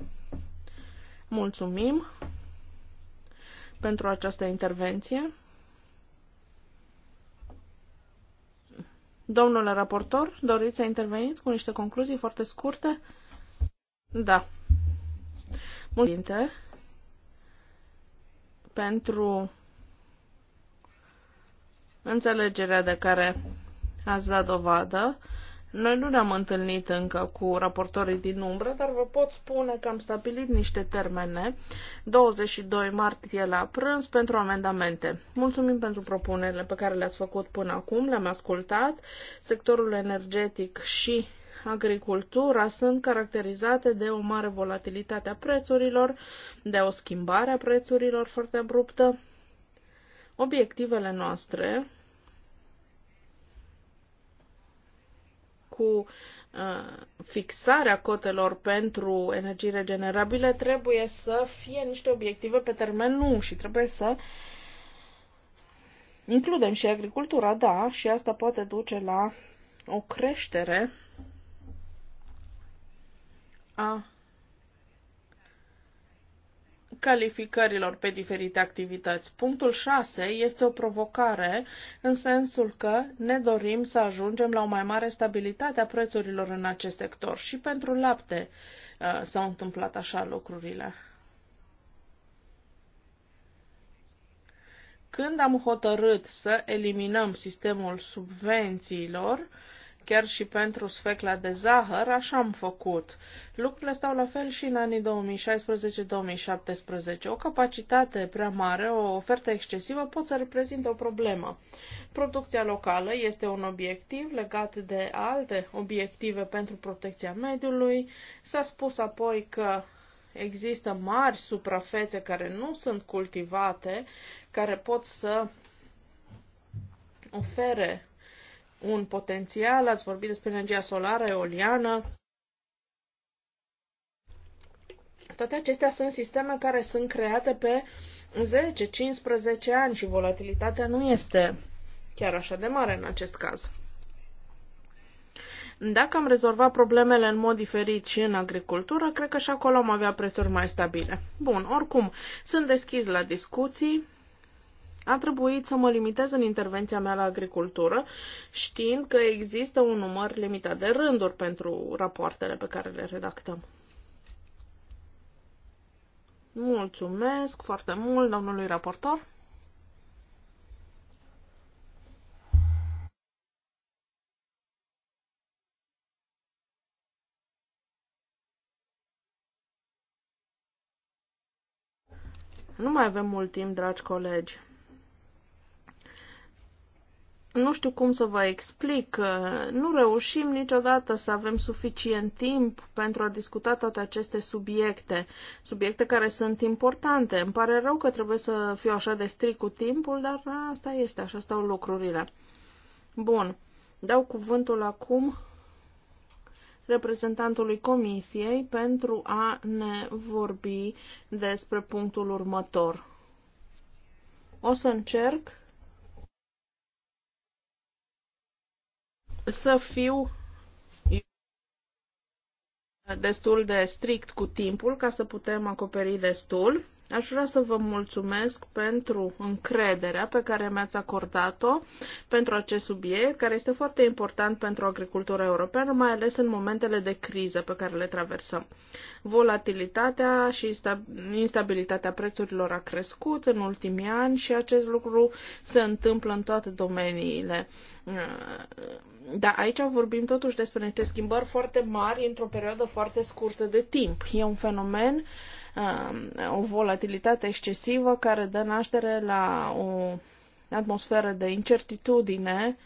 Mulțumim pentru această intervenție. Domnule raportor, doriți să interveniți cu niște concluzii foarte scurte? Da. Mulțumim pentru înțelegerea de care ați dat dovadă. Noi nu ne-am întâlnit încă cu raportorii din umbră, dar vă pot spune că am stabilit niște termene, 22 martie la prânz, pentru amendamente. Mulțumim pentru propunerile pe care le-ați făcut până acum, le-am ascultat. Sectorul energetic și agricultura sunt caracterizate de o mare volatilitate a prețurilor, de o schimbare a prețurilor foarte abruptă, Obiectivele noastre cu uh, fixarea cotelor pentru energii regenerabile trebuie să fie niște obiective pe termen lung și trebuie să includem și agricultura, da, și asta poate duce la o creștere a calificărilor pe diferite activități. Punctul 6 este o provocare în sensul că ne dorim să ajungem la o mai mare stabilitate a prețurilor în acest sector și pentru lapte uh, s-au întâmplat așa lucrurile. Când am hotărât să eliminăm sistemul subvențiilor, uh, Chiar și pentru sfecla de zahăr, așa am făcut. Lucrurile stau la fel și în anii 2016-2017. O capacitate prea mare, o ofertă excesivă pot să reprezinte o problemă. Producția locală este un obiectiv legat de alte obiective pentru protecția mediului. S-a spus apoi că există mari suprafețe care nu sunt cultivate, care pot să ofere un potențial, ați vorbit despre energia solară, eoliană. Toate acestea sunt sisteme care sunt create pe 10-15 ani și volatilitatea nu este chiar așa de mare în acest caz. Dacă am rezolvat problemele în mod diferit și în agricultură, cred că și acolo am avea prețuri mai stabile. Bun, oricum, sunt deschis la discuții, a trebuit să mă limitez în intervenția mea la agricultură, știind că există un număr limitat de rânduri pentru rapoartele pe care le redactăm. Mulțumesc foarte mult, domnului raportor. Nu mai avem mult timp, dragi colegi nu știu cum să vă explic, nu reușim niciodată să avem suficient timp pentru a discuta toate aceste subiecte, subiecte care sunt importante. Îmi pare rău că trebuie să fiu așa de strict cu timpul, dar asta este, așa stau lucrurile. Bun, dau cuvântul acum reprezentantului Comisiei pentru a ne vorbi despre punctul următor. O să încerc să fiu destul de strict cu timpul ca să putem acoperi destul. Aș vrea să vă mulțumesc pentru încrederea pe care mi-ați acordat-o pentru acest subiect, care este foarte important pentru agricultura europeană, mai ales în momentele de criză pe care le traversăm. Volatilitatea și instabilitatea prețurilor a crescut în ultimii ani și acest lucru se întâmplă în toate domeniile. Dar aici vorbim totuși despre niște schimbări foarte mari într-o perioadă foarte scurtă de timp. E un fenomen uh, Um, o volatilitate excesivă care dă naștere la o atmosferă de incertitudine.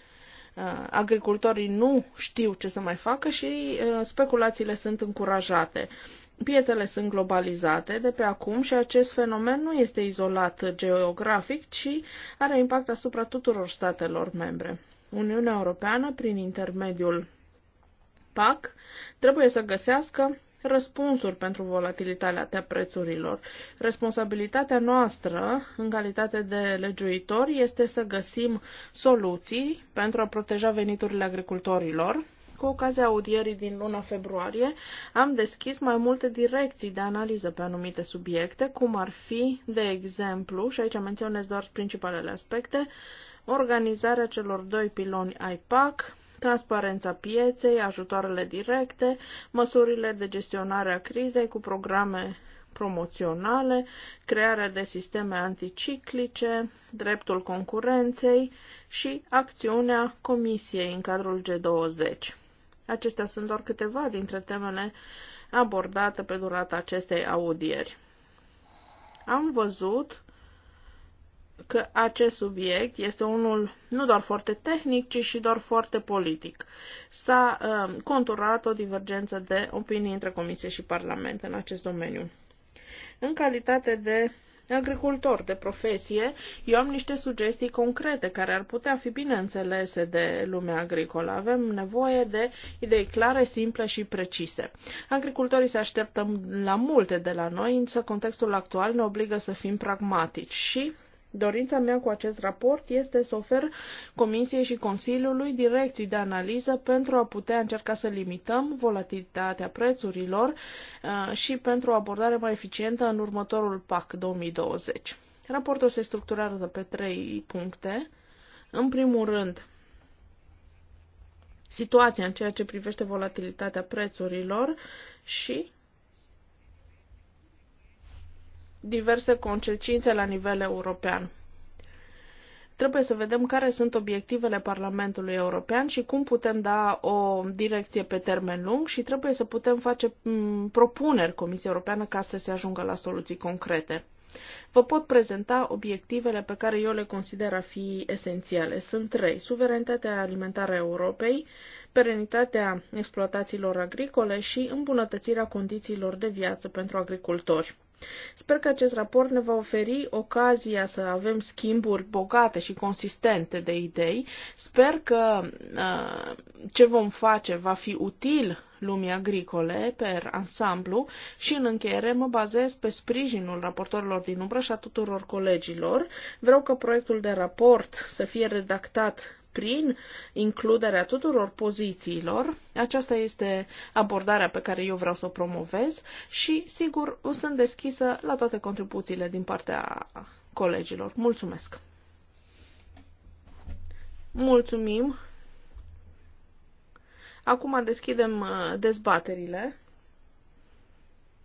Uh, agricultorii nu știu ce să mai facă și uh, speculațiile sunt încurajate. Piețele sunt globalizate de pe acum și acest fenomen nu este izolat geografic, ci are impact asupra tuturor statelor membre. Uniunea Europeană, prin intermediul PAC, trebuie să găsească răspunsuri pentru volatilitatea prețurilor. Responsabilitatea noastră, în calitate de legiuitori, este să găsim soluții pentru a proteja veniturile agricultorilor. Cu ocazia audierii din luna februarie, am deschis mai multe direcții de analiză pe anumite subiecte, cum ar fi, de exemplu, și aici menționez doar principalele aspecte, organizarea celor doi piloni IPAC, transparența pieței, ajutoarele directe, măsurile de gestionare a crizei cu programe promoționale, crearea de sisteme anticiclice, dreptul concurenței și acțiunea Comisiei în cadrul G20. Acestea sunt doar câteva dintre temele abordate pe durata acestei audieri. Am văzut că acest subiect este unul nu doar foarte tehnic, ci și doar foarte politic. S-a uh, conturat o divergență de opinii între Comisie și Parlament în acest domeniu. În calitate de agricultor de profesie, eu am niște sugestii concrete care ar putea fi bine înțelese de lumea agricolă. Avem nevoie de idei clare, simple și precise. Agricultorii se așteptă la multe de la noi, însă contextul actual ne obligă să fim pragmatici și Dorința mea cu acest raport este să ofer Comisiei și Consiliului direcții de analiză pentru a putea încerca să limităm volatilitatea prețurilor uh, și pentru o abordare mai eficientă în următorul PAC 2020. Raportul se structurează pe trei puncte. În primul rând, situația în ceea ce privește volatilitatea prețurilor și diverse consecințe la nivel european. Trebuie să vedem care sunt obiectivele Parlamentului European și cum putem da o direcție pe termen lung și trebuie să putem face mm, propuneri Comisiei Europeană ca să se ajungă la soluții concrete. Vă pot prezenta obiectivele pe care eu le consider a fi esențiale. Sunt trei. Suverenitatea alimentară a Europei, perenitatea exploatațiilor agricole și îmbunătățirea condițiilor de viață pentru agricultori. Sper că acest raport ne va oferi ocazia să avem schimburi bogate și consistente de idei. Sper că uh, ce vom face va fi util lumii agricole per ansamblu și în încheiere mă bazez pe sprijinul raportorilor din umbră și a tuturor colegilor. Vreau ca proiectul de raport să fie redactat prin includerea tuturor pozițiilor. Aceasta este abordarea pe care eu vreau să o promovez și, sigur, sunt deschisă la toate contribuțiile din partea colegilor. Mulțumesc! Mulțumim! Acum deschidem uh, dezbaterile.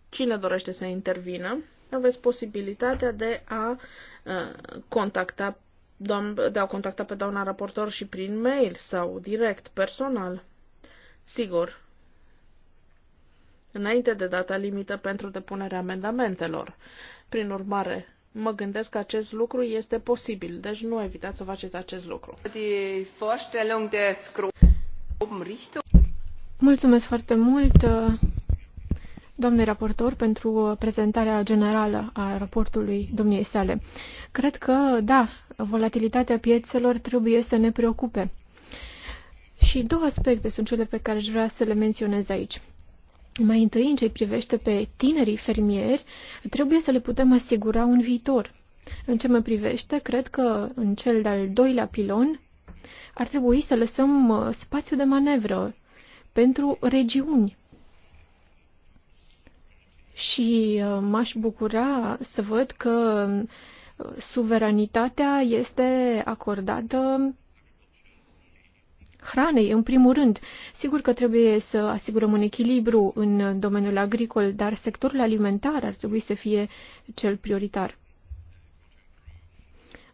Cine dorește să intervină? Aveți posibilitatea de a uh, contacta de a contacta pe doamna raportor și prin mail sau direct, personal. Sigur, înainte de data limită pentru depunerea amendamentelor. Prin urmare, mă gândesc că acest lucru este posibil, deci nu evitați să faceți acest lucru. Mulțumesc foarte mult. Domnule raportor pentru uh, prezentarea generală a raportului domniei sale. Cred că, da, volatilitatea piețelor trebuie să ne preocupe. Și două aspecte sunt cele pe care aș vrea să le menționez aici. Mai întâi, în ce privește pe tinerii fermieri, trebuie să le putem asigura un viitor. În ce mă privește, cred că în cel de-al doilea pilon ar trebui să lăsăm uh, spațiu de manevră pentru regiuni și uh, m-aș bucura să văd că uh, suveranitatea este acordată hranei, în primul rând. Sigur că trebuie să asigurăm un echilibru în domeniul agricol, dar sectorul alimentar ar trebui să fie cel prioritar.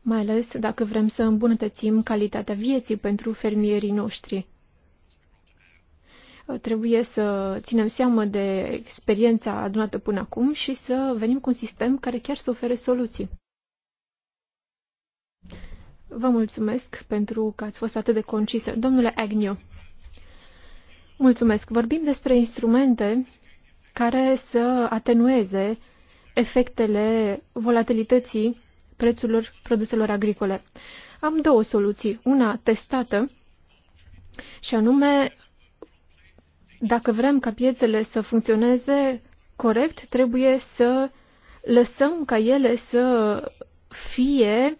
Mai ales dacă vrem să îmbunătățim calitatea vieții pentru fermierii noștri. Trebuie să ținem seama de experiența adunată până acum și să venim cu un sistem care chiar să ofere soluții. Vă mulțumesc pentru că ați fost atât de concisă. Domnule Agnew, mulțumesc. Vorbim despre instrumente care să atenueze efectele volatilității prețurilor produselor agricole. Am două soluții. Una testată și anume dacă vrem ca piețele să funcționeze corect, trebuie să lăsăm ca ele să fie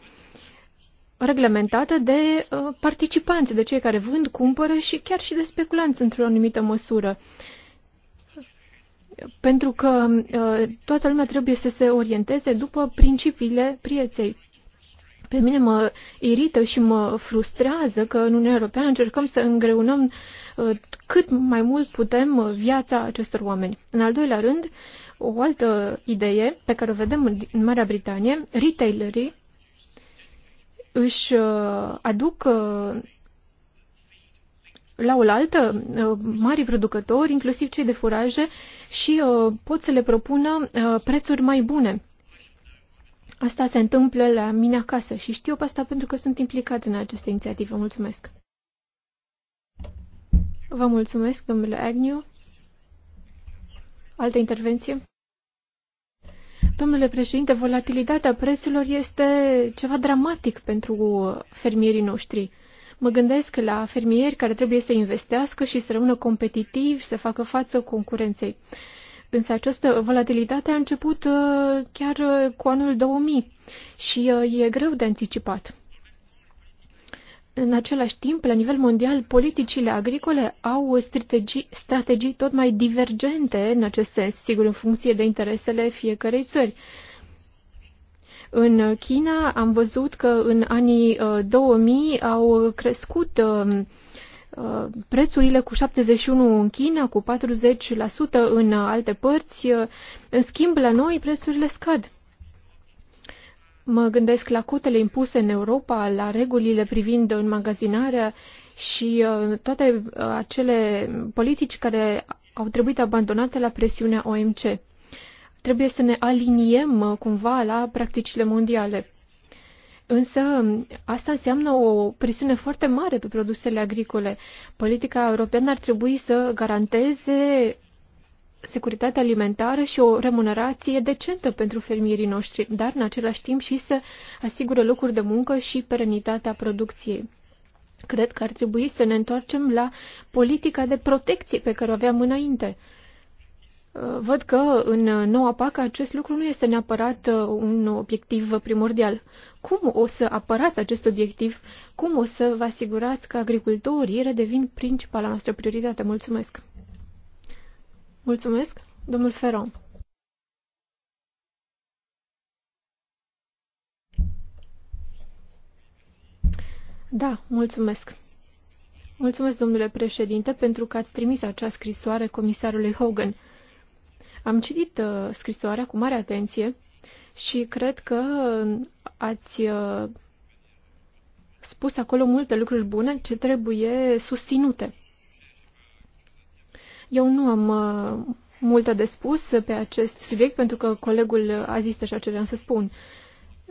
reglementate de uh, participanți, de cei care vând, cumpără și chiar și de speculanți într-o anumită măsură. Pentru că uh, toată lumea trebuie să se orienteze după principiile pieței. Pe mine mă irită și mă frustrează că în Uniunea Europeană încercăm să îngreunăm Uh, cât mai mult putem viața acestor oameni. În al doilea rând, o altă idee pe care o vedem în Marea Britanie, retailerii își uh, aduc uh, la oaltă mari producători, inclusiv cei de furaje, și pot să le propună prețuri mai bune. Asta se întâmplă la mine acasă și știu asta pentru că sunt implicat în aceste inițiative. Mulțumesc! Vă mulțumesc, domnule Agnew. Altă intervenție? Domnule președinte, volatilitatea prețurilor este ceva dramatic pentru fermierii noștri. Mă gândesc la fermieri care trebuie să investească și să rămână competitivi, să facă față concurenței. Însă această volatilitate a început uh, chiar uh, cu anul 2000 și uh, e greu de anticipat. În același timp, la nivel mondial, politicile agricole au strategii, strategii tot mai divergente în acest sens, sigur, în funcție de interesele fiecărei țări. În China am văzut că în anii 2000 uh, au crescut uh, uh, prețurile cu 71% în China, cu 40% în alte părți. În schimb, la noi prețurile scad. Mă gândesc la cotele impuse în Europa, la regulile privind înmagazinarea și uh, toate uh, acele politici care au trebuit abandonate la presiunea OMC. Trebuie să ne aliniem uh, cumva la practicile mondiale. Însă asta înseamnă o presiune foarte mare pe produsele agricole. Politica europeană ar trebui să garanteze securitate alimentară și o remunerație decentă pentru fermierii noștri, dar în același timp și să asigure locuri de muncă și perenitatea producției. Cred că ar trebui să ne întoarcem la politica de protecție pe care o aveam înainte. Uh, văd că în noua PAC acest lucru nu este neapărat uh, un obiectiv primordial. Cum o să apărați acest obiectiv? Cum o să vă asigurați că agricultorii redevin principala noastră prioritate? Mulțumesc! Mulțumesc, domnul Ferron. Da, mulțumesc. Mulțumesc, domnule președinte, pentru că ați trimis acea scrisoare comisarului Hogan. Am citit uh, scrisoarea cu mare atenție și cred că uh, ați uh, spus acolo multe lucruri bune ce trebuie susținute. Eu nu am uh, multe de spus pe acest subiect, pentru că colegul a zis așa ce vreau să spun.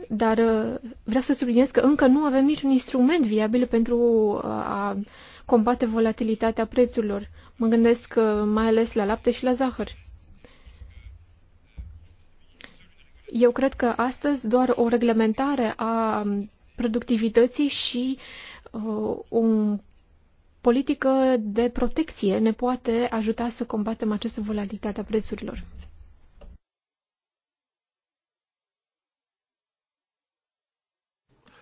Dar uh, vreau să subliniez că încă nu avem niciun instrument viabil pentru uh, a combate volatilitatea prețurilor. Mă gândesc mai ales la lapte și la zahăr. Eu cred că astăzi doar o reglementare a productivității și uh, un politică de protecție ne poate ajuta să combatem această volatilitate a prețurilor.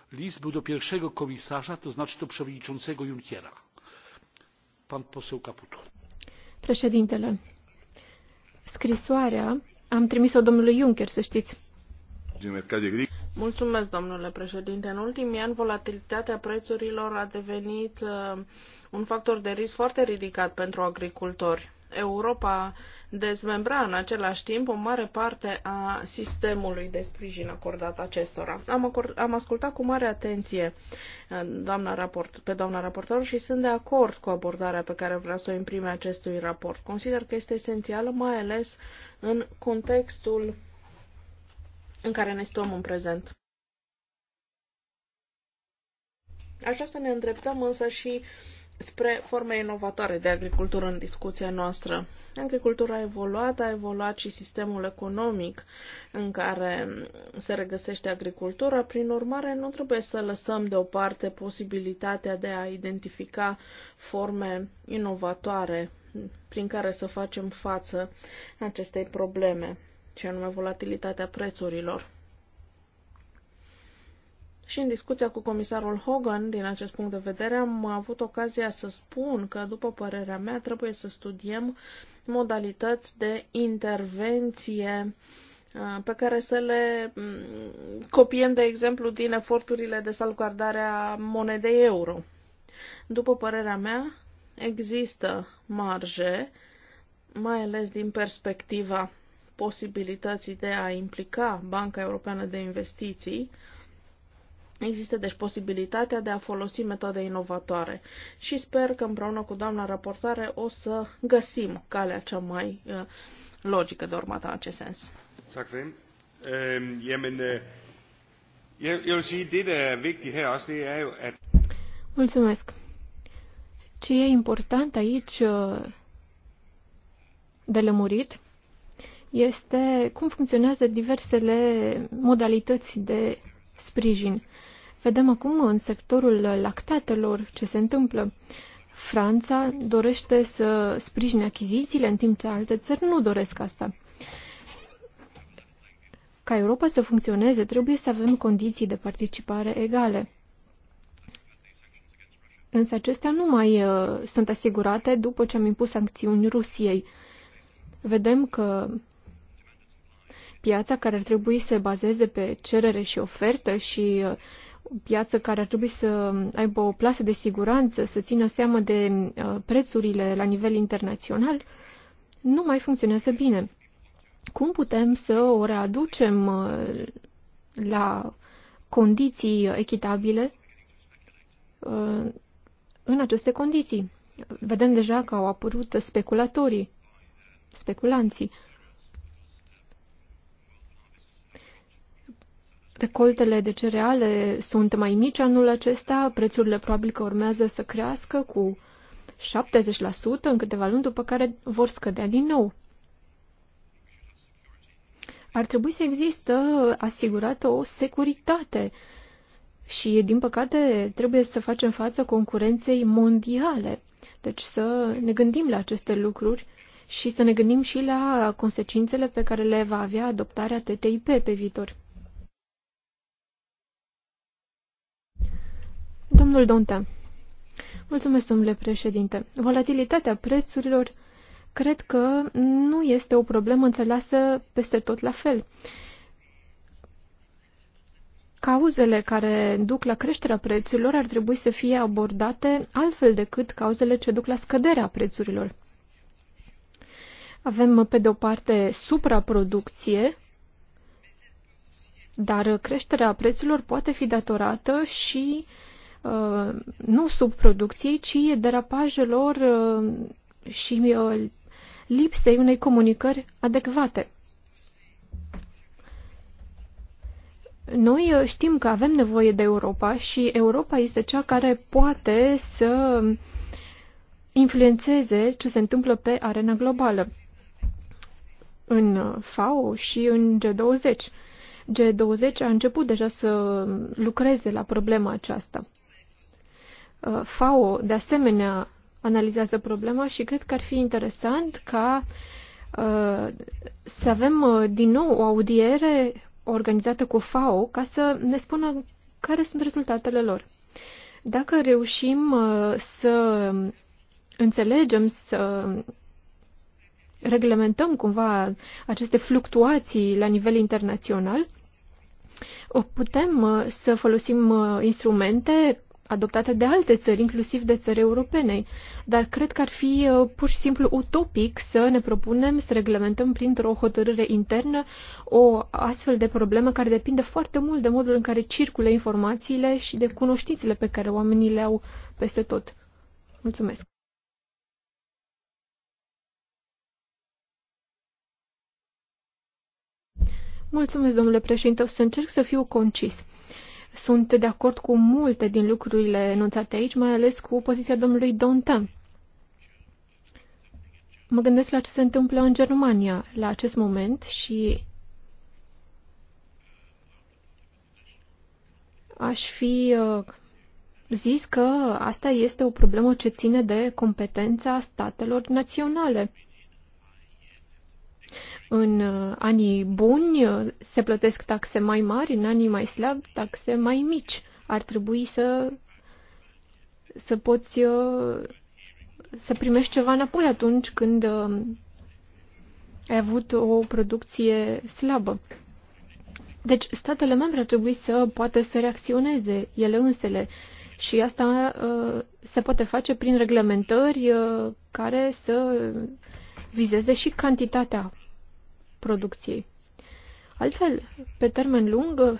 List był do pierwszego komisarza, to znaczy do przewodniczącego Junckera. Pan poseł Caputo. Președintele, scrisoarea am trimis-o domnului Juncker, să știți. Mulțumesc, domnule președinte. În ultimii ani, volatilitatea prețurilor a devenit uh, un factor de risc foarte ridicat pentru agricultori. Europa dezmembra în același timp o mare parte a sistemului de sprijin acordat acestora. Am, acord, am ascultat cu mare atenție uh, doamna raport, pe doamna raportor și sunt de acord cu abordarea pe care vrea să o imprime acestui raport. Consider că este esențială mai ales în contextul în care ne situăm în prezent. Așa să ne îndreptăm însă și spre forme inovatoare de agricultură în discuția noastră. Agricultura a evoluat, a evoluat și sistemul economic în care se regăsește agricultura, prin urmare nu trebuie să lăsăm deoparte posibilitatea de a identifica forme inovatoare prin care să facem față acestei probleme și anume volatilitatea prețurilor. Și în discuția cu comisarul Hogan, din acest punct de vedere, am avut ocazia să spun că, după părerea mea, trebuie să studiem modalități de intervenție uh, pe care să le mm, copiem, de exemplu, din eforturile de salvgardare a monedei euro. După părerea mea, există marje, mai ales din perspectiva posibilității de a implica Banca Europeană de Investiții, Există deci posibilitatea de a folosi metode inovatoare și sper că împreună cu doamna raportare o să găsim calea cea mai uh, logică de urmat în acest sens. Mulțumesc. Ce e important aici uh, de lămurit este cum funcționează diversele modalități de sprijin. Vedem acum în sectorul lactatelor ce se întâmplă. Franța dorește să sprijine achizițiile, în timp ce alte țări nu doresc asta. Ca Europa să funcționeze, trebuie să avem condiții de participare egale. Însă acestea nu mai uh, sunt asigurate după ce am impus sancțiuni Rusiei. Vedem că piața care ar trebui să se bazeze pe cerere și ofertă și o uh, piață care ar trebui să aibă o plasă de siguranță, să țină seama de uh, prețurile la nivel internațional, nu mai funcționează bine. Cum putem să o readucem uh, la condiții echitabile în aceste condiții? Vedem deja că au apărut speculatorii, speculanții. Recoltele de cereale sunt mai mici anul acesta, prețurile probabil că urmează să crească cu 70% în câteva luni, după care vor scădea din nou. Ar trebui să există asigurată o securitate și, din păcate, trebuie să facem față concurenței mondiale. Deci să ne gândim la aceste lucruri și să ne gândim și la consecințele pe care le va avea adoptarea TTIP pe viitor. Domnul Donta. Mulțumesc, domnule președinte. Volatilitatea prețurilor cred că nu este o problemă înțeleasă peste tot la fel. Cauzele care duc la creșterea prețurilor ar trebui să fie abordate altfel decât cauzele ce duc la scăderea prețurilor. Avem, pe de o parte, supraproducție, dar creșterea prețurilor poate fi datorată și uh, Uh, nu subproducției, ci derapajelor uh, și uh, lipsei unei comunicări adecvate. Noi știm că avem nevoie de Europa și Europa este cea care poate să influențeze ce se întâmplă pe arena globală în FAO și în G20. G20 a început deja să lucreze la problema aceasta. Uh, FAO de asemenea analizează problema și cred că ar fi interesant ca uh, să avem uh, din nou o audiere organizată cu FAO ca să ne spună care sunt rezultatele lor. Dacă reușim să înțelegem, să reglementăm cumva aceste fluctuații la nivel internațional, o putem să folosim instrumente adoptate de alte țări, inclusiv de țări europene. Dar cred că ar fi uh, pur și simplu utopic să ne propunem să reglementăm printr-o hotărâre internă o astfel de problemă care depinde foarte mult de modul în care circulă informațiile și de cunoștințele pe care oamenii le au peste tot. Mulțumesc! Mulțumesc, domnule președinte. O să încerc să fiu concis. Sunt de acord cu multe din lucrurile enunțate aici, mai ales cu poziția domnului Dontan. Mă gândesc la ce se întâmplă în Germania la acest moment și aș fi uh, zis că asta este o problemă ce ține de competența statelor naționale. În uh, anii buni uh, se plătesc taxe mai mari, în anii mai slabi taxe mai mici. Ar trebui să, să poți uh, să primești ceva înapoi atunci când ai avut o producție slabă. Deci statele membre ar trebui să poată să reacționeze ele însele și asta se poate face prin reglementări care să vizeze și cantitatea producției. Altfel, pe termen lung,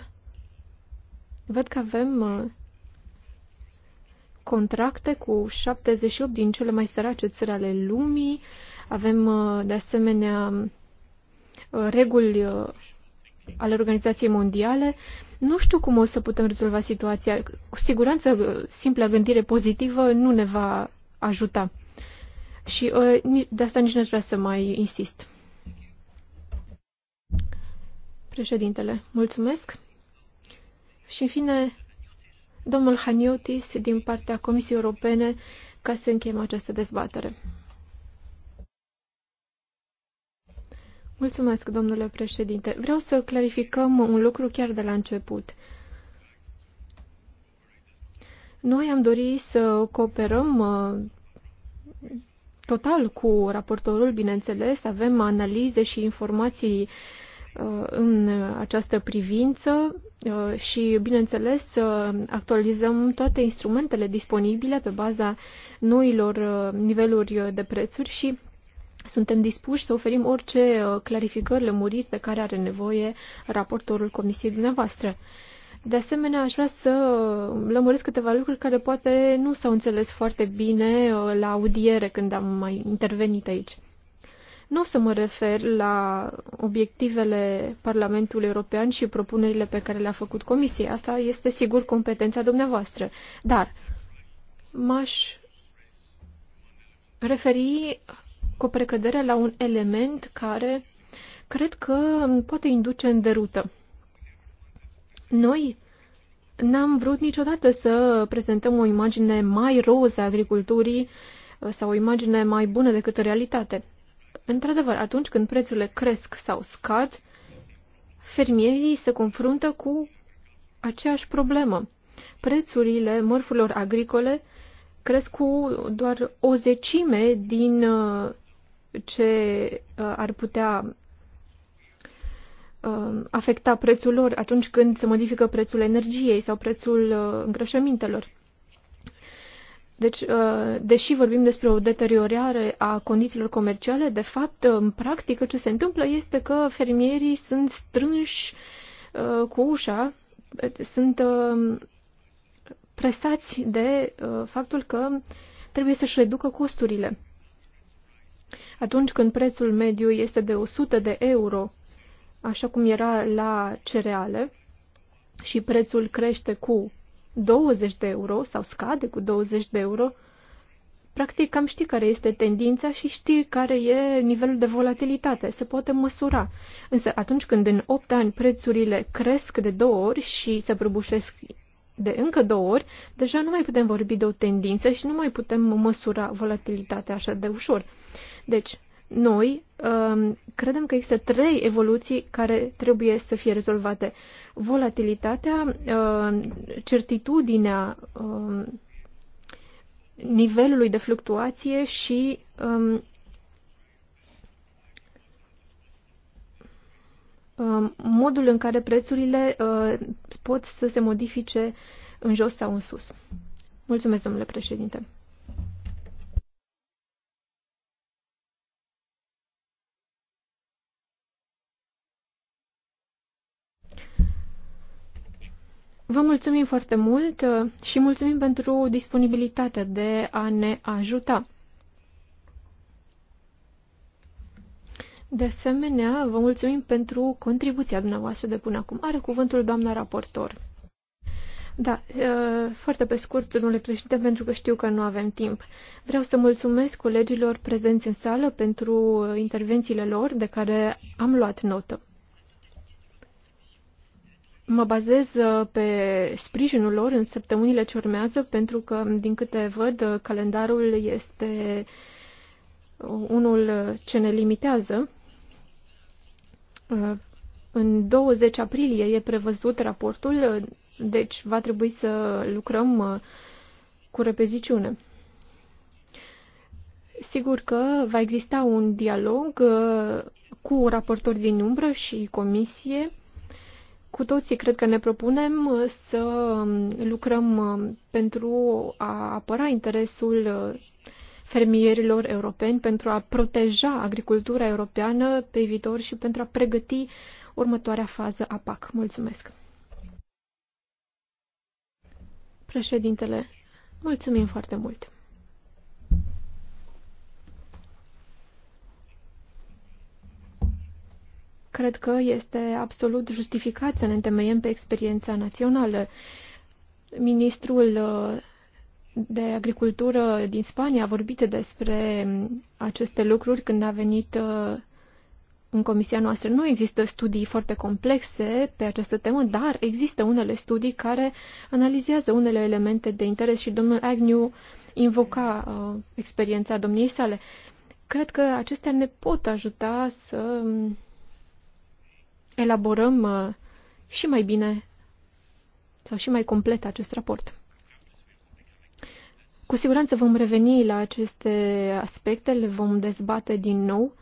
văd că avem uh, contracte cu 78 din cele mai sărace țări ale lumii, avem uh, de asemenea uh, reguli ale Organizației Mondiale. Nu știu cum o să putem rezolva situația. Cu siguranță, simpla gândire pozitivă nu ne va ajuta. Și de asta nici nu vreau să mai insist. Președintele, mulțumesc. Și în fine, domnul Haniotis din partea Comisiei Europene ca să încheiem această dezbatere. Mulțumesc, domnule președinte. Vreau să clarificăm un lucru chiar de la început. Noi am dorit să cooperăm uh, total cu raportorul, bineînțeles, avem analize și informații Uh, în această privință uh, și, bineînțeles, să uh, actualizăm toate instrumentele disponibile pe baza noilor niveluri de prețuri și suntem dispuși să oferim orice clarificări, lămuriri de care are nevoie raportorul comisiei dumneavoastră. De asemenea, aș vrea să lămuresc câteva lucruri care poate nu s-au înțeles foarte bine la audiere când am mai intervenit aici. Nu o să mă refer la obiectivele Parlamentului European și propunerile pe care le-a făcut Comisia. Asta este sigur competența dumneavoastră. Dar m-aș referi cu precădere la un element care cred că poate induce în derută. Noi n-am vrut niciodată să prezentăm o imagine mai roză a agriculturii uh, sau o imagine mai bună decât realitatea. Într-adevăr, atunci când prețurile cresc sau scad, fermierii se confruntă cu aceeași problemă. Prețurile mărfurilor agricole cresc cu doar o zecime din uh, ce uh, ar putea uh, afecta prețul lor atunci când se modifică prețul energiei sau prețul îngrășămintelor. Deci, uh, deși vorbim despre o deteriorare a condițiilor comerciale, de fapt, în practică, ce se întâmplă este că fermierii sunt strânși uh, cu ușa, sunt uh, presați de faptul că trebuie să-și reducă costurile. Atunci când prețul mediu este de 100 de euro, așa cum era la cereale, și prețul crește cu 20 de euro sau scade cu 20 de euro, practic cam știi care este tendința și știi care e nivelul de volatilitate, se poate măsura. Însă atunci când în 8 ani prețurile cresc de două ori și se prăbușesc de încă două ori, deja nu mai putem vorbi de o tendință și nu mai putem măsura volatilitatea așa de ușor. Deci, noi um, credem că există trei evoluții care trebuie să fie rezolvate. Volatilitatea, um, certitudinea um, nivelului de fluctuație și um, um, modul în care prețurile uh, pot să se modifice în jos sau în sus. Mulțumesc, domnule președinte. Vă mulțumim foarte mult uh, și mulțumim pentru disponibilitatea de a ne ajuta. De asemenea, vă mulțumim pentru contribuția dumneavoastră de până acum. Are cuvântul doamna raportor. Da, uh, foarte pe scurt, domnule președinte, pentru că știu că nu avem timp. Vreau să mulțumesc colegilor prezenți în sală pentru intervențiile lor, de care am luat notă. Mă bazez uh, pe sprijinul lor în săptămânile ce urmează, pentru că, din câte văd, uh, calendarul este uh, unul ce ne limitează. În 20 aprilie e prevăzut raportul, deci va trebui să lucrăm cu repeziciune. Sigur că va exista un dialog cu raportori din umbră și comisie cu toții cred că ne propunem uh, să um, lucrăm um, pentru a apăra interesul uh, fermierilor europeni, pentru a proteja agricultura europeană pe viitor și pentru a pregăti următoarea fază a PAC. Mulțumesc! Președintele, mulțumim foarte mult! cred că este absolut justificat să ne întemeiem pe experiența națională. Ministrul uh, de agricultură din Spania a vorbit despre aceste lucruri când a venit uh, în comisia noastră. Nu există studii foarte complexe pe această temă, dar există unele studii care analizează unele elemente de interes și domnul Agnew invoca uh, experiența domniei sale. Cred că acestea ne pot ajuta să um, elaborăm uh, și mai bine sau și mai complet acest raport. Cu siguranță vom reveni la aceste aspecte, le vom dezbate din nou,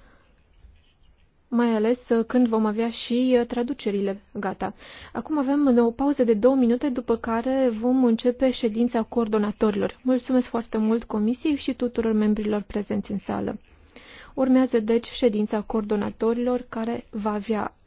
mai ales uh, când vom avea și uh, traducerile gata. Acum avem o pauză de două minute, după care vom începe ședința coordonatorilor. Mulțumesc foarte mult comisiei și tuturor membrilor prezenți în sală. Urmează deci ședința coordonatorilor care va avea